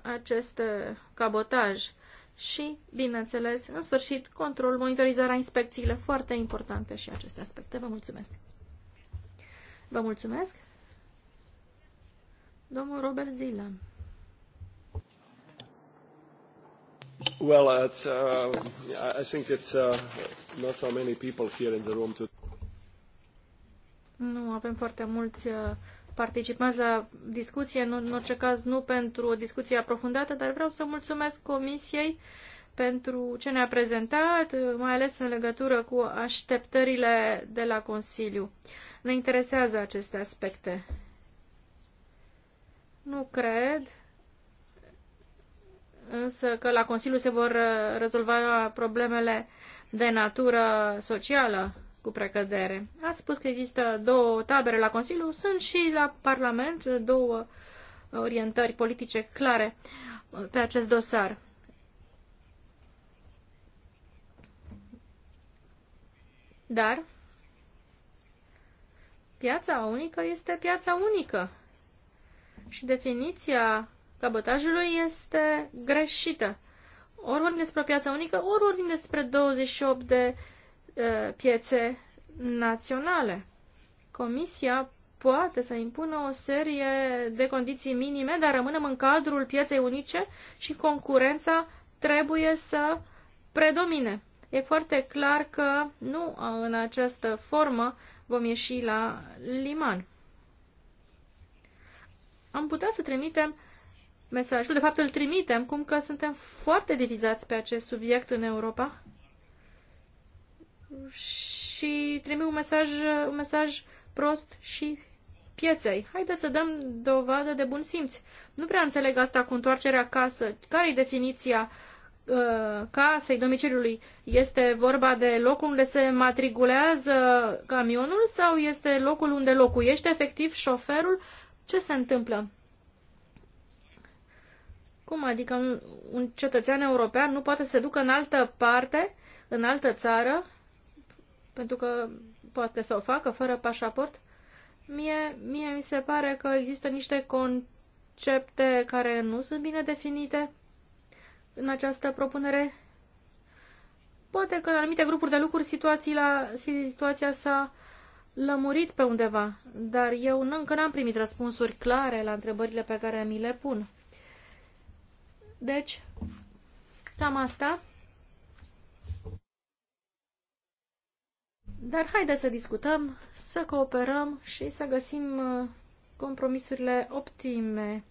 acest uh, cabotaj. Și, bineînțeles, în sfârșit, control, monitorizarea, inspecțiile, foarte importante și aceste aspecte. Vă mulțumesc! Vă mulțumesc! Domnul Robert Zilan. Well, it's, uh, I think it's uh, not so many people here in the room to... Nu avem foarte mulți uh, participanți la discuție, nu, în orice caz nu pentru o discuție aprofundată, dar vreau să mulțumesc Comisiei pentru ce ne-a prezentat, mai ales în legătură cu așteptările de la Consiliu. Ne interesează aceste aspecte. Nu cred însă că la Consiliu se vor uh, rezolva problemele de natură socială cu precădere. Ați spus că există două tabere la Consiliu, sunt și la Parlament două orientări politice clare uh, pe acest dosar. Dar piața unică este piața unică și definiția cabotajului este greșită. Ori vorbim despre piață unică, ori vorbim despre 28 de uh, piețe naționale. Comisia poate să impună o serie de condiții minime, dar rămânem în cadrul pieței unice și concurența trebuie să predomine. E foarte clar că nu în această formă vom ieși la liman. Am putea să trimitem mesajul, de fapt îl trimitem, cum că suntem foarte divizați pe acest subiect în Europa și trimit un mesaj, un mesaj prost și pieței. Haideți să dăm dovadă de bun simț. Nu prea înțeleg asta cu întoarcerea acasă. Care-i definiția uh, casei, domiciliului? Este vorba de locul unde se matriculează camionul sau este locul unde locuiește efectiv șoferul? Ce se întâmplă? Cum adică un, un cetățean european nu poate să se ducă în altă parte, în altă țară, pentru că poate să o facă fără pașaport? Mie, mie mi se pare că există niște concepte care nu sunt bine definite în această propunere. Poate că în anumite grupuri de lucruri la, situația s-a lămurit pe undeva, dar eu încă n-am primit răspunsuri clare la întrebările pe care mi le pun. Deci, cam asta. Dar haideți să discutăm, să cooperăm și să găsim uh, compromisurile optime.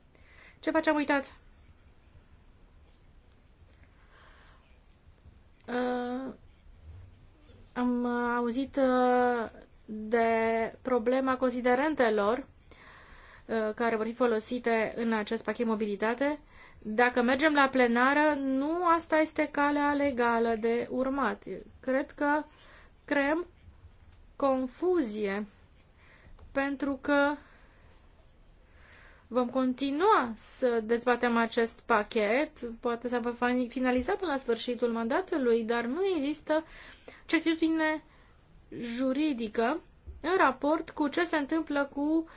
Ce facem uitat? Uh, am auzit uh, de problema considerentelor uh, care vor fi folosite în acest pachet mobilitate dacă mergem la plenară, nu asta este calea legală de urmat. Cred că creăm confuzie pentru că vom continua să dezbatem acest pachet, poate să va finaliza până la sfârșitul mandatului, dar nu există certitudine juridică în raport cu ce se întâmplă cu uh,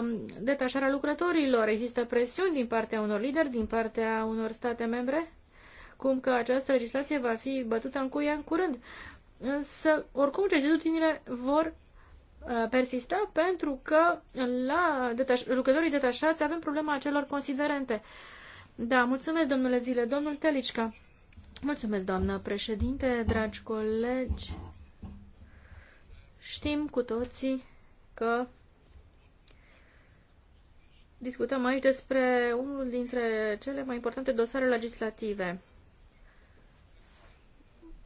Um, detașarea lucrătorilor. Există presiuni din partea unor lideri, din partea unor state membre, cum că această legislație va fi bătută în cuie în curând. Însă, oricum, certitudinile vor uh, persista pentru că la detaș- lucrătorii detașați avem problema acelor considerente. Da, mulțumesc, domnule Zile. Domnul Telicca. Mulțumesc, doamnă președinte, dragi colegi. Știm cu toții că Discutăm aici despre unul dintre cele mai importante dosare legislative.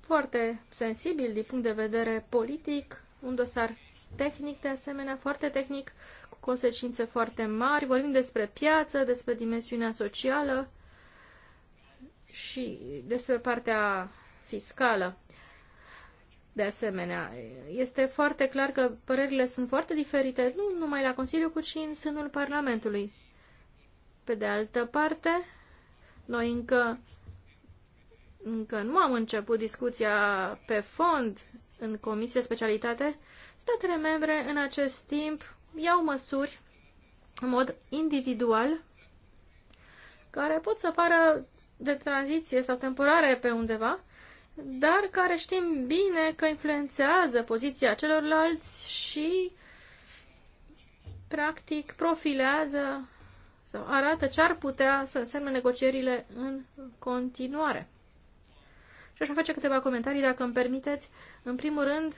Foarte sensibil din punct de vedere politic, un dosar tehnic de asemenea, foarte tehnic, cu consecințe foarte mari. Vorbim despre piață, despre dimensiunea socială și despre partea fiscală de asemenea. Este foarte clar că părerile sunt foarte diferite, nu numai la Consiliu, cât și în sânul Parlamentului. Pe de altă parte, noi încă, încă nu am început discuția pe fond în comisie specialitate. Statele membre în acest timp iau măsuri în mod individual care pot să pară de tranziție sau temporare pe undeva, dar care știm bine că influențează poziția celorlalți și practic profilează sau arată ce ar putea să însemne negocierile în continuare. Și aș face câteva comentarii, dacă îmi permiteți. În primul rând,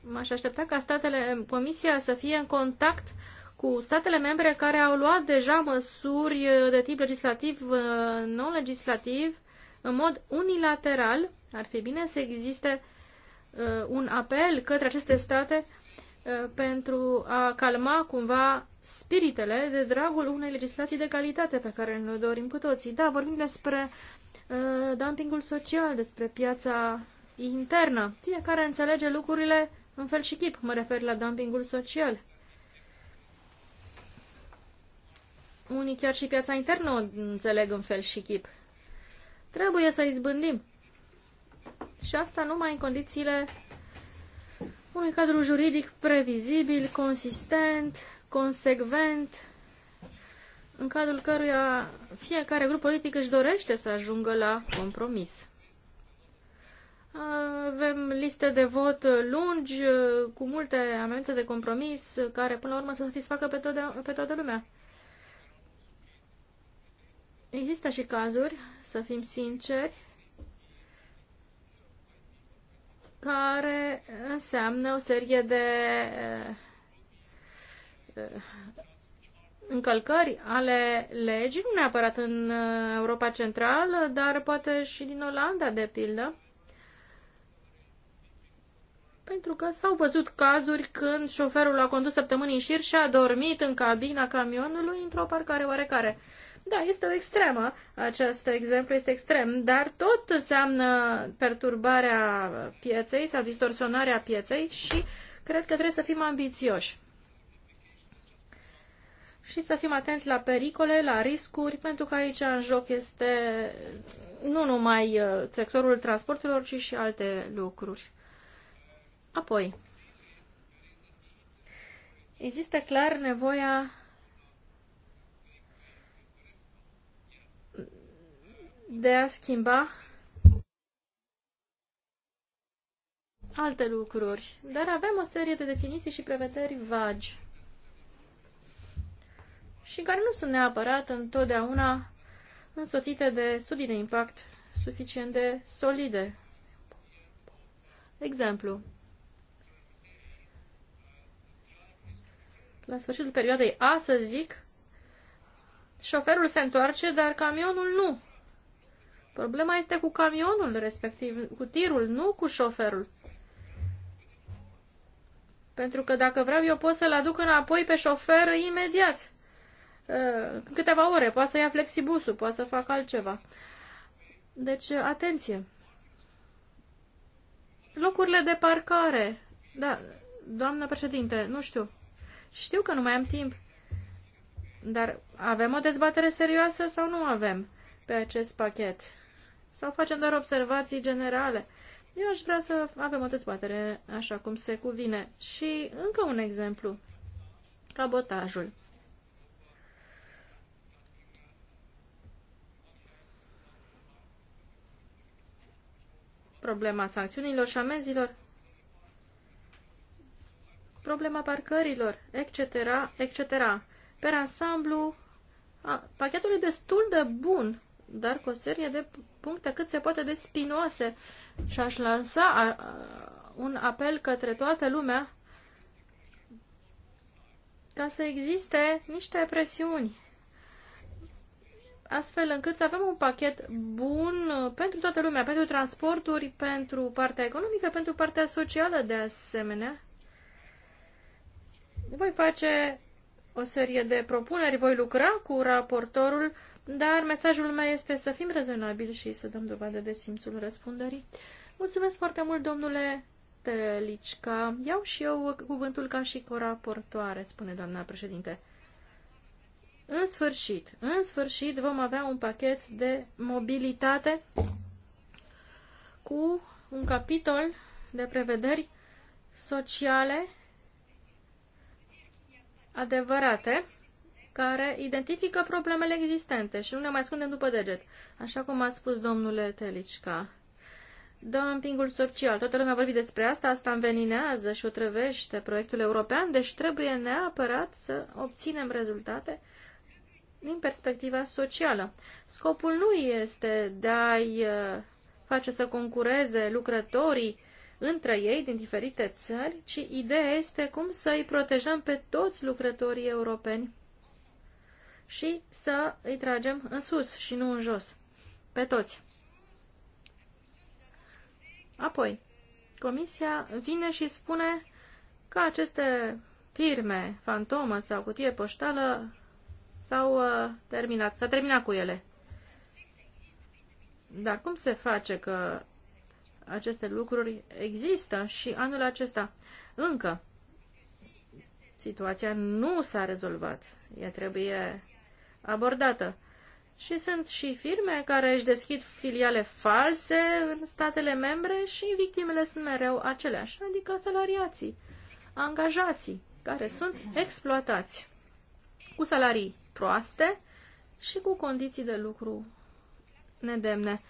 m-aș aștepta ca statele, Comisia să fie în contact cu statele membre care au luat deja măsuri de tip legislativ, non-legislativ, în mod unilateral, ar fi bine să existe uh, un apel către aceste state uh, pentru a calma cumva spiritele de dragul unei legislații de calitate pe care ne dorim cu toții. Da, vorbim despre uh, dumpingul social, despre piața internă. Fiecare înțelege lucrurile în fel și chip. Mă refer la dumpingul social. Unii chiar și piața internă o înțeleg în fel și chip. Trebuie să izbândim. Și asta numai în condițiile unui cadru juridic previzibil, consistent, consecvent, în cadrul căruia fiecare grup politic își dorește să ajungă la compromis. Avem liste de vot lungi, cu multe amendamente de compromis, care până la urmă să satisfacă pe toată, pe toată lumea. Există și cazuri, să fim sinceri, care înseamnă o serie de eh, încălcări ale legii, nu neapărat în Europa Centrală, dar poate și din Olanda, de pildă. Pentru că s-au văzut cazuri când șoferul a condus săptămâni în șir și a dormit în cabina camionului într-o parcare oarecare. Da, este o extremă, acest exemplu este extrem, dar tot înseamnă perturbarea pieței sau distorsionarea pieței și cred că trebuie să fim ambițioși și să fim atenți la pericole, la riscuri, pentru că aici în joc este nu numai uh, sectorul transporturilor, ci și alte lucruri. Apoi, există clar nevoia de a schimba alte lucruri, dar avem o serie de definiții și prevederi vagi și care nu sunt neapărat întotdeauna însoțite de studii de impact suficient de solide. Exemplu. La sfârșitul perioadei A, să zic, șoferul se întoarce, dar camionul nu. Problema este cu camionul respectiv, cu tirul, nu cu șoferul. Pentru că dacă vreau, eu pot să-l aduc înapoi pe șofer imediat. În uh, câteva ore. Poate să ia flexibusul, poate să fac altceva. Deci, atenție. Locurile de parcare. Da, doamnă președinte, nu știu. Știu că nu mai am timp. Dar avem o dezbatere serioasă sau nu avem pe acest pachet? sau facem doar observații generale. Eu aș vrea să avem o dezbatere așa cum se cuvine. Și încă un exemplu. Cabotajul. Problema sancțiunilor și amenzilor. Problema parcărilor, etc., etc. Per ansamblu, a, pachetul e destul de bun dar cu o serie de puncte cât se poate de spinoase și aș lansa a, a, un apel către toată lumea ca să existe niște presiuni astfel încât să avem un pachet bun pentru toată lumea, pentru transporturi, pentru partea economică, pentru partea socială de asemenea. Voi face o serie de propuneri, voi lucra cu raportorul dar mesajul meu este să fim rezonabili și să dăm dovadă de simțul răspunderii. Mulțumesc foarte mult, domnule Telicica. Iau și eu cuvântul ca și coraportoare, spune doamna președinte. În sfârșit, în sfârșit vom avea un pachet de mobilitate cu un capitol de prevederi sociale adevărate care identifică problemele existente și nu ne mai ascundem după deget. Așa cum a spus, domnule Telicica. dumpingul social. Toată lumea vorbit despre asta, asta înveninează și otrăvește proiectul european, deci trebuie neapărat să obținem rezultate din perspectiva socială. Scopul nu este de a-i uh, face să concureze lucrătorii între ei din diferite țări, ci ideea este cum să îi protejăm pe toți lucrătorii europeni și să îi tragem în sus și nu în jos, pe toți. Apoi, comisia vine și spune că aceste firme, fantomă sau cutie poștală, s-au uh, terminat, s-a terminat cu ele. Dar cum se face că aceste lucruri există și anul acesta încă? Situația nu s-a rezolvat. Ea trebuie abordată. Și sunt și firme care își deschid filiale false în statele membre și victimele sunt mereu aceleași, adică salariații, angajații care sunt exploatați cu salarii proaste și cu condiții de lucru nedemne.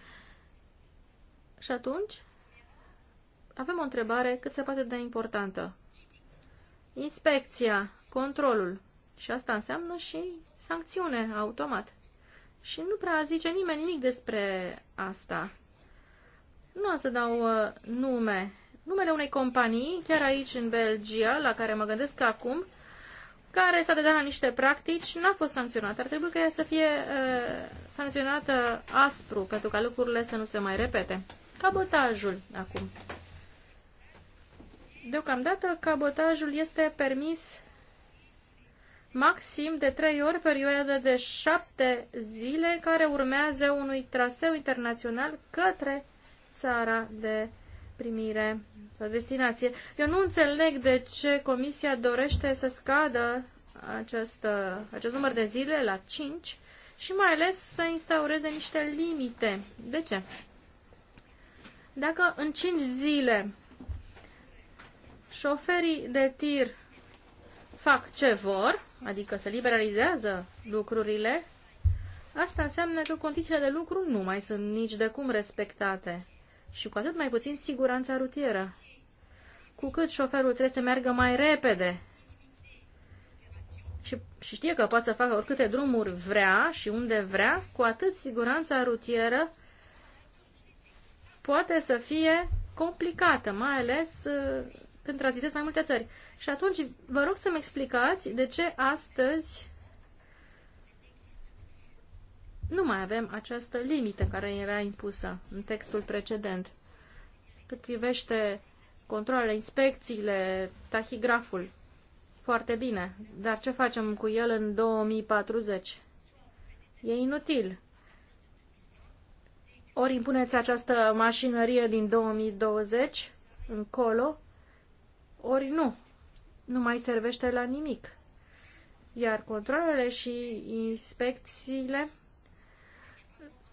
Și atunci avem o întrebare cât se poate de importantă. Inspecția, controlul, și asta înseamnă și sancțiune automat. Și nu prea zice nimeni nimic despre asta. Nu am să dau uh, nume. Numele unei companii, chiar aici în Belgia, la care mă gândesc acum, care s-a dedat la niște practici, n-a fost sancționată. Ar trebui ca ea să fie uh, sancționată aspru, pentru ca lucrurile să nu se mai repete. Cabotajul, acum. Deocamdată, cabotajul este permis maxim de trei ori perioada de șapte zile care urmează unui traseu internațional către țara de primire sau destinație. Eu nu înțeleg de ce Comisia dorește să scadă acest, acest număr de zile la 5 și mai ales să instaureze niște limite. De ce? Dacă în 5 zile șoferii de tir fac ce vor, adică se liberalizează lucrurile, asta înseamnă că condițiile de lucru nu mai sunt nici de cum respectate și cu atât mai puțin siguranța rutieră. Cu cât șoferul trebuie să meargă mai repede și, și știe că poate să facă oricâte drumuri vrea și unde vrea, cu atât siguranța rutieră poate să fie complicată, mai ales uh, când tranzitez mai multe țări. Și atunci vă rog să-mi explicați de ce astăzi nu mai avem această limită care era impusă în textul precedent. Cât privește controlele, inspecțiile, tahigraful, foarte bine, dar ce facem cu el în 2040? E inutil. Ori impuneți această mașinărie din 2020 încolo, ori nu. Nu mai servește la nimic. Iar controlele și inspecțiile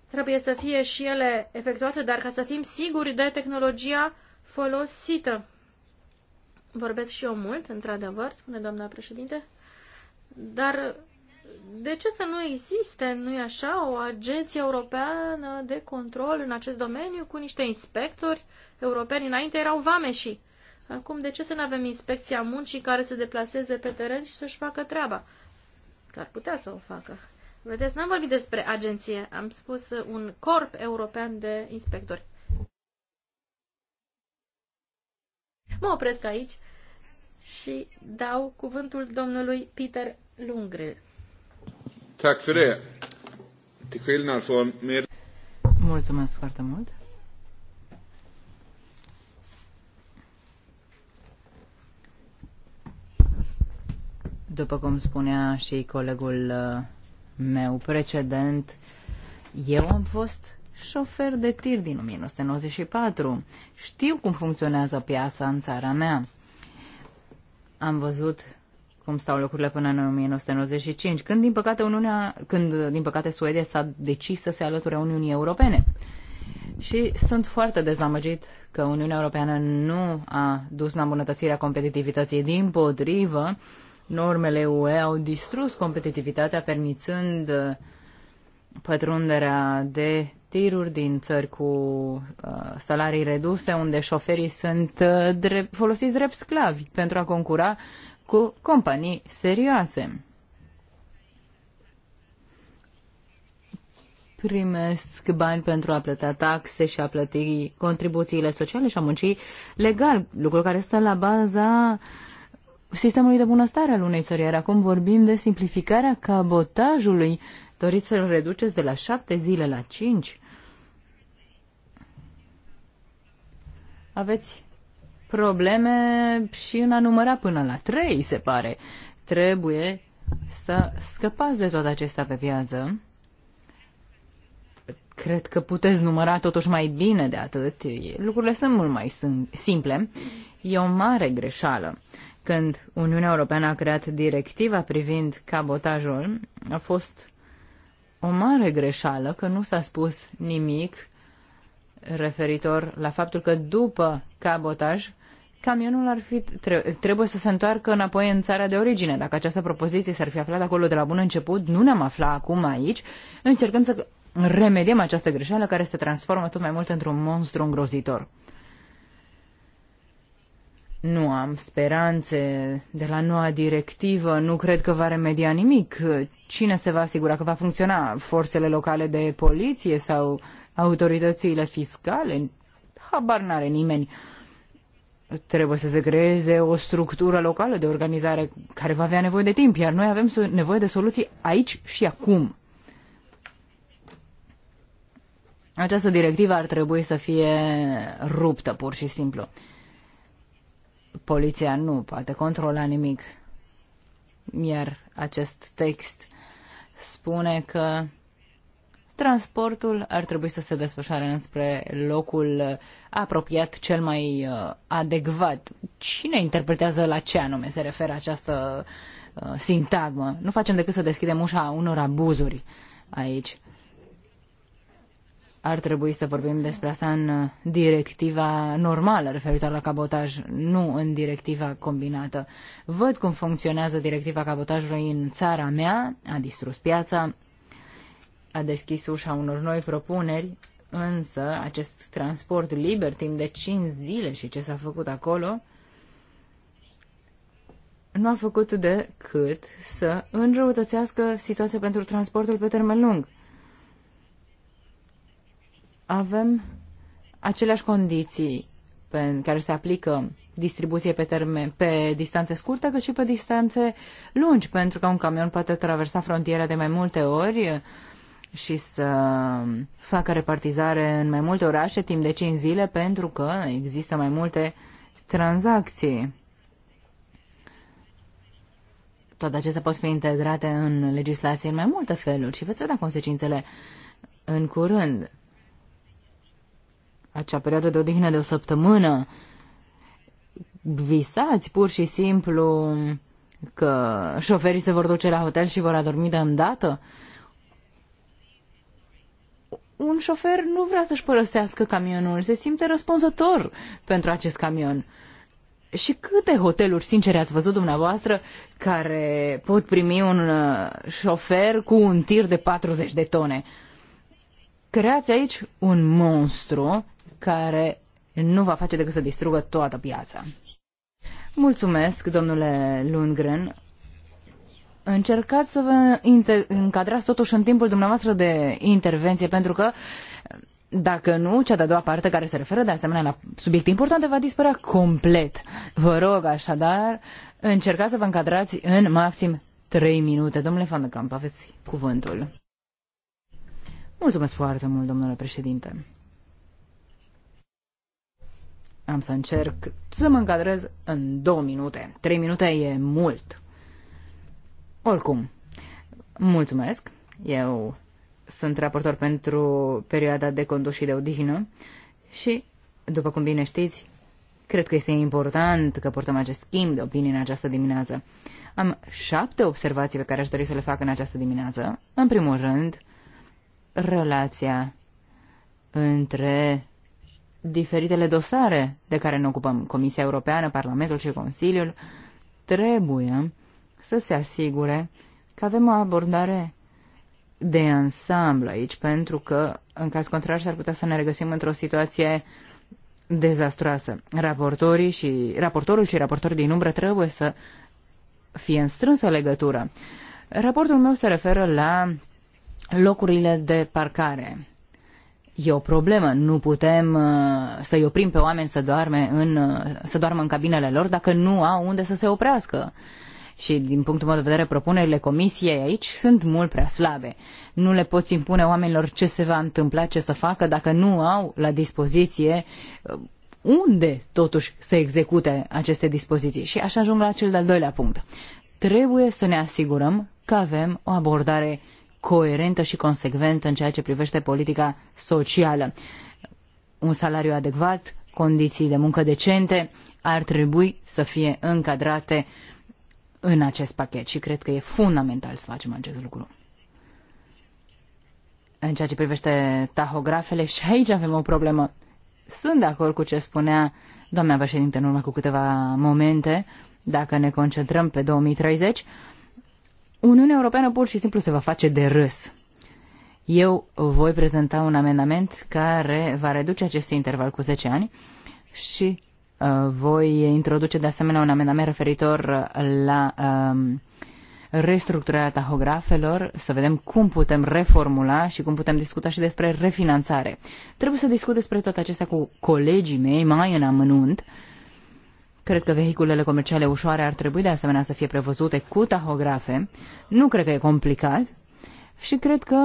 trebuie să fie și ele efectuate, dar ca să fim siguri de tehnologia folosită. Vorbesc și eu mult, într-adevăr, spune doamna președinte, dar de ce să nu existe, nu-i așa, o agenție europeană de control în acest domeniu cu niște inspectori europeni? Înainte erau vameșii Acum, de ce să nu avem inspecția muncii care se deplaseze pe teren și să-și facă treaba? Că ar putea să o facă. Vedeți, n-am vorbit despre agenție, am spus un corp european de inspectori. Mă opresc aici și dau cuvântul domnului Peter Lundgren. Mulțumesc foarte mult. După cum spunea și colegul uh, meu precedent, eu am fost șofer de tir din 1994. Știu cum funcționează piața în țara mea. Am văzut cum stau lucrurile până în 1995, când din păcate Uniunea, când din păcate Suedia s-a decis să se alăture Uniunii Europene. Și sunt foarte dezamăgit că Uniunea Europeană nu a dus la îmbunătățirea competitivității din potrivă, normele UE au distrus competitivitatea, permițând uh, pătrunderea de tiruri din țări cu uh, salarii reduse, unde șoferii sunt uh, drept, folosiți drept sclavi pentru a concura cu companii serioase. primesc bani pentru a plăta taxe și a plăti contribuțiile sociale și a muncii legal, lucru care stă la baza uh, sistemului de bunăstare al unei țări, iar acum vorbim de simplificarea cabotajului. Doriți să-l reduceți de la șapte zile la cinci? Aveți probleme și în a număra până la trei, se pare. Trebuie să scăpați de toate acestea pe piață. Cred că puteți număra totuși mai bine de atât. Lucrurile sunt mult mai simple. E o mare greșeală când Uniunea Europeană a creat directiva privind cabotajul, a fost o mare greșeală că nu s-a spus nimic referitor la faptul că după cabotaj camionul ar fi tre- trebuie să se întoarcă înapoi în țara de origine. Dacă această propoziție s-ar fi aflat acolo de la bun început, nu ne-am afla acum aici, încercând să remediem această greșeală care se transformă tot mai mult într-un monstru îngrozitor. Nu am speranțe de la noua directivă, nu cred că va remedia nimic. Cine se va asigura că va funcționa? Forțele locale de poliție sau autoritățile fiscale? Habar n-are nimeni. Trebuie să se creeze o structură locală de organizare care va avea nevoie de timp, iar noi avem nevoie de soluții aici și acum. Această directivă ar trebui să fie ruptă, pur și simplu poliția nu poate controla nimic. Iar acest text spune că transportul ar trebui să se desfășoare înspre locul apropiat cel mai uh, adecvat. Cine interpretează la ce anume se referă această uh, sintagmă? Nu facem decât să deschidem ușa unor abuzuri aici ar trebui să vorbim despre asta în uh, directiva normală referitoare la cabotaj, nu în directiva combinată. Văd cum funcționează directiva cabotajului în țara mea, a distrus piața, a deschis ușa unor noi propuneri, însă acest transport liber timp de 5 zile și ce s-a făcut acolo, nu a făcut decât să înrăutățească situația pentru transportul pe termen lung avem aceleași condiții pe care se aplică distribuție pe, termen, pe distanțe scurte, cât și pe distanțe lungi, pentru că un camion poate traversa frontiera de mai multe ori și să facă repartizare în mai multe orașe timp de 5 zile, pentru că există mai multe tranzacții. Toate acestea pot fi integrate în legislație în mai multe feluri și veți vedea consecințele în curând acea perioadă de odihnă de o săptămână. Visați pur și simplu că șoferii se vor duce la hotel și vor adormi de îndată. Un șofer nu vrea să-și părăsească camionul, se simte răspunzător pentru acest camion. Și câte hoteluri, sincere, ați văzut dumneavoastră care pot primi un uh, șofer cu un tir de 40 de tone? Creați aici un monstru care nu va face decât să distrugă toată piața. Mulțumesc, domnule Lundgren. Încercați să vă încadrați totuși în timpul dumneavoastră de intervenție, pentru că dacă nu, cea de-a doua parte care se referă de asemenea la subiecte importante va dispărea complet. Vă rog așadar, încercați să vă încadrați în maxim 3 minute. Domnule Fandecamp, aveți cuvântul. Mulțumesc foarte mult, domnule președinte. Am să încerc să mă încadrez în două minute. Trei minute e mult. Oricum, mulțumesc. Eu sunt raportor pentru perioada de condus și de odihnă și, după cum bine știți, cred că este important că portăm acest schimb de opinii în această dimineață. Am șapte observații pe care aș dori să le fac în această dimineață. În primul rând, relația între diferitele dosare de care ne ocupăm, Comisia Europeană, Parlamentul și Consiliul, trebuie să se asigure că avem o abordare de ansamblu aici, pentru că, în caz contrar, s-ar putea să ne regăsim într-o situație dezastroasă. Raportorii și, raportorul și raportorii din umbră trebuie să fie în strânsă legătură. Raportul meu se referă la locurile de parcare. E o problemă. Nu putem uh, să-i oprim pe oameni să, doarme în, uh, să doarmă în cabinele lor dacă nu au unde să se oprească. Și din punctul meu de vedere, propunerile comisiei aici sunt mult prea slabe. Nu le poți impune oamenilor ce se va întâmpla, ce să facă, dacă nu au la dispoziție uh, unde totuși să execute aceste dispoziții. Și așa ajung la cel de-al doilea punct. Trebuie să ne asigurăm că avem o abordare coerentă și consecventă în ceea ce privește politica socială. Un salariu adecvat, condiții de muncă decente ar trebui să fie încadrate în acest pachet și cred că e fundamental să facem acest lucru. În ceea ce privește tahografele și aici avem o problemă. Sunt de acord cu ce spunea doamna președinte în urmă cu câteva momente, dacă ne concentrăm pe 2030, Uniunea Europeană pur și simplu se va face de râs. Eu voi prezenta un amendament care va reduce acest interval cu 10 ani și uh, voi introduce de asemenea un amendament referitor la um, restructurarea tahografelor, să vedem cum putem reformula și cum putem discuta și despre refinanțare. Trebuie să discut despre toate acestea cu colegii mei mai în amănunt, uh, Cred că vehiculele comerciale ușoare ar trebui de asemenea să fie prevăzute cu tahografe. Nu cred că e complicat și cred că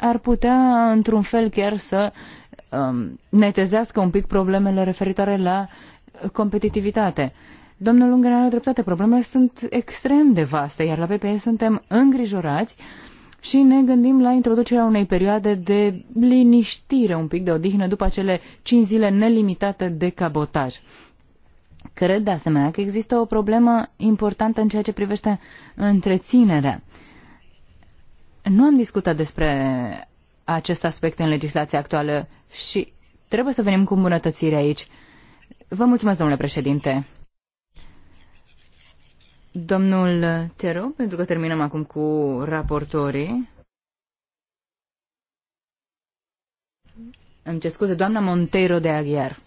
ar putea într-un fel chiar să um, netezească un pic problemele referitoare la competitivitate. Domnul Lungă are dreptate, problemele sunt extrem de vaste, iar la PPE suntem îngrijorați și ne gândim la introducerea unei perioade de liniștire, un pic de odihnă, după acele 5 zile nelimitate de cabotaj. Cred de asemenea că există o problemă importantă în ceea ce privește întreținerea. Nu am discutat despre acest aspect în legislația actuală și trebuie să venim cu îmbunătățire aici. Vă mulțumesc, domnule președinte. Domnul Tero, pentru că terminăm acum cu raportorii. Îmi cer scuze, doamna Monteiro de Aghiar.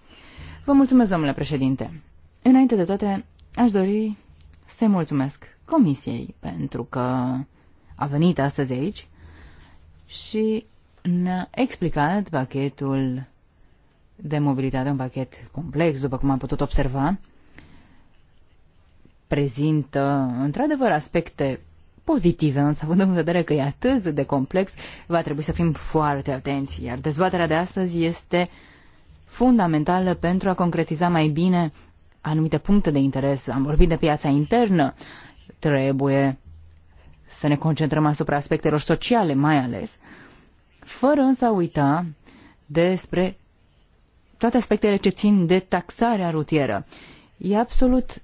Vă mulțumesc, domnule președinte. Înainte de toate, aș dori să-i mulțumesc Comisiei pentru că a venit astăzi aici și ne-a explicat pachetul de mobilitate, un pachet complex, după cum am putut observa. Prezintă, într-adevăr, aspecte pozitive, însă având în vedere că e atât de complex, va trebui să fim foarte atenți, iar dezbaterea de astăzi este fundamentală pentru a concretiza mai bine anumite puncte de interes. Am vorbit de piața internă. Trebuie să ne concentrăm asupra aspectelor sociale, mai ales, fără însă a uita despre toate aspectele ce țin de taxarea rutieră. E absolut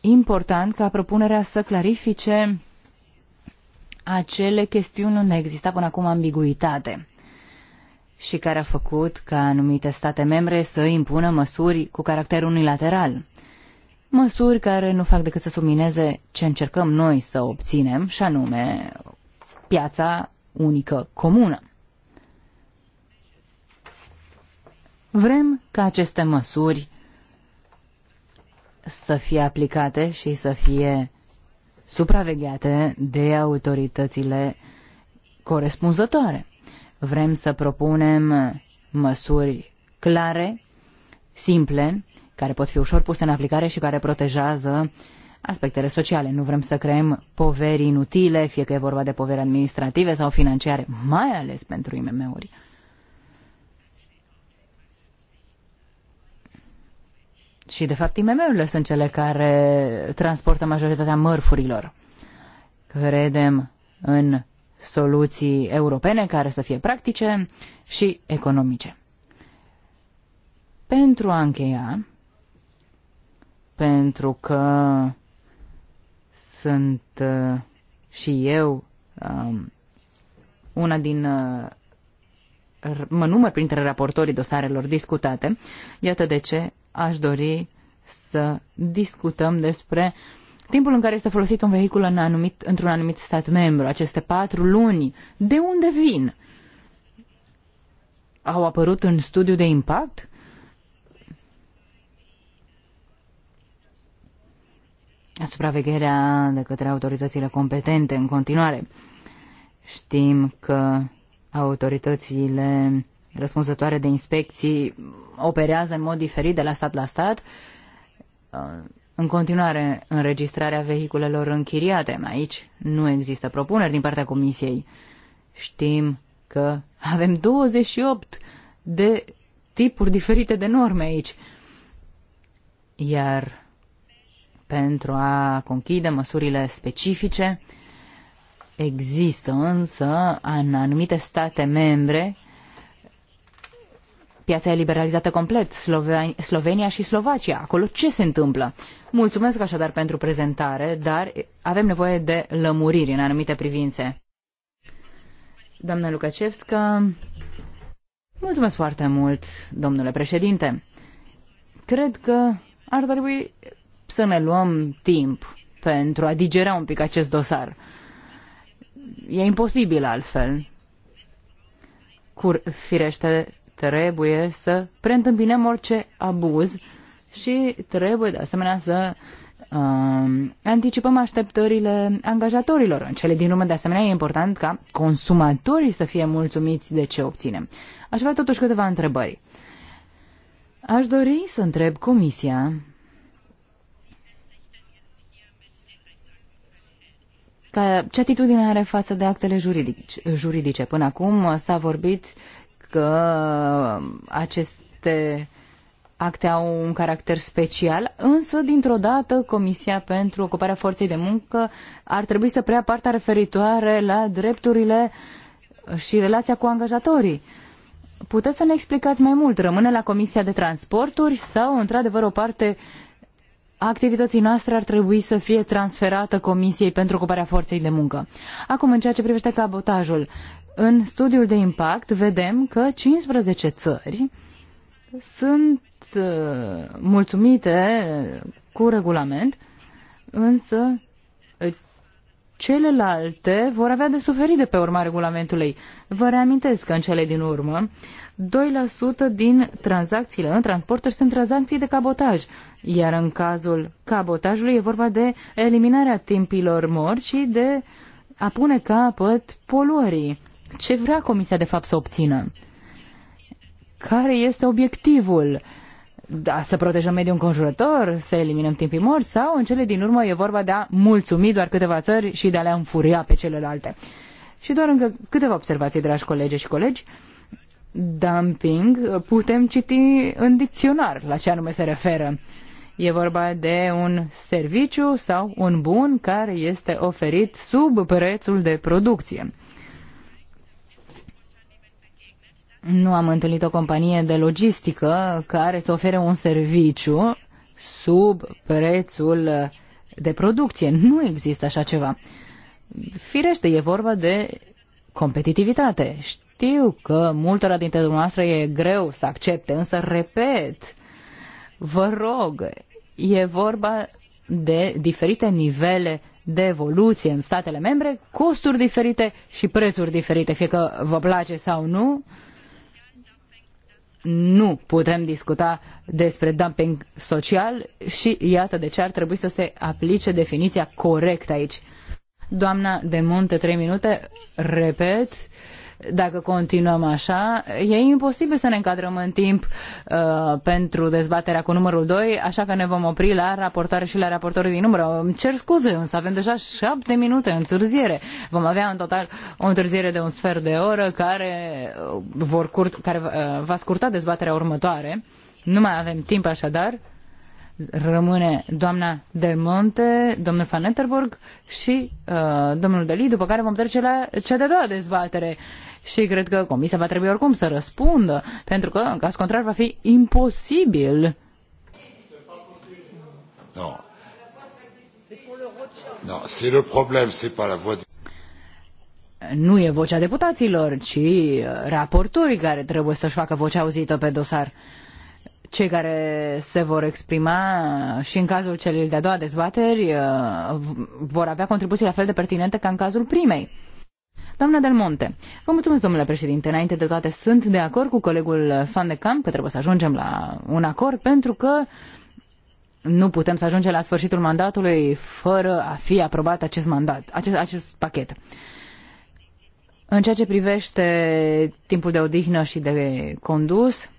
important ca propunerea să clarifice acele chestiuni unde exista până acum ambiguitate și care a făcut ca anumite state membre să impună măsuri cu caracter unilateral. Măsuri care nu fac decât să submineze ce încercăm noi să obținem, și anume piața unică comună. Vrem ca aceste măsuri să fie aplicate și să fie supravegheate de autoritățile corespunzătoare. Vrem să propunem măsuri clare, simple, care pot fi ușor puse în aplicare și care protejează aspectele sociale. Nu vrem să creăm poveri inutile, fie că e vorba de poveri administrative sau financiare, mai ales pentru IMM-uri. Și, de fapt, IMM-urile sunt cele care transportă majoritatea mărfurilor. Credem în soluții europene care să fie practice și economice. Pentru a încheia, pentru că sunt uh, și eu um, una din uh, mă număr printre raportorii dosarelor discutate. Iată de ce aș dori să discutăm despre uh, timpul în care este folosit un vehicul în anumit, într-un anumit stat membru, aceste patru luni, de unde vin? Au apărut în studiu de impact? Supravegherea de către autoritățile competente în continuare. Știm că autoritățile răspunzătoare de inspecții operează în mod diferit de la stat la stat în continuare înregistrarea vehiculelor închiriate. Aici nu există propuneri din partea Comisiei. Știm că avem 28 de tipuri diferite de norme aici. Iar pentru a conchide măsurile specifice, există însă în anumite state membre Piața e liberalizată complet, Slovenia, Slovenia și Slovacia. Acolo ce se întâmplă? Mulțumesc așadar pentru prezentare, dar avem nevoie de lămuriri în anumite privințe. Doamna Lukacevska, mulțumesc foarte mult, domnule președinte. Cred că ar trebui să ne luăm timp pentru a digera un pic acest dosar. E imposibil altfel. Cur, firește, trebuie să preîntâmpinăm orice abuz și trebuie de asemenea să uh, anticipăm așteptările angajatorilor. În cele din urmă, de asemenea, e important ca consumatorii să fie mulțumiți de ce obținem. Aș vrea totuși câteva întrebări. Aș dori să întreb Comisia Ca ce atitudine are față de actele juridice? Până acum s-a vorbit că um, aceste acte au un caracter special, însă, dintr-o dată, Comisia pentru Ocuparea Forței de Muncă ar trebui să preia partea referitoare la drepturile și relația cu angajatorii. Puteți să ne explicați mai mult? Rămâne la Comisia de Transporturi sau, într-adevăr, o parte a activității noastre ar trebui să fie transferată Comisiei pentru Ocuparea Forței de Muncă? Acum, în ceea ce privește cabotajul, în studiul de impact vedem că 15 țări sunt uh, mulțumite cu regulament, însă uh, celelalte vor avea de suferit de pe urma regulamentului. Vă reamintesc că în cele din urmă, 2% din tranzacțiile în transporturi sunt tranzacții de cabotaj, iar în cazul cabotajului e vorba de eliminarea timpilor morți și de a pune capăt poluării. Ce vrea Comisia de fapt să obțină? Care este obiectivul? Da, să protejăm mediul înconjurător, să eliminăm timpii morți sau în cele din urmă e vorba de a mulțumi doar câteva țări și de a le înfuria pe celelalte. Și doar încă câteva observații, dragi colegi și colegi. Dumping putem citi în dicționar la ce anume se referă. E vorba de un serviciu sau un bun care este oferit sub prețul de producție. Nu am întâlnit o companie de logistică care să ofere un serviciu sub prețul de producție. Nu există așa ceva. Firește, e vorba de competitivitate. Știu că multora dintre dumneavoastră e greu să accepte, însă repet, vă rog, e vorba de diferite nivele de evoluție în statele membre, costuri diferite și prețuri diferite, fie că vă place sau nu, nu putem discuta despre dumping social și iată de ce ar trebui să se aplice definiția corectă aici. Doamna de munte, trei minute, repet, uh, dacă continuăm așa, e imposibil să ne încadrăm în timp uh, pentru dezbaterea cu numărul 2, așa că ne vom opri la raportare și la raportorii din număr. Îmi cer scuze, însă avem deja șapte minute întârziere. Vom avea în total o întârziere de un sfert de oră care, uh, vor cur- care uh, va scurta dezbaterea următoare. Nu mai avem timp așadar rămâne doamna Del Monte, domnul Van Etterburg și uh, domnul Deli, după care vom trece la cea de-a doua dezbatere și cred că comisia va trebui oricum să răspundă, pentru că, în caz contrar, va fi imposibil. No. No, c'est le problème, c'est pas la voix de... Nu e vocea deputaților, ci uh, raporturii care trebuie să-și facă vocea auzită pe dosar cei care se vor exprima uh, și în cazul celei de-a doua dezbateri uh, vor avea contribuții la fel de pertinente ca în cazul primei. Doamna Del Monte, vă mulțumesc, domnule președinte. Înainte de toate, sunt de acord cu colegul Fan de Camp că trebuie să ajungem la un acord pentru că nu putem să ajungem la sfârșitul mandatului fără a fi aprobat acest mandat, acest, acest pachet. În ceea ce privește timpul de odihnă și de condus,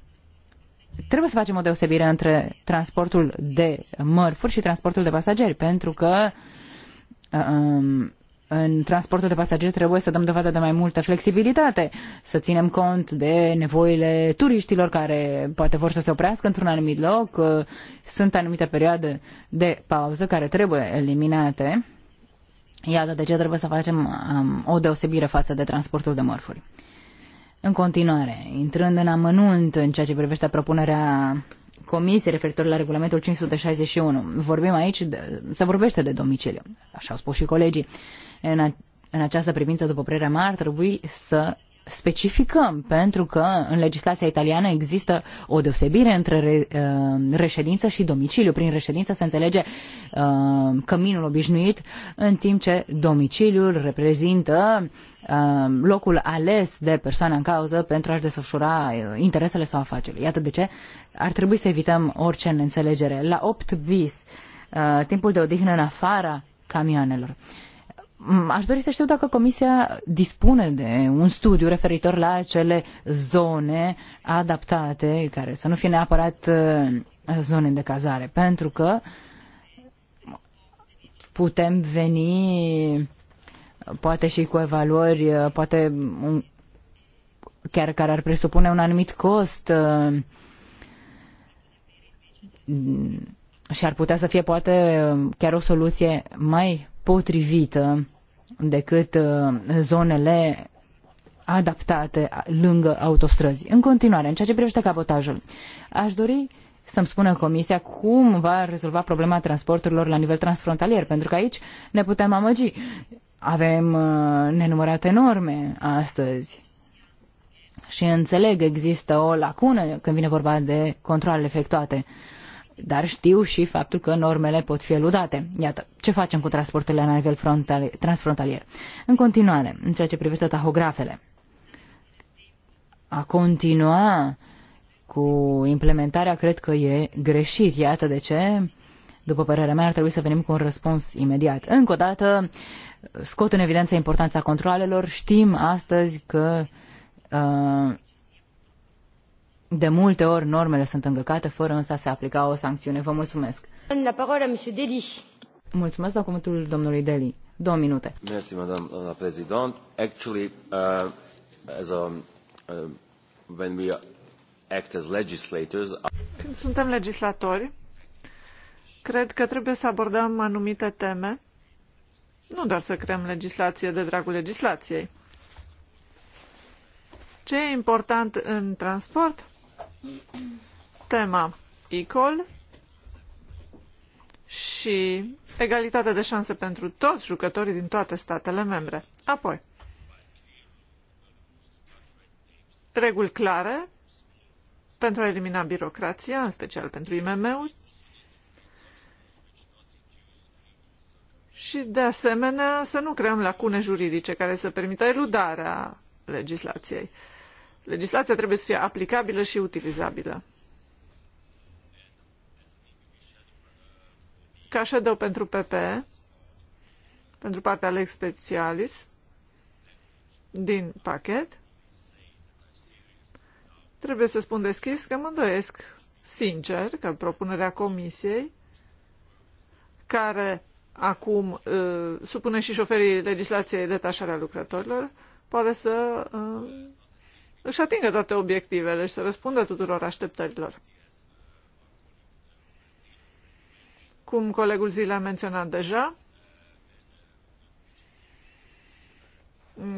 trebuie să facem o deosebire între transportul de mărfuri și transportul de pasageri, pentru că uh, um, în transportul de pasageri trebuie să dăm dovadă de mai multă flexibilitate, să ținem cont de nevoile turiștilor care poate vor să se oprească într-un anumit loc, sunt anumite perioade de pauză care trebuie eliminate. Iată de ce trebuie să facem um, o deosebire față de transportul de mărfuri. În continuare, intrând în amănunt în ceea ce privește propunerea Comisiei referitor la regulamentul 561. Vorbim aici, de, se vorbește de domiciliu, așa au spus și colegii. În, a, în această privință, după părerea mea, ar trebui să specificăm, pentru că în legislația italiană există o deosebire între re, uh, reședință și domiciliu. Prin reședință se înțelege uh, căminul obișnuit, în timp ce domiciliul reprezintă uh, locul ales de persoana în cauză pentru a-și desfășura uh, interesele sau afacerile. Iată de ce ar trebui să evităm orice înțelegere. La 8 bis, uh, timpul de odihnă în afara camioanelor. Mm, aș dori să știu dacă Comisia dispune de un studiu referitor la acele zone adaptate, care să nu fie neapărat uh, zone de cazare, pentru că putem veni poate și cu evaluări, uh, poate un, chiar care ar presupune un anumit cost uh, mm, și ar putea să fie poate chiar o soluție mai potrivită decât uh, zonele adaptate lângă autostrăzi. În continuare, în ceea ce privește cabotajul, aș dori să-mi spună Comisia cum va rezolva problema transporturilor la nivel transfrontalier, pentru că aici ne putem amăgi. Avem uh, nenumărate norme astăzi. Și înțeleg, există o lacună când vine vorba de controlele efectuate. Uh, dar știu și faptul că normele pot fi eludate. Iată, ce facem cu transporturile la nivel transfrontalier? În continuare, în ceea ce privește tahografele, a continua cu implementarea cred că e greșit. Iată de ce, după părerea mea, ar trebui să venim cu un răspuns imediat. Încă o dată, scot în evidență importanța controalelor. Știm astăzi că uh, de multe ori normele sunt încălcate fără însă se aplica o sancțiune. Vă mulțumesc. La parola, Deli. Mulțumesc la cuvântul domnului Deli. Două minute. Mersi, madame președinte. Actually, uh, as a, um, uh, when we act as legislators... Uh, Când suntem legislatori, cred că trebuie să abordăm anumite teme, nu doar să creăm legislație de dragul legislației. Ce e important în transport? Tema equal și egalitate de șanse pentru toți jucătorii din toate statele membre. Apoi, reguli clare pentru a elimina birocrația, în special pentru IMM-uri, și, de asemenea, să nu creăm lacune juridice care să permită eludarea legislației. Legislația trebuie să fie aplicabilă și utilizabilă. Ca shadow pentru PP, pentru partea lex specialis din pachet, trebuie să spun deschis că mă îndoiesc sincer că propunerea comisiei care acum uh, supune și șoferii legislației detașarea lucrătorilor, poate să uh, își atingă toate obiectivele și să răspundă tuturor așteptărilor. Cum colegul Zile a menționat deja,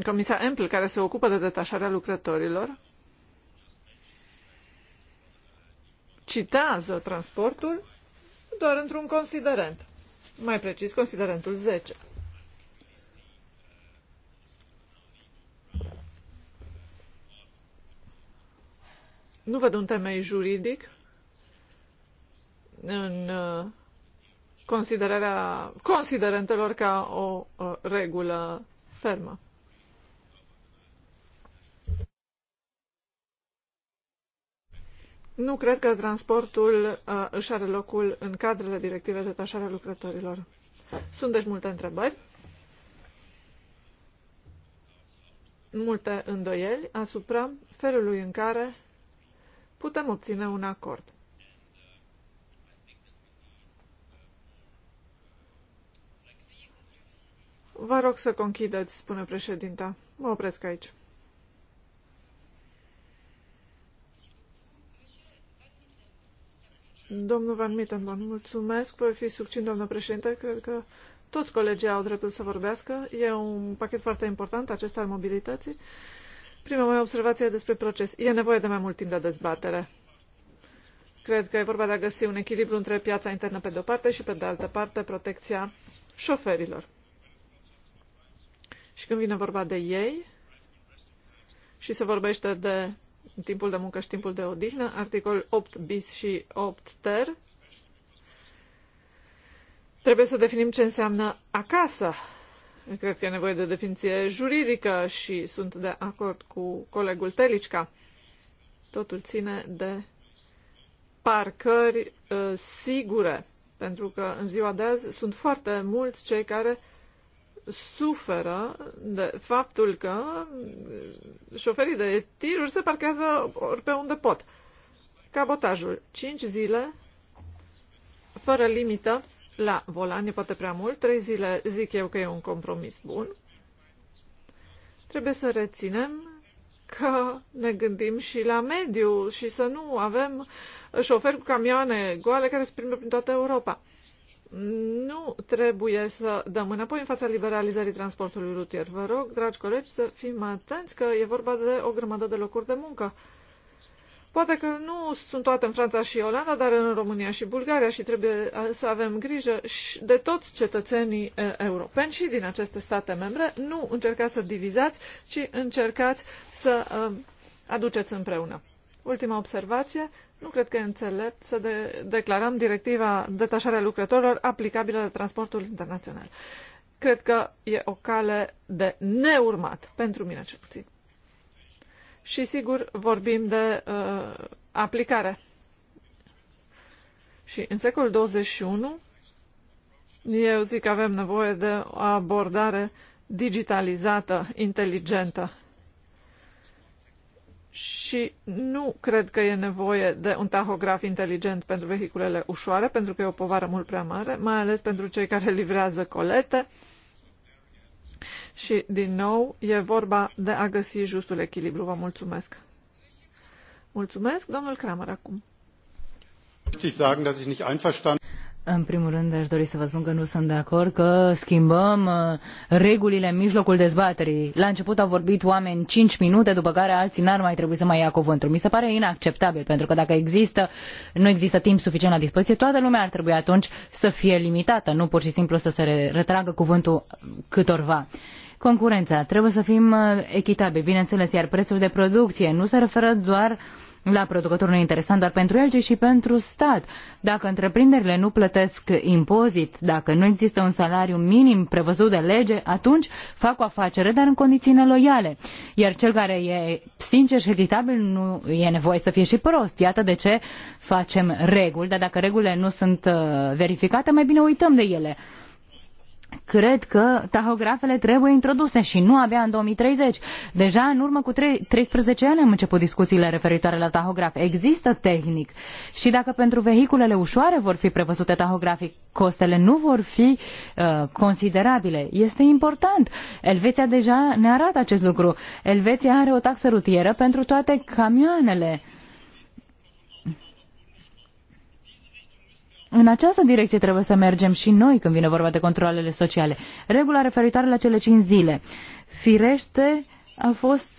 Comisia Ample, care se ocupă de detașarea lucrătorilor, citează transportul doar într-un considerent, mai precis considerentul 10. Nu văd un temei juridic în uh, considerarea considerentelor ca o uh, regulă fermă. Nu cred că transportul uh, își are locul în cadrele directivei de tașare a lucrătorilor. Sunt deci multe întrebări, multe îndoieli asupra felului în care putem obține un acord. Vă rog să conchideți, spune președinta. Mă opresc aici. Domnul Van Mittenborn, mulțumesc. Voi fi succint, doamnă președinte. Cred că toți colegii au dreptul să vorbească. E un pachet foarte important, acesta al mobilității. Prima mea observație despre proces. E nevoie de mai mult timp de dezbatere. Cred că e vorba de a găsi un echilibru între piața internă pe de-o parte și pe de altă parte protecția șoferilor. Și când vine vorba de ei și se vorbește de timpul de muncă și timpul de odihnă, articol 8 bis și 8 ter, trebuie să definim ce înseamnă acasă Cred că e nevoie de definiție juridică și sunt de acord cu colegul Telicca. Totul ține de parcări uh, sigure, pentru că în ziua de azi sunt foarte mulți cei care suferă de faptul că uh, șoferii de tiruri se parchează ori pe unde pot. Cabotajul. 5 zile fără limită la volan e poate prea mult, trei zile zic eu că e un compromis bun. Trebuie să reținem că ne gândim și la mediu și să nu avem șoferi cu camioane goale care se plimbă prin toată Europa. Nu trebuie să dăm înapoi în fața liberalizării transportului rutier. Vă rog, dragi colegi, să fim atenți că e vorba de o grămadă de locuri de muncă. Poate că nu sunt toate în Franța și Olanda, dar în România și Bulgaria și trebuie să avem grijă de toți cetățenii europeni și din aceste state membre. Nu încercați să divizați, ci încercați să aduceți împreună. Ultima observație, nu cred că e înțelept să de- declarăm directiva detașarea lucrătorilor aplicabilă de transportul internațional. Cred că e o cale de neurmat, pentru mine cel puțin și, sigur, vorbim de uh, aplicare. Și în secolul 21, eu zic că avem nevoie de o abordare digitalizată, inteligentă. Și nu cred că e nevoie de un tahograf inteligent pentru vehiculele ușoare, pentru că e o povară mult prea mare, mai ales pentru cei care livrează colete, uh, și, din nou, e vorba de a găsi justul echilibru. Vă mulțumesc. Mulțumesc, domnul Kramer, acum. În primul rând, aș dori să vă spun că nu sunt de acord că schimbăm uh, regulile în mijlocul dezbaterii. La început au vorbit oameni 5 minute, după care alții n-ar mai trebui să mai ia cuvântul. Mi se pare inacceptabil, pentru că dacă există, nu există timp suficient la dispoziție, toată lumea ar trebui atunci să fie limitată, nu pur și simplu să se retragă cuvântul câtorva. Concurența. Trebuie să fim uh, echitabili, bineînțeles, iar prețul de producție nu se referă doar uh, la producător nu e interesant doar pentru el, ci și pentru stat. Dacă întreprinderile nu plătesc impozit, dacă nu există un salariu minim prevăzut de lege, atunci fac o afacere, dar în condiții neloiale. Iar cel care e sincer și echitabil nu e nevoie să fie și prost. Iată de ce facem reguli, dar dacă regulile nu sunt uh, verificate, mai bine uităm de ele cred că tahografele trebuie introduse și nu abia în 2030. Deja în urmă cu 3, 13 ani am început discuțiile referitoare la tahograf. Există tehnic și dacă pentru vehiculele ușoare vor fi prevăzute tahografic, costele nu vor fi uh, considerabile. Este important. Elveția deja ne arată acest lucru. Elveția are o taxă rutieră pentru toate camioanele. Uh, În această direcție trebuie să mergem și noi când vine vorba de controlele sociale. Regula referitoare la cele 5 zile. Firește, a fost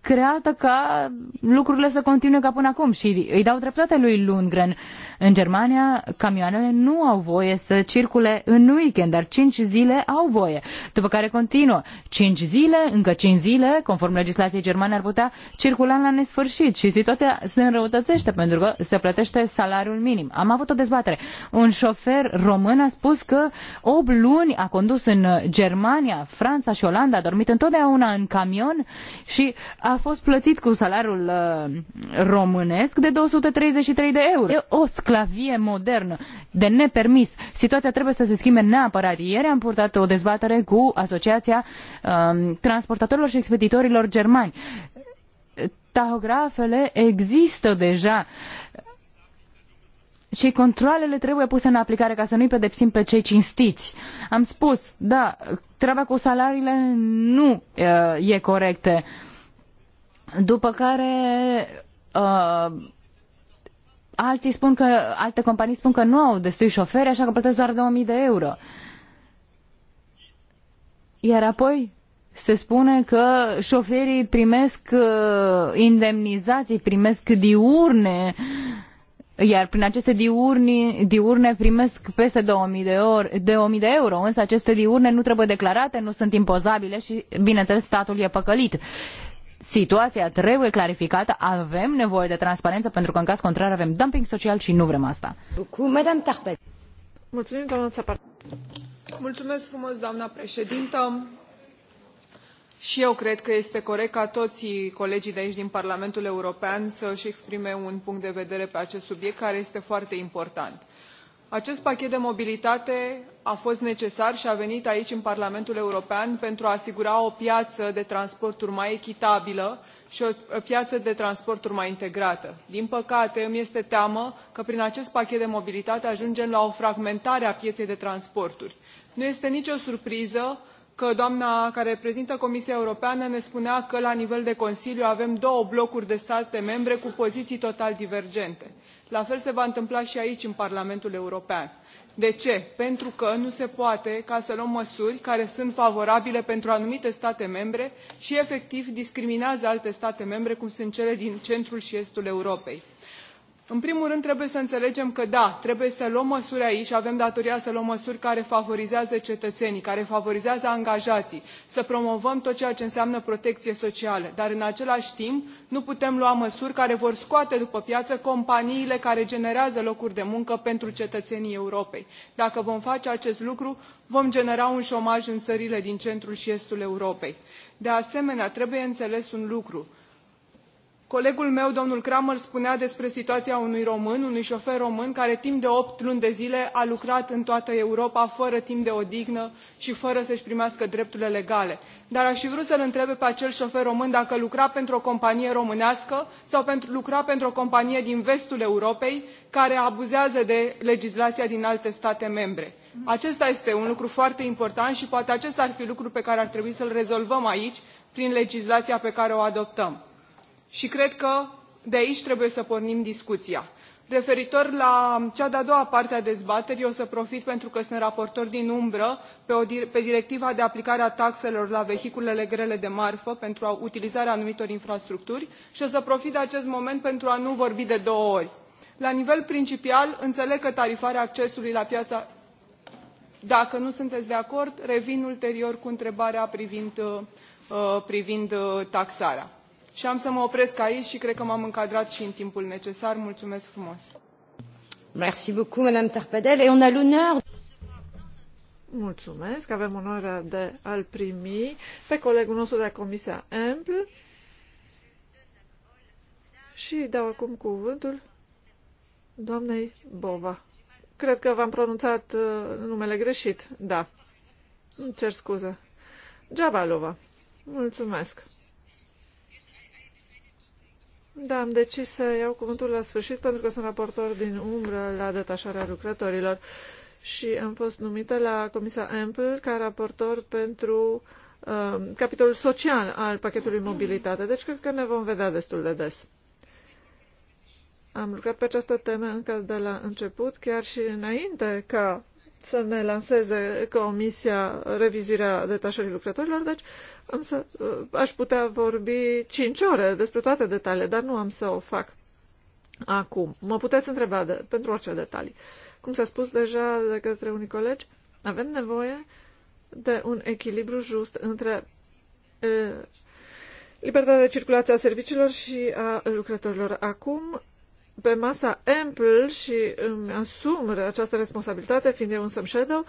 creată ca lucrurile să continue ca până acum și îi dau dreptate lui Lundgren. În Germania, camioanele nu au voie să circule în weekend, dar 5 zile au voie, după care continuă. 5 zile, încă 5 zile, conform legislației germane, ar putea circula la nesfârșit și situația se înrăutățește pentru că se plătește salariul minim. Am avut o dezbatere. Un șofer român a spus că 8 luni a condus în Germania, Franța și Olanda, a dormit întotdeauna în camion și a fost plătit cu salariul uh, românesc de 233 de euro. E o sclavie modernă, de nepermis. Situația trebuie să se schimbe neapărat. Ieri am purtat o dezbatere cu Asociația uh, Transportatorilor și Expeditorilor Germani. Tahografele există deja și controlele trebuie puse în aplicare ca să nu-i pedepsim pe cei cinstiți. Am spus, da, treaba cu salariile nu uh, e, e corectă. După care uh, alții spun că, alte companii spun că nu au destui șoferi, așa că plătesc doar 2000 de euro. Iar apoi se spune că șoferii primesc uh, indemnizații, primesc diurne, iar prin aceste diurni, diurne primesc peste 2000 de, or, de 1000 de euro, însă aceste diurne nu trebuie declarate, nu sunt impozabile și, bineînțeles, statul e păcălit. Uh, situația trebuie clarificată, avem nevoie de transparență pentru că în caz contrar avem dumping social și nu vrem asta. Mulțumim, doamna Mulțumesc frumos, doamna președintă. Și eu cred că este corect ca toți colegii de aici din Parlamentul European să-și exprime un punct de vedere pe acest subiect care este foarte important acest pachet de mobilitate a fost necesar și a venit aici în parlamentul european pentru a asigura o piață de transporturi mai echitabilă și o piață de transporturi mai integrată. din păcate îmi este teamă că prin acest pachet de mobilitate ajungem la o fragmentare a pieței de transporturi. nu este nicio surpriză că doamna care reprezintă comisia europeană ne spunea că la nivel de consiliu avem două blocuri de state membre cu poziții total divergente la fel se va întâmpla și aici în parlamentul european. de ce? pentru că nu se poate să luăm măsuri care sunt favorabile pentru anumite state membre și efectiv discriminează alte state membre cum sunt cele din centrul și estul europei în primul rând trebuie să înțelegem că da trebuie să luăm măsuri aici și avem datoria să luăm măsuri care favorizează cetățenii care favorizează angajații să promovăm tot ceea ce înseamnă protecție socială dar în același timp nu putem lua măsuri care vor scoate după piață companiile care generează locuri de muncă pentru cetățenii europei. dacă vom face acest lucru vom genera un șomaj în țările din centrul și estul europei. de asemenea trebuie înțeles un lucru colegul meu domnul cramer spunea despre situația unui român unui șofer român care timp de opt luni de zile a lucrat în toată europa fără timp de odihnă și fără să își primească drepturile legale dar aș fi vrut să l întreb pe acel șofer român dacă lucra pentru o companie românească sau lucra pentru o companie din vestul europei care abuzează de legislația din alte state membre. acesta este un lucru foarte important și poate acesta ar fi lucrul pe care ar trebui să l rezolvăm aici prin legislația pe care o adoptăm și cred că de aici trebuie să pornim discuția. referitor la cea de a doua parte a dezbaterii o să profit pentru că sunt raportor din umbră pe, o, pe directiva de aplicare a taxelor la vehiculele grele de marfă pentru utilizarea anumitor infrastructuri și o să profit de acest moment pentru a nu vorbi de două ori. la nivel principal, înțeleg că tarifarea accesului la piața dacă nu sunteți de acord revin ulterior cu întrebarea privind, uh, uh, privind uh, taxarea și am să mă opresc aici și cred că m-am încadrat și în timpul necesar. Mulțumesc frumos! Merci beaucoup, Madame Tarpadel, et on a l'honneur. Mulțumesc, avem onoarea de a-l primi pe colegul nostru de la Comisia EMPL și dau acum cuvântul doamnei Bova. Cred că v-am pronunțat uh, numele greșit, da. Îmi cer scuze. Javalova. Mulțumesc. Da, am decis să iau cuvântul la sfârșit pentru că sunt raportor din umbră la detașarea lucrătorilor și am fost numită la Comisia Ample ca raportor pentru uh, um, capitolul social al pachetului mobilitate. Deci cred că ne vom vedea destul de des. Am lucrat pe această temă încă de la început, chiar și înainte ca să ne lanseze comisia revizuirea detașării lucrătorilor, deci am să, uh, aș putea vorbi 5 ore despre toate detaliile, dar nu am să o fac acum. Mă puteți întreba de, pentru orice detalii. Cum s-a spus deja de către unii colegi, avem nevoie de un echilibru just între e, uh, libertatea de circulație a serviciilor și a lucrătorilor. Acum pe masa ample și îmi asum această responsabilitate, fiind eu însă shadow,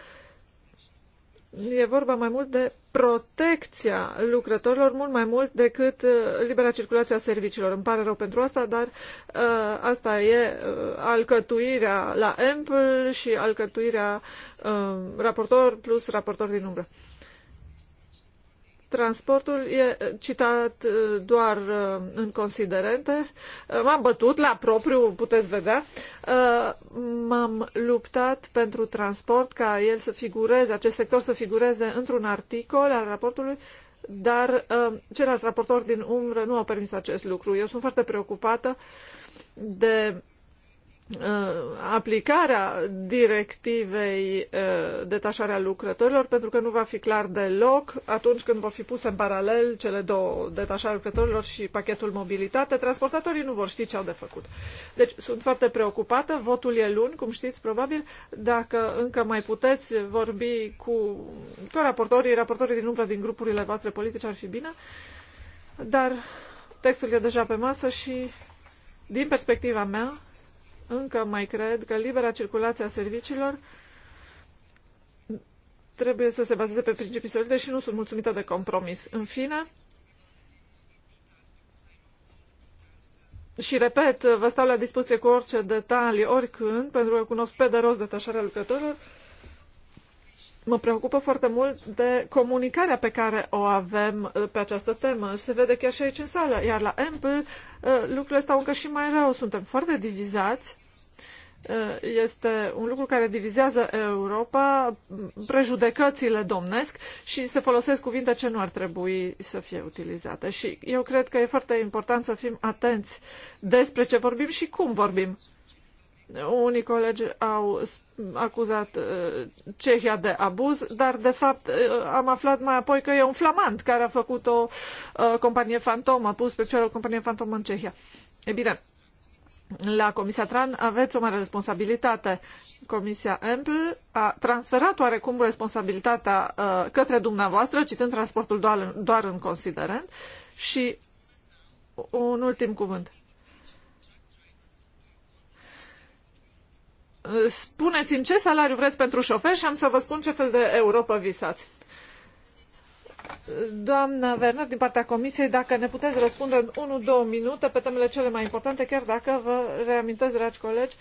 e vorba mai mult de protecția lucrătorilor, mult mai mult decât uh, libera circulație a serviciilor. Îmi pare rău pentru asta, dar uh, asta e uh, alcătuirea la ample și alcătuirea uh, raportor plus raportor din umbră. Transportul e citat doar în considerente. M-am bătut la propriu, puteți vedea. M-am luptat pentru transport ca el să figureze, acest sector să figureze într-un articol al raportului dar ceilalți raportori din umbră nu au permis acest lucru. Eu sunt foarte preocupată de Uh, aplicarea directivei uh, detașarea lucrătorilor, pentru că nu va fi clar deloc atunci când vor fi puse în paralel cele două, detașarea lucrătorilor și pachetul mobilitate, transportatorii nu vor ști ce au de făcut. Deci sunt foarte preocupată, votul e luni, cum știți probabil, dacă încă mai puteți vorbi cu, cu raportorii, raportorii din umbră din grupurile voastre politice ar fi bine, dar textul e deja pe masă și din perspectiva mea, încă mai cred că libera circulație a serviciilor trebuie să se bazeze pe principii solide și nu sunt mulțumită de compromis. În fine, și repet, vă stau la dispoziție cu orice detalii, oricând, pentru că cunosc pe de rost detașarea lucrătorilor, mă preocupă foarte mult de comunicarea pe care o avem uh, pe această temă. Se vede chiar și aici în sală. Iar la Ample uh, lucrurile stau încă și mai rău. Suntem foarte divizați Eh, este un lucru care divizează Europa, prejudecățile domnesc și se folosesc cuvinte ce nu ar trebui să fie utilizate. Și eu cred că e foarte important să fim atenți despre ce vorbim și cum vorbim. Unii colegi au acuzat eh, Cehia de abuz, dar de fapt eh, am aflat mai apoi că e un flamand care a făcut o companie fantomă, a pus pe picioare o companie fantomă în Cehia. E bine, la Comisia Tran aveți o mare responsabilitate. Comisia EMPL a transferat oarecum responsabilitatea uh, către dumneavoastră, citând transportul doar, în, doar în considerent. Și un ultim cuvânt. Spuneți-mi ce salariu vreți pentru șofer și am să vă spun ce fel de Europa visați. Doamna Werner, din partea Comisiei, dacă ne puteți răspunde în 1-2 minute pe temele cele mai importante, chiar dacă vă reamintesc, dragi colegi,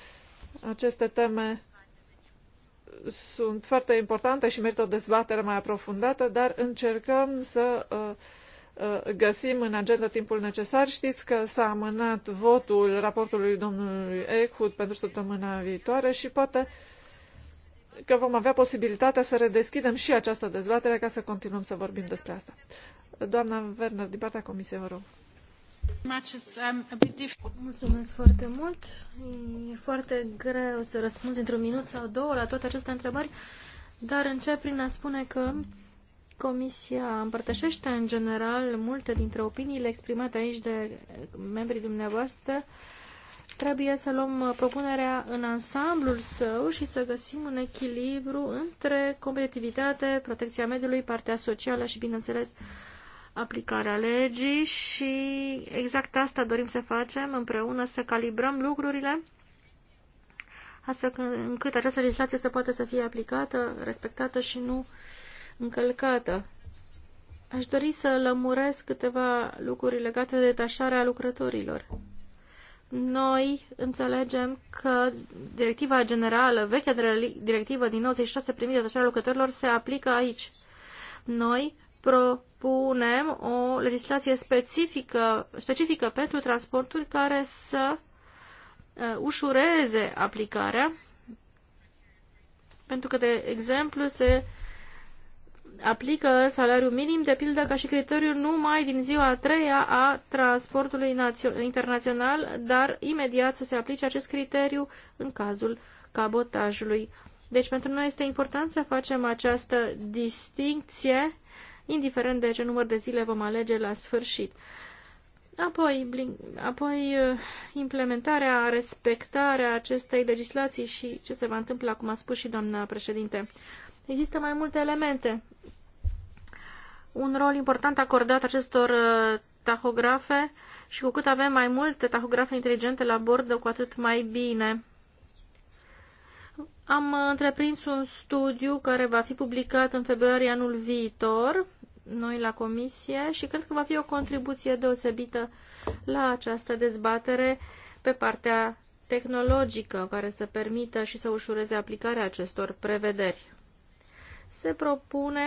aceste teme sunt foarte importante și merită o dezbatere mai aprofundată, dar încercăm să uh, uh, găsim în agenda timpul necesar. Știți că s-a amânat votul raportului domnului Eckhout pentru săptămâna viitoare și poate uh, că vom avea posibilitatea să redeschidem și această dezbatere ca să continuăm să vorbim despre asta. Doamna Werner, din partea Comisiei, vă rog. Um, Mulțumesc foarte mult. E foarte greu să răspunzi într-un minut sau două la toate aceste întrebări, dar încep prin a spune că Comisia împărtășește în general multe dintre opiniile exprimate aici de membrii dumneavoastră Trebuie să luăm uh, propunerea în ansamblul său și să găsim un echilibru între competitivitate, protecția mediului, partea socială și, bineînțeles, aplicarea legii și exact asta dorim să facem împreună, să calibrăm lucrurile astfel încât această legislație să poată să fie aplicată, respectată și nu încălcată. Aș dori să lămuresc câteva lucruri legate de detașarea lucrătorilor. Noi înțelegem că directiva generală, vechea directivă din 96 privind detașarea lucrătorilor se aplică aici. Noi propunem o legislație specifică, specifică pentru transporturi care să uh, ușureze aplicarea, pentru că, de exemplu, se uh, aplică salariul minim, de pildă, ca și criteriu numai din ziua a treia a transportului internațional, dar imediat să se aplice acest criteriu în cazul cabotajului. Deci pentru noi este important să facem această distincție, indiferent de ce număr de zile vom alege la sfârșit. Apoi, apoi uh, implementarea, respectarea acestei legislații și ce se va întâmpla, cum a spus și doamna președinte. Există mai multe elemente. Un rol important acordat acestor uh, tahografe și cu cât avem mai multe tahografe inteligente la bord, cu atât mai bine. Am uh, întreprins un studiu care va fi publicat în februarie anul viitor, noi la comisie, și cred că va fi o contribuție deosebită la această dezbatere pe partea tehnologică care să permită și să ușureze aplicarea acestor prevederi se propune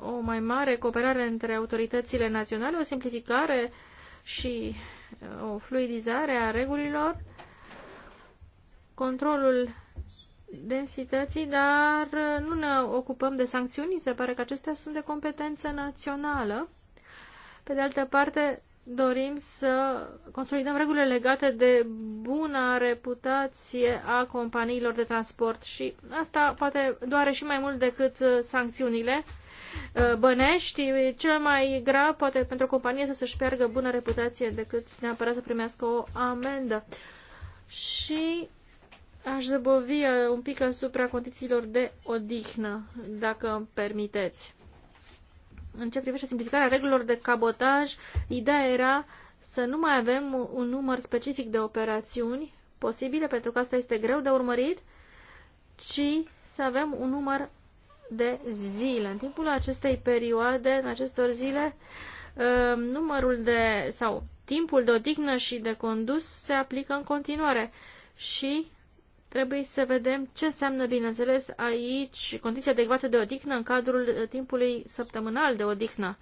uh, o mai mare cooperare între autoritățile naționale, o simplificare și uh, o fluidizare a regulilor, controlul densității, dar uh, nu ne ocupăm de sancțiuni, se pare că acestea sunt de competență națională. Pe de altă parte, dorim să consolidăm regulile legate de buna reputație a companiilor de transport și asta poate doare și mai mult decât uh, sancțiunile uh, bănești. Cel mai grav poate pentru o companie să se și piargă bună reputație decât neapărat să primească o amendă. Și aș zăbovi un pic asupra condițiilor de odihnă, dacă îmi permiteți în ce privește simplificarea regulilor de cabotaj, ideea era să nu mai avem un număr specific de operațiuni posibile, pentru că asta este greu de urmărit, ci să avem un număr de zile. În timpul acestei perioade, în acestor zile, ă, numărul de, sau timpul de odihnă și de condus se aplică în continuare și Trebuie să vedem ce înseamnă, bineînțeles, aici condiția adecvată de odihnă în cadrul timpului săptămânal de odihnă.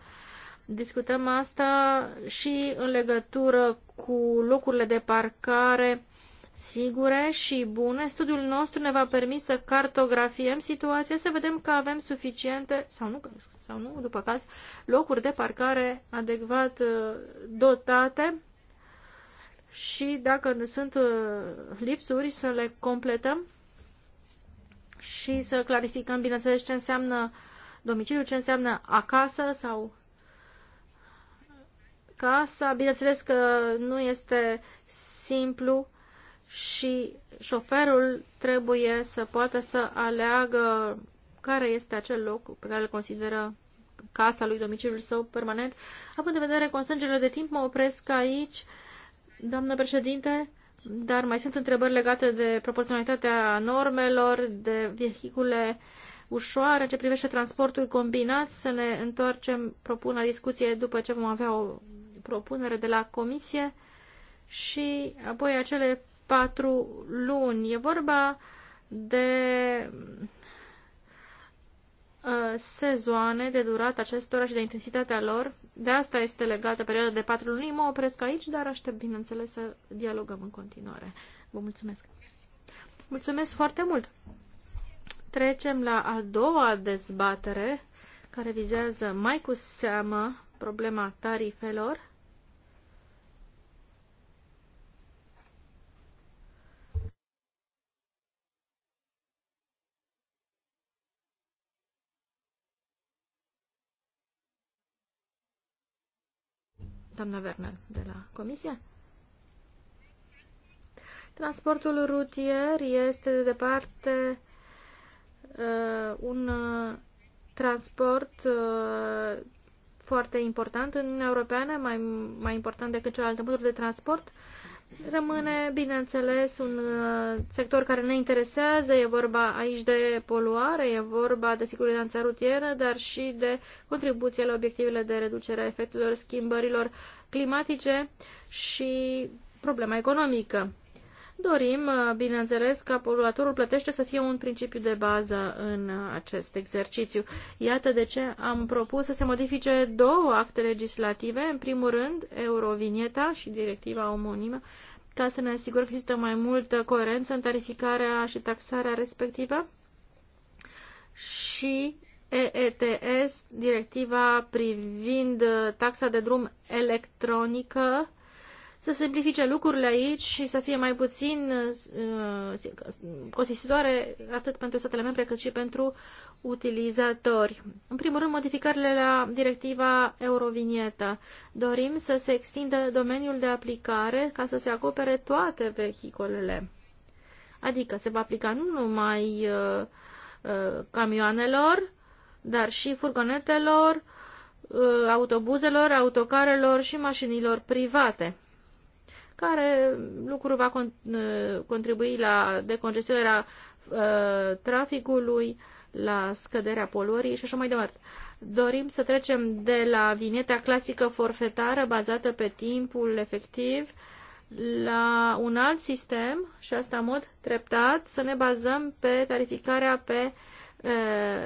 Discutăm asta și în legătură cu locurile de parcare sigure și bune. Studiul nostru ne va permite să cartografiem situația, să vedem că avem suficiente sau nu, sau nu după caz, locuri de parcare adecvat uh, dotate și dacă sunt uh, lipsuri să le completăm și să clarificăm, bineînțeles, ce înseamnă domiciliu, ce înseamnă acasă sau casa. Bineînțeles că nu este simplu și șoferul trebuie să poată să aleagă care este acel loc pe care îl consideră casa lui, domiciliul său permanent. Având în vedere constrângerile de timp, mă opresc aici. Doamnă președinte, dar mai sunt întrebări legate de proporționalitatea normelor, de vehicule ușoare, ce privește transportul combinat, să ne întoarcem, propun la discuție după ce vom avea o propunere de la comisie și apoi acele patru luni. E vorba de uh, sezoane, de durată, acestora și de intensitatea lor de asta este legată perioada de patru luni. Mă opresc aici, dar aștept, bineînțeles, să dialogăm în continuare. Vă mulțumesc! Mulțumesc foarte mult! Trecem la a doua dezbatere, care vizează mai cu seamă problema tarifelor doamna Werner de la Comisie. Transportul rutier este de departe uh, un uh, transport uh, foarte important în Uniunea Europeană, mai, mai important decât celelalte moduri de transport. Uh, Rămâne, bineînțeles, un uh, sector care ne interesează, e vorba aici de poluare, e vorba de siguranța rutieră, dar și de contribuție la obiectivele de reducere a efectelor schimbărilor climatice și problema economică. Dorim, uh, bineînțeles, ca poluatorul plătește să fie un principiu de bază în uh, acest exercițiu. Iată de ce am propus să se modifice două acte legislative, în primul rând Eurovinieta și directiva omonimă, ca să ne asigurăm că există mai multă coerență în tarificarea și taxarea respectivă și EETS, directiva privind uh, taxa de drum electronică, să simplifice lucrurile aici și să fie mai puțin uh, costisitoare atât pentru statele membre cât și pentru utilizatori. În primul rând, modificările la directiva Eurovinietă. Dorim să se extindă domeniul de aplicare ca să se acopere toate vehiculele. Adică se va aplica nu numai uh, uh, camioanelor, dar și furgonetelor, uh, autobuzelor, autocarelor și mașinilor private care lucru va contribui la decongestionarea uh, traficului, la scăderea poluării și așa mai departe. Dorim să trecem de la vineta clasică forfetară bazată pe timpul efectiv la un alt sistem și asta în mod treptat, să ne bazăm pe tarificarea pe uh,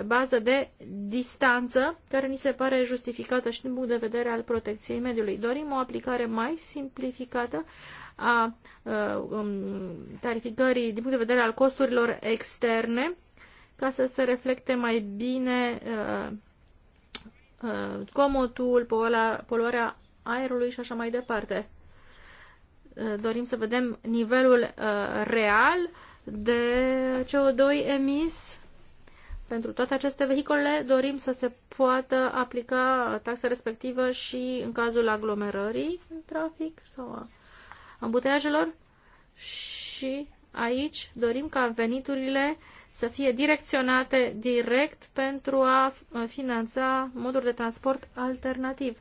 bază de distanță, care ni se pare justificată și din punct de vedere al protecției mediului. Dorim o aplicare mai simplificată a um, tarificării din punct de vedere al costurilor externe, ca să se reflecte mai bine comotul, poluarea aerului și așa mai departe. Dorim să vedem nivelul real de CO2 emis pentru toate aceste vehicole dorim să se poată aplica taxa respectivă și în cazul aglomerării în trafic sau a ambuteiajelor și aici dorim ca veniturile să fie direcționate direct pentru a finanța moduri de transport alternativ.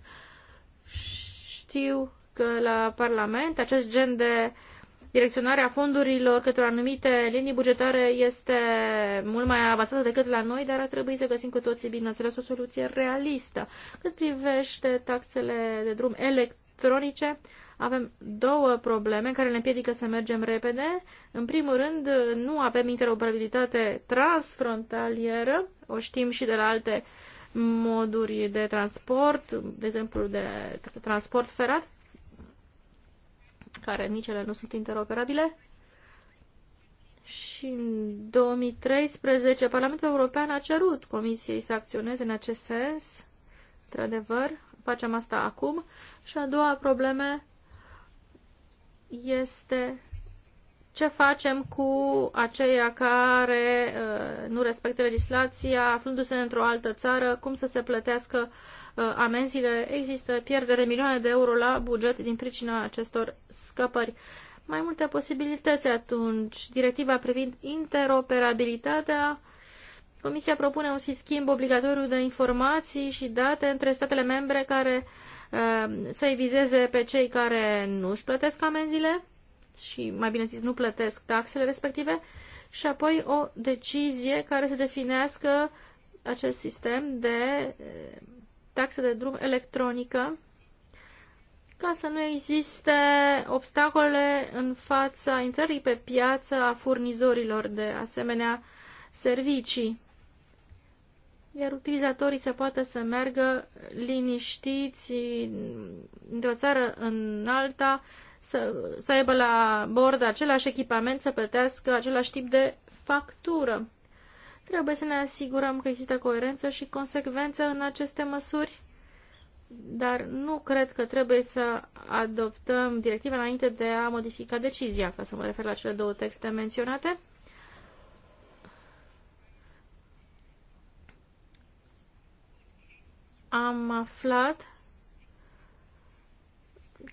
Știu că la Parlament acest gen de direcționarea fondurilor către anumite linii bugetare este mult mai avansată decât la noi, dar ar trebui să găsim cu toții, bineînțeles, o soluție realistă. Cât privește taxele de drum electronice, avem două probleme care ne împiedică să mergem repede. În primul rând, nu avem interoperabilitate transfrontalieră, o știm și de la alte moduri de transport, de exemplu de transport ferat, care nici ele nu sunt interoperabile. Și în 2013 Parlamentul European a cerut Comisiei să acționeze în acest sens. Într-adevăr, facem asta acum. Și a doua probleme este ce facem cu aceia care uh, nu respectă legislația, aflându-se într-o altă țară, cum să se plătească uh, amenziile? Există pierdere milioane de euro la buget din pricina acestor scăpări. Mai multe posibilități atunci. Directiva privind interoperabilitatea. Comisia propune un schimb obligatoriu de informații și date între statele membre care uh, să-i vizeze pe cei care nu își plătesc amenziile și, mai bine zis, nu plătesc taxele respective și apoi o decizie care să definească acest sistem de eh, taxe de drum electronică ca să nu existe obstacole în fața intrării pe piață a furnizorilor de asemenea servicii. Iar utilizatorii se poată să meargă liniștiți mm, într-o țară în alta să, să aibă la bord același echipament, să plătească același tip de factură. Trebuie să ne asigurăm că există coerență și consecvență în aceste măsuri, dar nu cred că trebuie să adoptăm directiva înainte de a modifica decizia, ca să mă refer la cele două texte menționate. Am aflat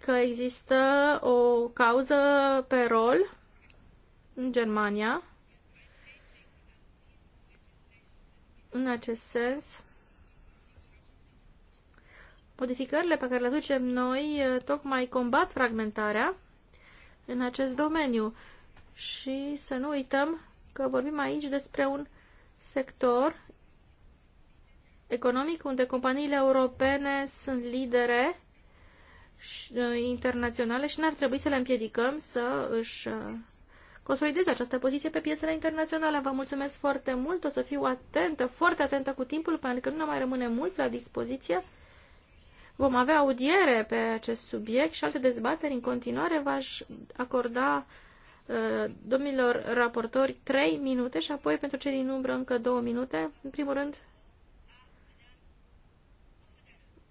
că există o cauză pe rol în Germania în acest sens. Modificările pe care le aducem noi eh, tocmai combat fragmentarea în acest domeniu și să nu uităm că vorbim aici despre un sector economic unde companiile europene sunt lidere Uh, internaționale și n-ar trebui să le împiedicăm să își uh, consolideze această poziție pe piețele internaționale. Vă mulțumesc foarte mult, o să fiu atentă, foarte atentă cu timpul, pentru că nu ne mai rămâne mult la dispoziție. Vom avea audiere pe acest subiect și alte dezbateri în continuare. V-aș acorda uh, domnilor raportori 3 minute și apoi pentru cei din umbră încă 2 minute. În primul rând,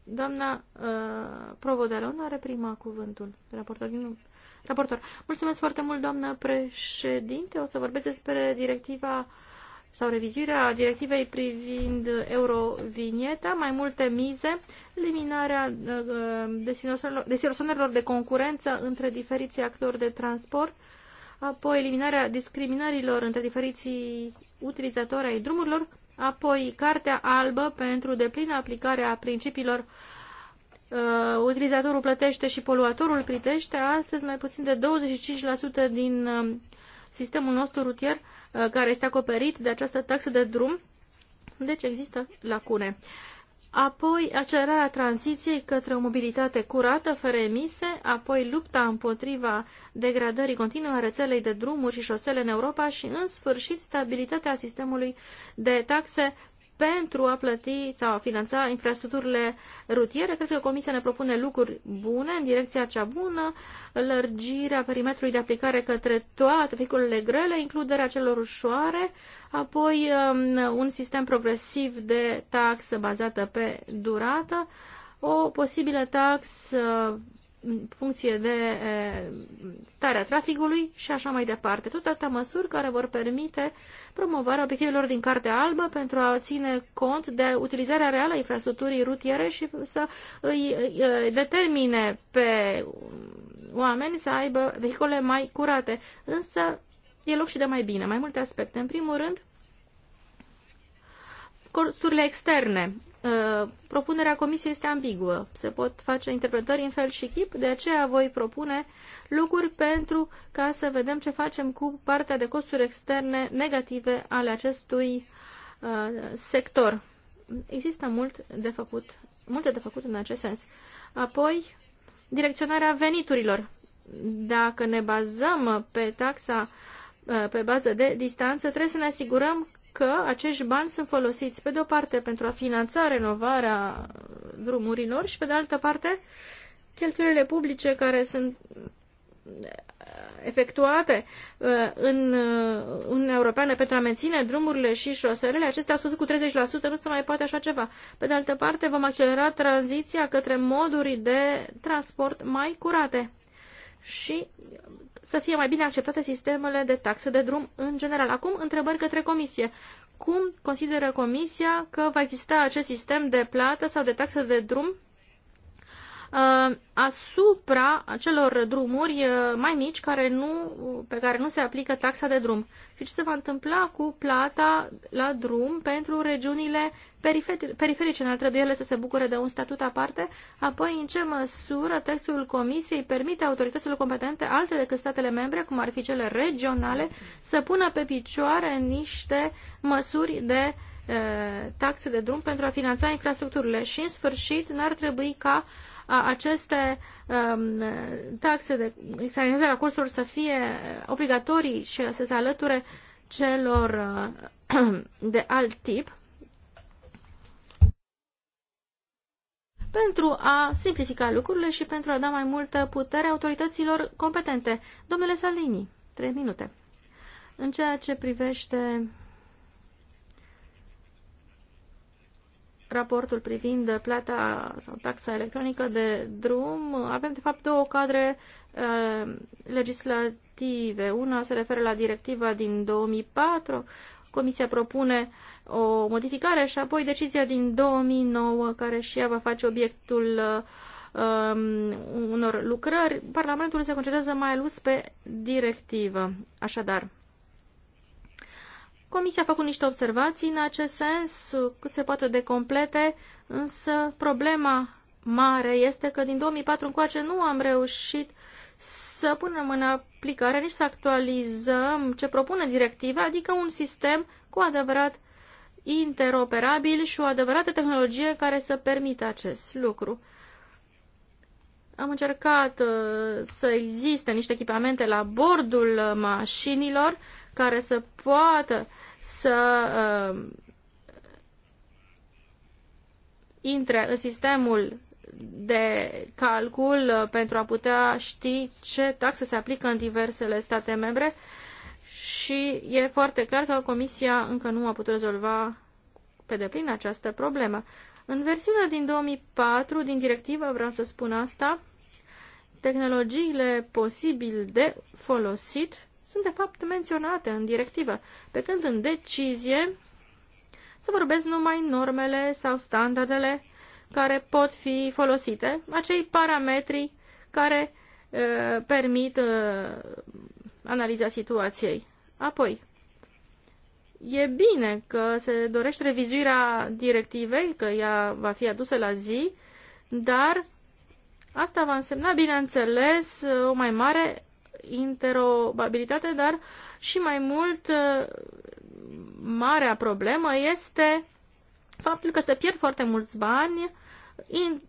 Doamna uh, Provodalon are prima cuvântul, raportor, nu, raportor. Mulțumesc foarte mult, doamnă președinte. O să vorbesc despre directiva sau revizuirea directivei privind eurovinieta, mai multe mize, eliminarea uh, desirosonerilor de concurență între diferiții actori de transport, apoi eliminarea discriminărilor între diferiții utilizatori ai drumurilor, Apoi, Cartea Albă pentru deplină aplicare a principiilor uh, utilizatorul plătește și poluatorul plătește. Astăzi, mai puțin de 25% din uh, sistemul nostru rutier uh, care este acoperit de această taxă de drum. Deci există lacune. Uh, apoi accelerarea tranziției către o mobilitate curată, fără emise, apoi lupta împotriva degradării continue a rețelei de drumuri și șosele în Europa și, în sfârșit, stabilitatea sistemului de taxe pentru a plăti sau a finanța infrastructurile rutiere. Cred că Comisia ne propune lucruri bune în direcția cea bună, lărgirea perimetrului de aplicare către toate vehiculele grele, includerea celor ușoare, apoi um, un sistem progresiv de taxă bazată pe durată, o posibilă taxă în funcție de starea traficului și așa mai departe. Tot atâtea măsuri care vor permite promovarea obiectivelor din Cartea Albă pentru a ține cont de utilizarea reală a infrastructurii rutiere și să îi determine pe oameni să aibă vehicole mai curate. Însă e loc și de mai bine, mai multe aspecte. În primul rând, costurile externe Uh, propunerea comisiei este ambiguă. Se pot face interpretări în fel și chip, de aceea voi propune lucruri pentru ca să vedem ce facem cu partea de costuri externe negative ale acestui uh, sector. Există mult de făcut, multe de făcut în acest sens. Apoi, direcționarea veniturilor. Dacă ne bazăm pe taxa uh, pe bază de distanță, trebuie să ne asigurăm că acești bani sunt folosiți, pe de-o parte, pentru a finanța renovarea drumurilor și, pe de altă parte, cheltuielile publice care sunt eh, efectuate eh, în eh, Uniunea Europeană pentru a menține drumurile și șoselele, acestea au scăzut cu 30%, nu se mai poate așa ceva. Pe de altă parte, vom accelera tranziția către moduri de transport mai curate și să fie mai bine acceptate sistemele de taxe de drum în general. Acum, întrebări către Comisie. Cum consideră Comisia că va exista acest sistem de plată sau de taxe de drum Uh, asupra acelor drumuri uh, mai mici care nu, pe care nu se aplică taxa de drum. Și ce se va întâmpla cu plata la drum pentru regiunile periferice? în ar ele să se bucure de un statut aparte? Apoi, în ce măsură textul Comisiei permite autorităților competente alte decât statele membre, cum ar fi cele regionale, să pună pe picioare niște măsuri de uh, taxe de drum pentru a finanța infrastructurile și, în sfârșit, n-ar trebui ca uh, aceste um, taxe de externalizare a costurilor să fie obligatorii și să se alăture celor uh, de alt tip pentru a simplifica lucrurile și pentru a da mai multă putere autorităților competente. Domnule Salini, trei minute. În ceea ce privește raportul privind plata sau taxa electronică de drum, avem de fapt două cadre uh, legislative. Una se referă la directiva din 2004, Comisia propune o modificare și apoi decizia din 2009 care și ea va face obiectul uh, unor lucrări. Parlamentul se concentrează mai ales pe directivă. Așadar, Comisia a făcut niște observații în acest sens, cât se poate de complete, însă problema mare este că din 2004 încoace nu am reușit să punem în aplicare, nici să actualizăm ce propune directiva, adică un sistem cu adevărat interoperabil și o adevărată tehnologie care să permită acest lucru. Am încercat uh, să existe niște echipamente la bordul uh, mașinilor care să poată să uh, intre în sistemul de calcul uh, pentru a putea ști ce taxe se aplică în diversele state membre și e foarte clar că Comisia încă nu a putut rezolva pe deplin această problemă. În versiunea din 2004 din directivă, vreau să spun asta, tehnologiile posibil de folosit sunt de fapt menționate în directivă, pe când în decizie să vorbesc numai normele sau standardele care pot fi folosite, acei parametri care uh, permit uh, analiza situației. Apoi, e bine că se dorește revizuirea directivei, că ea va fi adusă la zi, dar asta va însemna, bineînțeles, o mai mare interoperabilitate, dar și mai mult uh, marea problemă este faptul că se pierd foarte mulți bani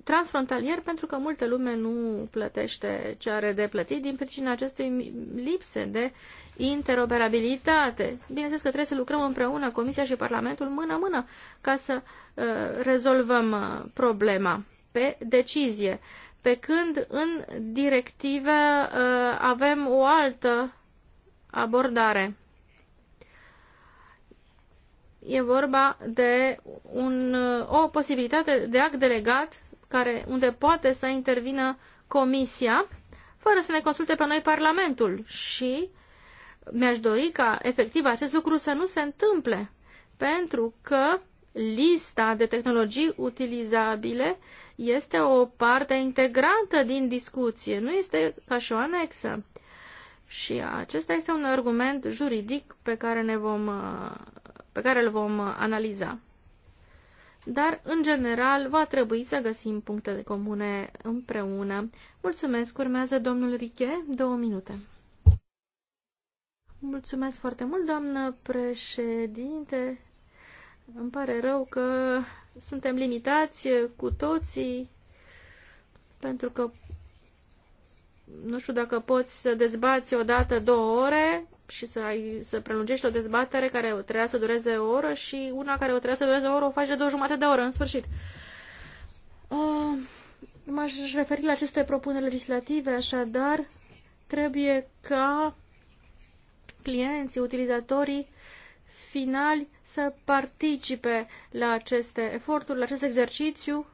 transfrontalier pentru că multă lume nu plătește ce are de plătit din pricina acestui lipse de interoperabilitate. Bineînțeles că trebuie să lucrăm împreună, Comisia și Parlamentul, mână-mână, ca să uh, rezolvăm uh, problema pe decizie. Uh, pe când în directive uh, avem o altă abordare. E vorba de un, o posibilitate de act delegat care, unde poate să intervină Comisia fără să ne consulte pe noi Parlamentul și mi-aș dori ca efectiv acest lucru să nu se întâmple pentru că lista de tehnologii utilizabile este o parte integrantă din discuție, nu este ca și o anexă. Și acesta este un argument juridic pe care, ne vom, uh, pe care îl vom uh, analiza. Dar, în general, va trebui să găsim puncte de comune împreună. Mulțumesc! Urmează domnul Riche, două minute. Mulțumesc foarte mult, doamnă președinte. Îmi pare rău că suntem limitați cu toții, pentru că nu știu dacă poți să dezbați odată două ore și să, ai, să prelungești o dezbatere care o trebuia să dureze o oră și una care o trebuia să dureze o oră o faci de două jumate de oră, în sfârșit. Uh, M-aș referi la aceste propuneri legislative, așadar trebuie ca clienții, utilizatorii finali să participe la aceste eforturi, la acest exercițiu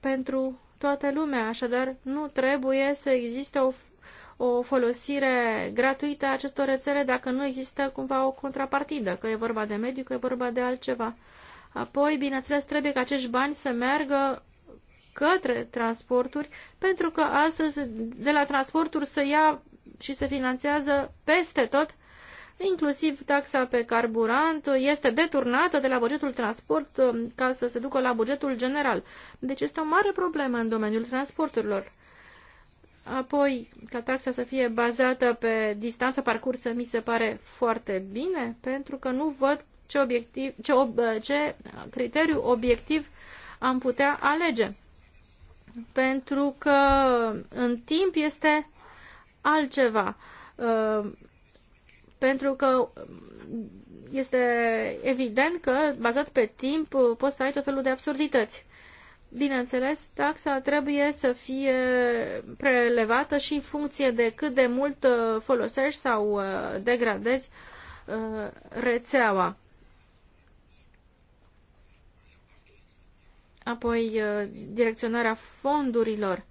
pentru toată lumea. Așadar, nu trebuie să existe o, o folosire gratuită a acestor rețele dacă nu există cumva o contrapartidă, că e vorba de mediu, că e vorba de altceva. Apoi, bineînțeles, trebuie ca acești bani să meargă către transporturi, pentru că astăzi de la transporturi să ia și se finanțează peste tot inclusiv taxa pe carburant este deturnată de la bugetul transport um, ca să se ducă la bugetul general. Deci este o mare problemă în domeniul transporturilor. Apoi, ca taxa să fie bazată pe distanța parcursă, mi se pare foarte bine, pentru că nu văd ce, obiectiv, ce, ob, ce criteriu obiectiv am putea alege. Pentru că în timp este altceva. Uh, pentru că mm, este evident că, bazat pe timp, poți să ai tot felul de absurdități. Bineînțeles, taxa trebuie să fie prelevată și în funcție de cât de mult uh, folosești sau uh, degradezi uh, rețeaua. Apoi, direcționarea fondurilor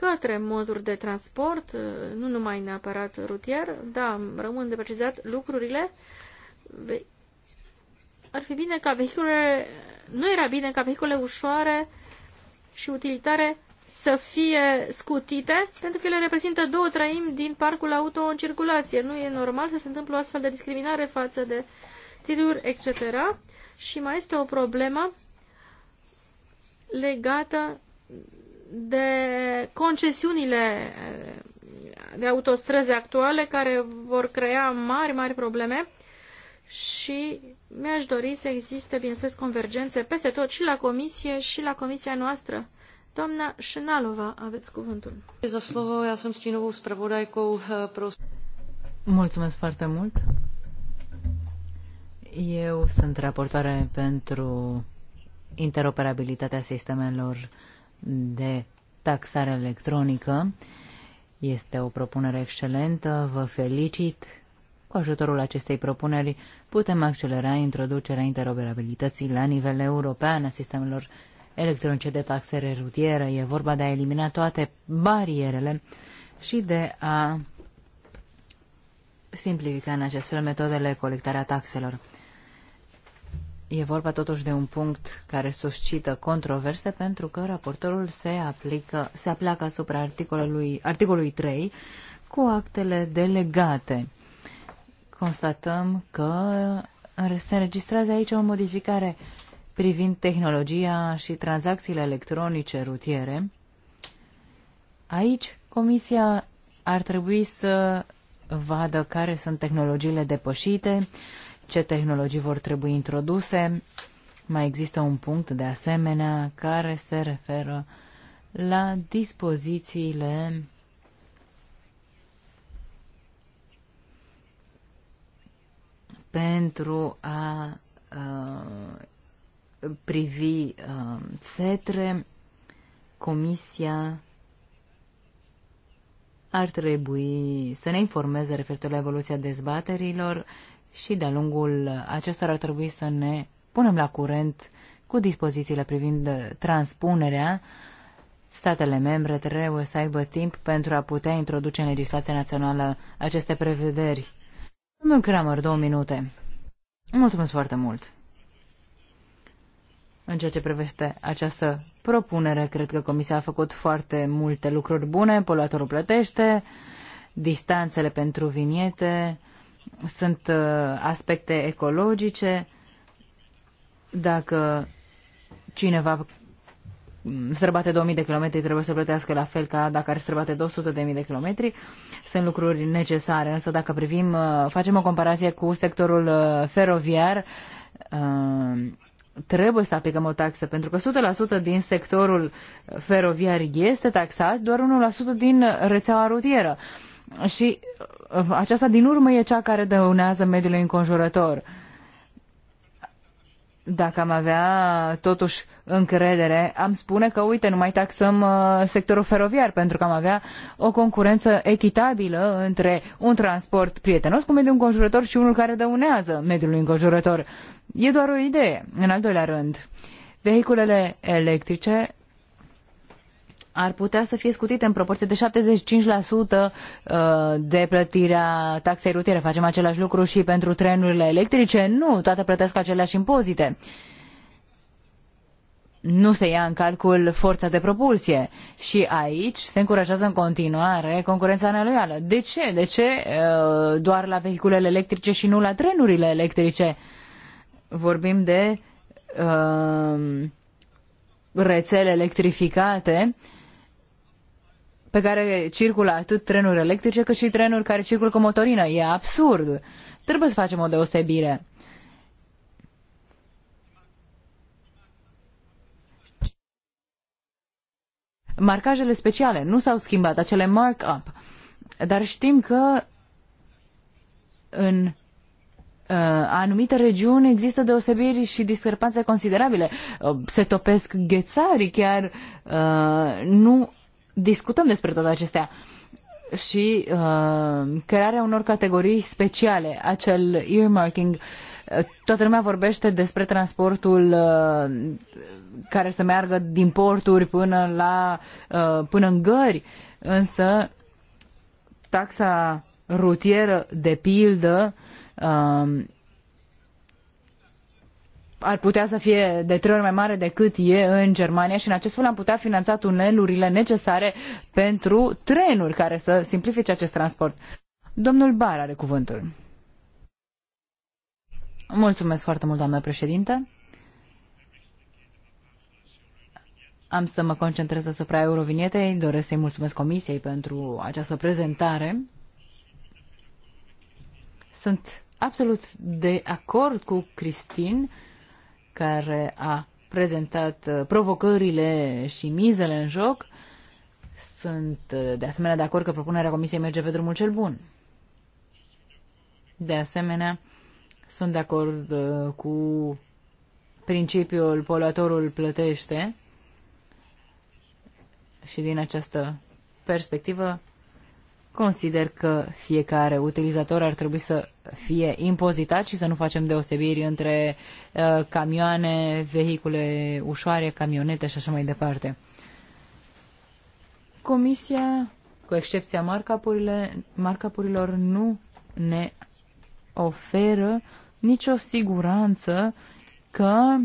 către moduri de transport, nu numai neapărat rutier, da, rămân de precizat lucrurile. Ar fi bine ca vehicule, nu era bine ca vehicule ușoare și utilitare să fie scutite, pentru că ele reprezintă două treimi din parcul auto în circulație. Nu e normal să se întâmple o astfel de discriminare față de tiruri, etc. Și mai este o problemă legată de concesiunile eh, de autostrăzi actuale care vor crea mari, mari probleme și mi-aș dori să existe, bineînțeles, convergențe peste tot și la comisie și la comisia noastră. Doamna Șenalova, aveți cuvântul. Eh, Mulțumesc foarte mult. Eu sunt raportoare pentru interoperabilitatea sistemelor de taxare electronică. Este o propunere excelentă, vă felicit. Cu ajutorul acestei propuneri putem accelera introducerea interoperabilității la nivel european a sistemelor electronice de taxare rutieră. E vorba de a elimina toate barierele și de a simplifica în acest fel metodele colectarea taxelor. E vorba totuși de un punct care suscită controverse pentru că raportorul se, aplică, se apleacă asupra articolului, articolului 3 cu actele delegate. Constatăm că se înregistrează aici o modificare privind tehnologia și tranzacțiile electronice rutiere. Aici Comisia ar trebui să vadă care sunt tehnologiile depășite, ce tehnologii vor trebui introduse. Mai există un punct de asemenea care se referă la dispozițiile pentru a uh, privi uh, setre, Comisia ar trebui să ne informeze referitor la evoluția dezbaterilor și de-a lungul acestora ar trebui să ne punem la curent cu dispozițiile privind transpunerea. Statele membre trebuie să aibă timp pentru a putea introduce în legislația națională aceste prevederi. Domnul Kramer, două minute. Mulțumesc foarte mult. În ceea ce privește această propunere, cred că Comisia a făcut foarte multe lucruri bune. Poluatorul plătește, distanțele pentru viniete, sunt uh, aspecte ecologice. Dacă cineva străbate 2000 de kilometri trebuie să plătească la fel ca dacă ar străbate 200 de mii de kilometri. Sunt lucruri necesare, însă dacă privim, uh, facem o comparație cu sectorul uh, feroviar, trebuie să aplicăm o taxă, pentru că 100% din sectorul feroviar este taxat, doar 1% din rețeaua rutieră și uh, aceasta din urmă e cea care dăunează mediul înconjurător. Dacă am avea totuși încredere, am spune că, uite, nu mai taxăm uh, sectorul feroviar, pentru că am avea o concurență echitabilă între un transport prietenos cu mediul înconjurător și unul care dăunează mediul înconjurător. E doar o idee, în al doilea rând. Vehiculele electrice ar putea să fie scutite în proporție de 75% uh, de plătirea taxei rutiere. Facem același lucru și pentru trenurile electrice? Nu, toate plătesc aceleași impozite. Nu se ia în calcul forța de propulsie și aici se încurajează în continuare concurența neloială. De ce? De ce uh, doar la vehiculele electrice și nu la trenurile electrice? Vorbim de uh, rețele electrificate uh, pe care circulă atât trenuri electrice cât și trenuri care circulă cu motorină. E absurd. Trebuie să facem o deosebire. Marcajele speciale nu s-au schimbat, acele mark-up. Dar știm că în uh, anumite regiuni există deosebiri și discrepanțe considerabile. Uh, se topesc ghețarii, chiar uh, nu discutăm despre toate acestea și uh, crearea unor categorii speciale, acel earmarking. Uh, toată lumea vorbește despre transportul uh, care să meargă din porturi până la uh, până în gări, însă taxa rutieră de pildă uh, ar putea să fie de trei ori mai mare decât e în Germania și în acest fel am putea finanța tunelurile necesare pentru trenuri care să simplifice acest transport. Domnul Bar are cuvântul. Mulțumesc foarte mult, doamnă președinte. Am să mă concentrez asupra Eurovinietei. Doresc să-i mulțumesc Comisiei pentru această prezentare. Sunt absolut de acord cu Cristin care a prezentat uh, provocările și mizele în joc. Sunt uh, de asemenea de acord că propunerea Comisiei merge pe drumul cel bun. De asemenea, sunt de acord uh, cu principiul poluatorul plătește și din această perspectivă consider că fiecare utilizator ar trebui să fie impozitat și să nu facem deosebiri între uh, camioane, vehicule ușoare, camionete și așa mai departe. Comisia, cu excepția marcapurilor, nu ne oferă nicio siguranță că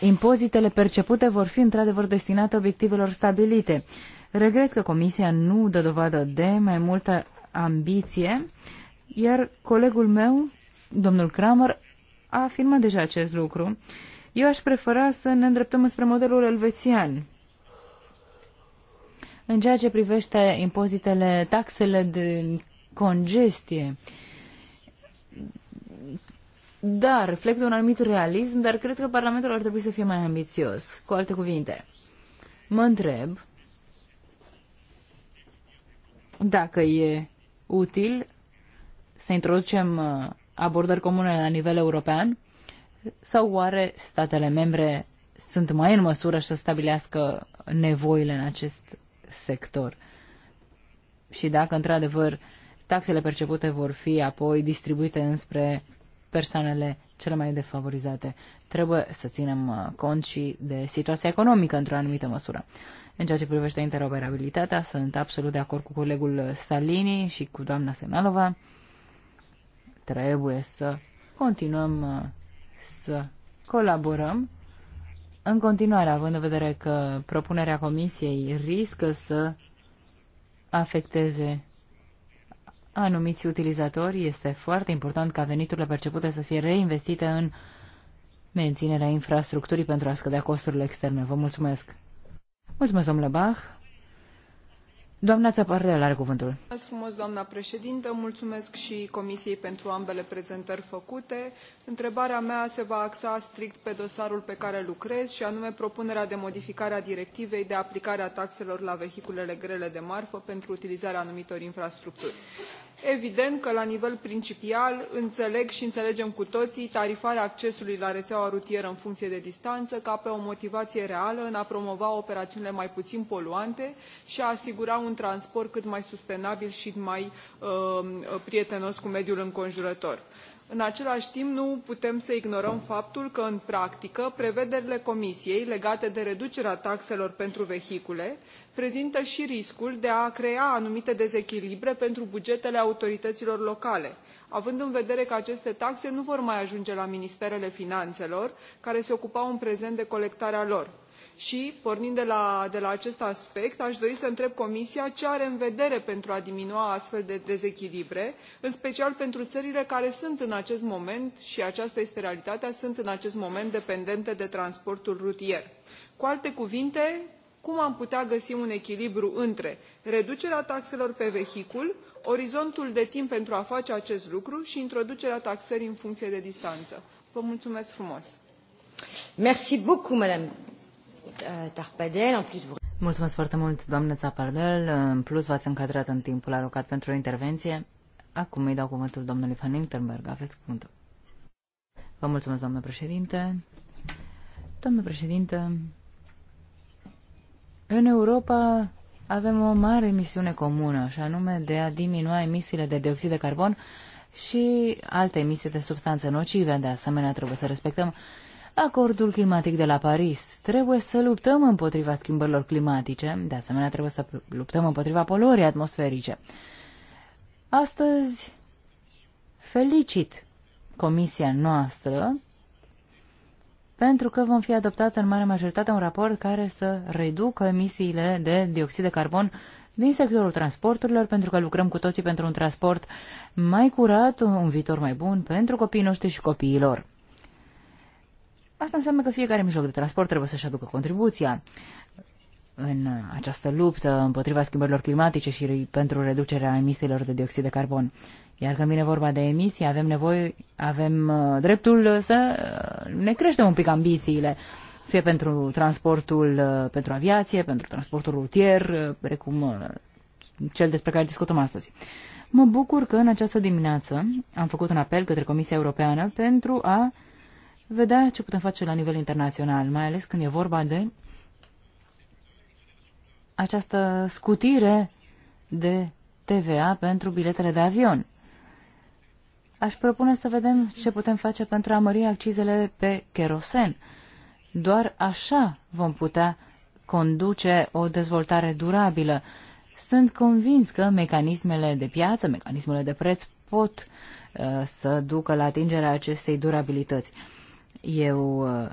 impozitele percepute vor fi într-adevăr destinate obiectivelor stabilite. Uh, Regret că Comisia nu dă dovadă de mai multă ambiție, iar colegul meu, domnul Kramer, a afirmat deja acest lucru. Eu aș prefera să ne îndreptăm spre modelul elvețian. În ceea ce privește impozitele, taxele de congestie, da, reflectă un anumit realism, dar cred că Parlamentul ar trebui să fie mai ambițios. Cu alte cuvinte, mă întreb dacă e util să introducem uh, abordări comune la nivel european sau oare statele membre sunt mai în măsură să stabilească nevoile în acest sector? Și dacă, într-adevăr, taxele percepute vor fi apoi distribuite înspre persoanele cele mai defavorizate. Trebuie să ținem uh, cont și de situația economică într-o anumită măsură. În ceea ce privește interoperabilitatea, sunt absolut de acord cu colegul Salini și cu doamna Semelova. Trebuie să continuăm uh, să colaborăm. În continuare, având în vedere că propunerea comisiei riscă să afecteze anumiți utilizatori, este foarte important ca veniturile percepute să fie reinvestite în menținerea infrastructurii pentru a scădea costurile externe. Vă mulțumesc! Mulțumesc, domnule Bach. Doamna Țăpărdel are cuvântul. Mulțumesc frumos, doamna președintă. Mulțumesc și Comisiei pentru ambele prezentări făcute. Întrebarea mea se va axa strict pe dosarul pe care lucrez și anume propunerea de modificare a directivei de aplicare a taxelor la vehiculele grele de marfă pentru utilizarea anumitor infrastructuri evident că la nivel principial înțeleg și înțelegem cu toții tarifarea accesului la rețeaua rutieră în funcție de distanță ca pe o motivație reală în a promova operațiunile mai puțin poluante și a asigura un transport cât mai sustenabil și mai uh, prietenos cu mediul înconjurător în același timp nu putem să ignorăm faptul că în practică prevederile comisiei legate de reducerea taxelor pentru vehicule prezintă și riscul de a crea anumite dezechilibre pentru bugetele autorităților locale având în vedere că aceste taxe nu vor mai ajunge la ministerele finanțelor care se ocupau în prezent de colectarea lor și pornind de la, de la acest aspect aș dori să întreb comisia ce are în vedere pentru a diminua astfel de dezechilibre în special pentru țările care sunt în acest moment și aceasta este realitatea sunt în acest moment dependente de transportul rutier. cu alte cuvinte cum am putea găsi un echilibru între reducerea taxelor pe vehicul orizontul de timp pentru a face acest lucru și introducerea taxării în funcție de distanță. vă mulțumesc frumos! Euh, Tarpadel. Mulțumesc foarte mult, doamnă Zapardel. În plus, v-ați încadrat în timpul alocat pentru o intervenție. Acum îi dau cuvântul domnului Van Linkenberg. Aveți cuvântul. Vă mulțumesc, doamnă președinte. Doamnă președinte, în Europa avem o mare misiune comună, și anume de a diminua emisiile de dioxid de carbon și alte emisii de substanțe nocive. De asemenea, trebuie să respectăm acordul climatic de la Paris. Trebuie să luptăm împotriva schimbărilor climatice, de asemenea trebuie să luptăm împotriva poluării atmosferice. Astăzi felicit comisia noastră pentru că vom fi adoptat în mare majoritate un raport care să reducă emisiile de dioxid de carbon din sectorul transporturilor, pentru că lucrăm cu toții pentru un transport mai curat, un viitor mai bun pentru copiii noștri și copiilor. Asta înseamnă că fiecare mijloc de transport trebuie să-și aducă contribuția în această luptă împotriva schimbărilor climatice și pentru reducerea emisiilor de dioxid de carbon. Iar când vine vorba de emisii, avem nevoie, avem uh, dreptul să uh, ne creștem un pic ambițiile, fie pentru transportul uh, pentru aviație, pentru transportul rutier, precum cel despre care discutăm astăzi. Mă bucur că în această dimineață am făcut un apel către Comisia Europeană pentru a vedea ce putem face la nivel internațional, mai ales când e vorba de această scutire de TVA pentru biletele de avion. Aș propune să vedem ce putem face pentru a mări accizele pe kerosen. Doar așa vom putea conduce o dezvoltare durabilă. Sunt convins că mecanismele de piață, mecanismele de preț pot uh, să ducă la atingerea acestei durabilități. Uh, eu uh,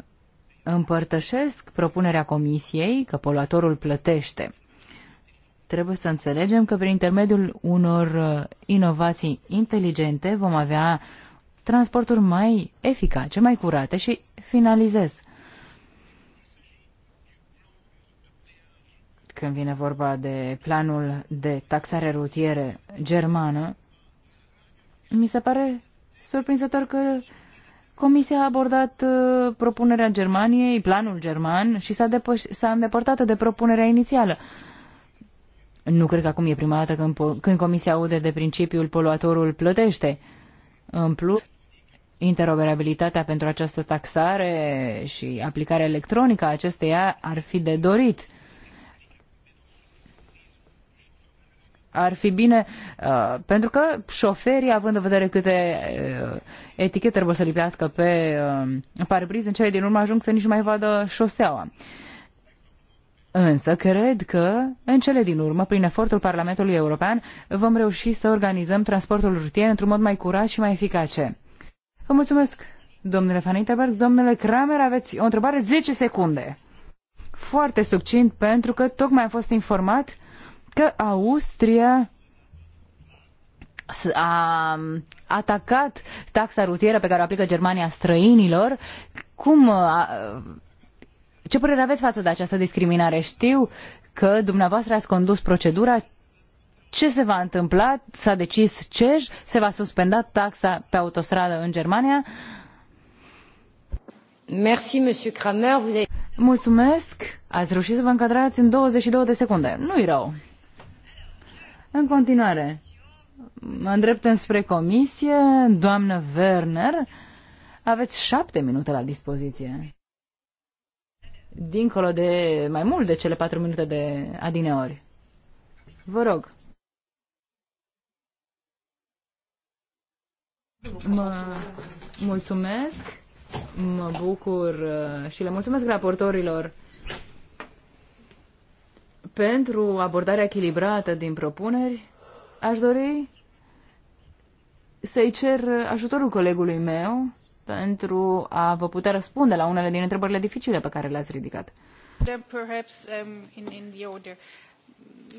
împărtășesc propunerea comisiei că poluatorul plătește. Trebuie să înțelegem că prin intermediul unor uh, inovații inteligente vom avea transporturi mai eficace, mai curate și finalizez. Când vine vorba de planul de taxare rutiere germană, mi se pare surprinzător că Comisia a abordat uh, propunerea Germaniei, planul german și s-a, depăș- s-a îndepărtat de propunerea inițială. Nu cred că acum e prima dată când, când Comisia aude de principiul poluatorul plătește. În plus, interoperabilitatea pentru această taxare și aplicarea electronică a acesteia ar fi de dorit. ar fi bine, uh, pentru că șoferii, având în vedere câte uh, etichete trebuie să lipească pe uh, parbriz, în cele din urmă ajung să nici mai vadă șoseaua. Însă cred că, în cele din urmă, prin efortul Parlamentului European, vom reuși să organizăm transportul rutier într-un mod mai curat și mai eficace. Vă mulțumesc, domnule Fanitenberg. Domnule Kramer, aveți o întrebare 10 secunde. Foarte succint, pentru că tocmai am fost informat că Austria a um, atacat taxa rutieră pe care o aplică Germania străinilor. Cum, uh, ce părere aveți față de această discriminare? Știu că dumneavoastră ați condus procedura. Ce se va întâmpla? S-a decis CEJ? Se va suspenda taxa pe autostradă în Germania? Merci, monsieur Kramer. Vous avez... Mulțumesc. Ați reușit să vă încadrați în 22 de secunde. Nu-i rău. În continuare, mă îndrept înspre comisie, doamnă Werner, aveți șapte minute la dispoziție. Dincolo de mai mult de cele patru minute de adineori. Vă rog. Mă mulțumesc, mă bucur uh, și le mulțumesc raportorilor pentru abordarea echilibrată din propuneri, aș dori să-i cer ajutorul colegului meu pentru a vă putea răspunde la unele din întrebările dificile pe care le-ați ridicat. Perhaps, um, in, in the order.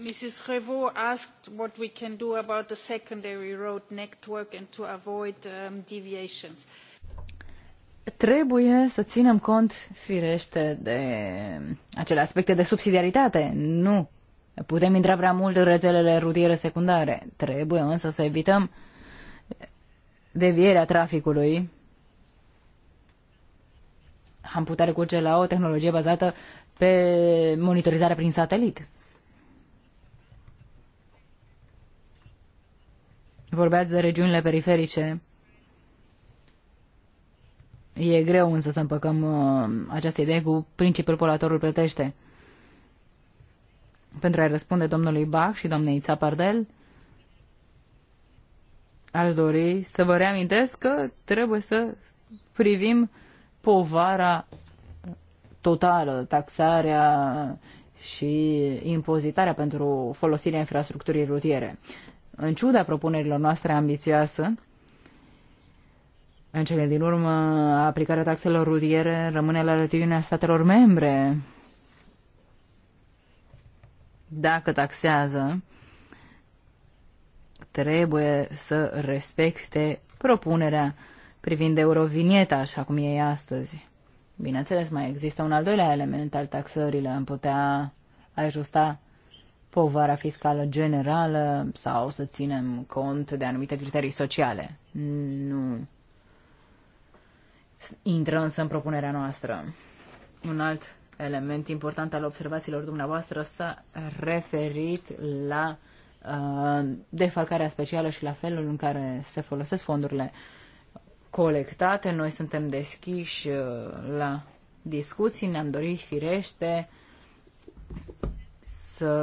Mrs. Revaux asked what we can do about the secondary road network and to avoid um, deviations. Uh, trebuie să ținem cont, firește, de acele aspecte de subsidiaritate. Nu putem intra prea mult în rețelele rutiere secundare. Trebuie însă să evităm devierea traficului. Am putea recurge la o tehnologie bazată pe monitorizarea prin satelit. Vorbeați de regiunile periferice E greu însă să împăcăm uh, această idee cu principiul polatorul plătește. Pentru a răspunde domnului Bach și domnei Țapardel, aș dori să vă reamintesc că trebuie să privim povara totală, taxarea și impozitarea pentru folosirea infrastructurii rutiere. În ciuda propunerilor noastre ambițioase, în cele din urmă, aplicarea taxelor rutiere rămâne la latitudinea statelor membre. Dacă taxează, trebuie să respecte propunerea privind eurovinieta, așa cum e astăzi. Bineînțeles, mai există un al doilea element al taxărilor. Am putea ajusta povara fiscală generală sau să ținem cont de anumite criterii sociale. Nu intră însă în propunerea noastră. Un alt element important al observațiilor dumneavoastră s-a referit la uh, defalcarea specială și la felul în care se folosesc fondurile colectate. Noi suntem deschiși uh, la discuții, ne-am dorit firește să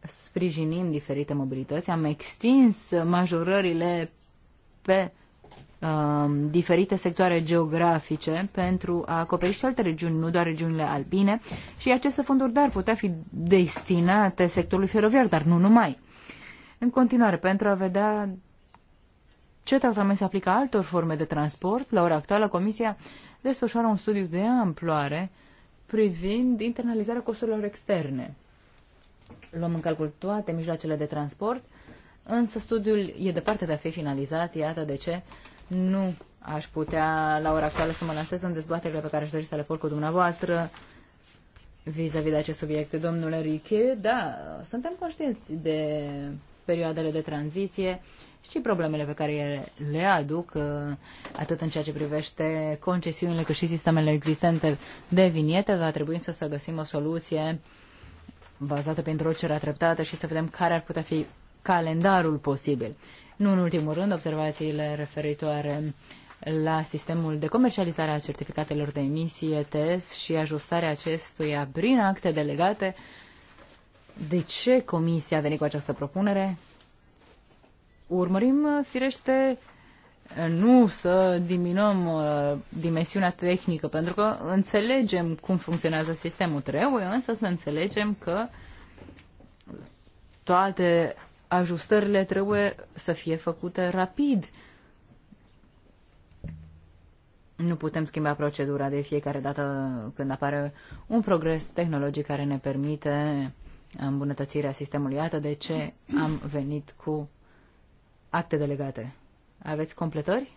sprijinim diferite mobilități. Am extins majorările pe Um, diferite sectoare geografice pentru a acoperi și alte regiuni, nu doar regiunile albine și aceste fonduri dar putea fi destinate sectorului feroviar, dar nu numai. În continuare, pentru a vedea ce tratament se aplică altor forme de transport, la ora actuală Comisia desfășoară un studiu de amploare privind internalizarea costurilor externe. Luăm în calcul toate mijloacele de transport, însă studiul e departe de a fi finalizat, iată de ce nu aș putea la ora actuală să mă lansez în dezbaterile pe care aș dori să le port cu dumneavoastră vis-a-vis -vis de acest subiect. Domnule Riche, da, suntem conștienți de perioadele de tranziție și problemele pe care le aduc, uh, atât în ceea ce privește concesiunile, cât și sistemele existente de viniete, va trebui să, să găsim o soluție bazată pe întrocerea treptată și să vedem care ar putea fi calendarul posibil. Nu în ultimul rând, observațiile referitoare la sistemul de comercializare a certificatelor de emisie, ETS și ajustarea acestuia prin acte delegate. De ce Comisia a venit cu această propunere? Urmărim, firește, nu să diminuăm uh, dimensiunea tehnică, pentru că înțelegem cum funcționează sistemul. Trebuie însă să înțelegem că toate ajustările trebuie să fie făcute rapid. Nu putem schimba procedura de fiecare dată când apare un progres tehnologic care ne permite îmbunătățirea sistemului. Iată de ce am venit cu acte delegate. Aveți completări?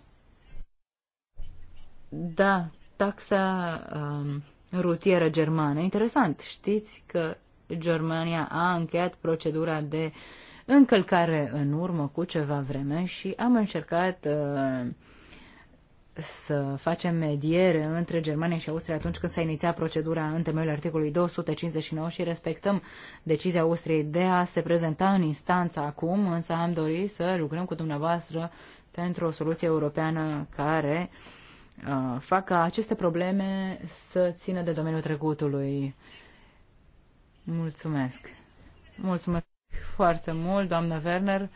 Da, taxa um, rutieră germană. Interesant. Știți că Germania a încheiat procedura de uh, încălcare în urmă cu ceva vreme și am încercat uh, să facem mediere între Germania și Austria atunci când s-a inițiat procedura în temeiul articolului 259 și respectăm decizia Austriei de a se prezenta în instanță acum, însă am dorit să lucrăm cu dumneavoastră pentru o soluție europeană care uh, fac ca aceste probleme să țină de domeniul trecutului. Mulțumesc! Mulțumesc! foarte mult, doamnă Werner.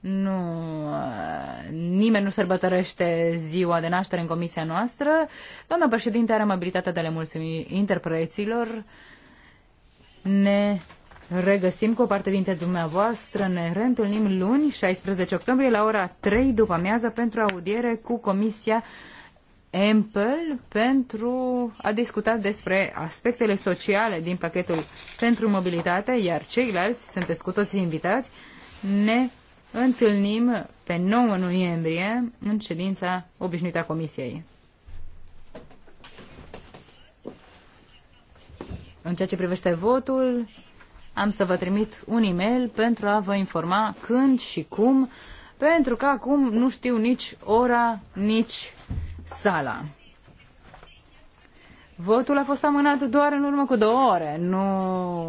Nu, uh, nimeni nu sărbătorește ziua de naștere în comisia noastră. Doamna președinte are amabilitatea de a le mulțumi interpreților. Ne regăsim cu o parte dintre dumneavoastră. Ne reîntâlnim luni, 16 octombrie, la ora 3 după amiază pentru audiere cu comisia Empel pentru a discuta despre aspectele sociale din pachetul pentru mobilitate, iar ceilalți, sunteți cu toții invitați, ne întâlnim pe 9 noiembrie în ședința obișnuită a Comisiei. În ceea ce privește votul, am să vă trimit un e-mail pentru a vă informa când și cum, pentru că acum nu știu nici ora, nici sala. Votul a fost amânat doar în urmă cu două ore. Nu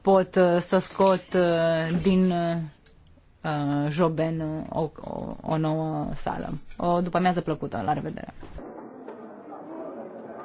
pot uh, să scot uh, din uh, Joben o, o, o nouă sală. O după amiază plăcută. La revedere!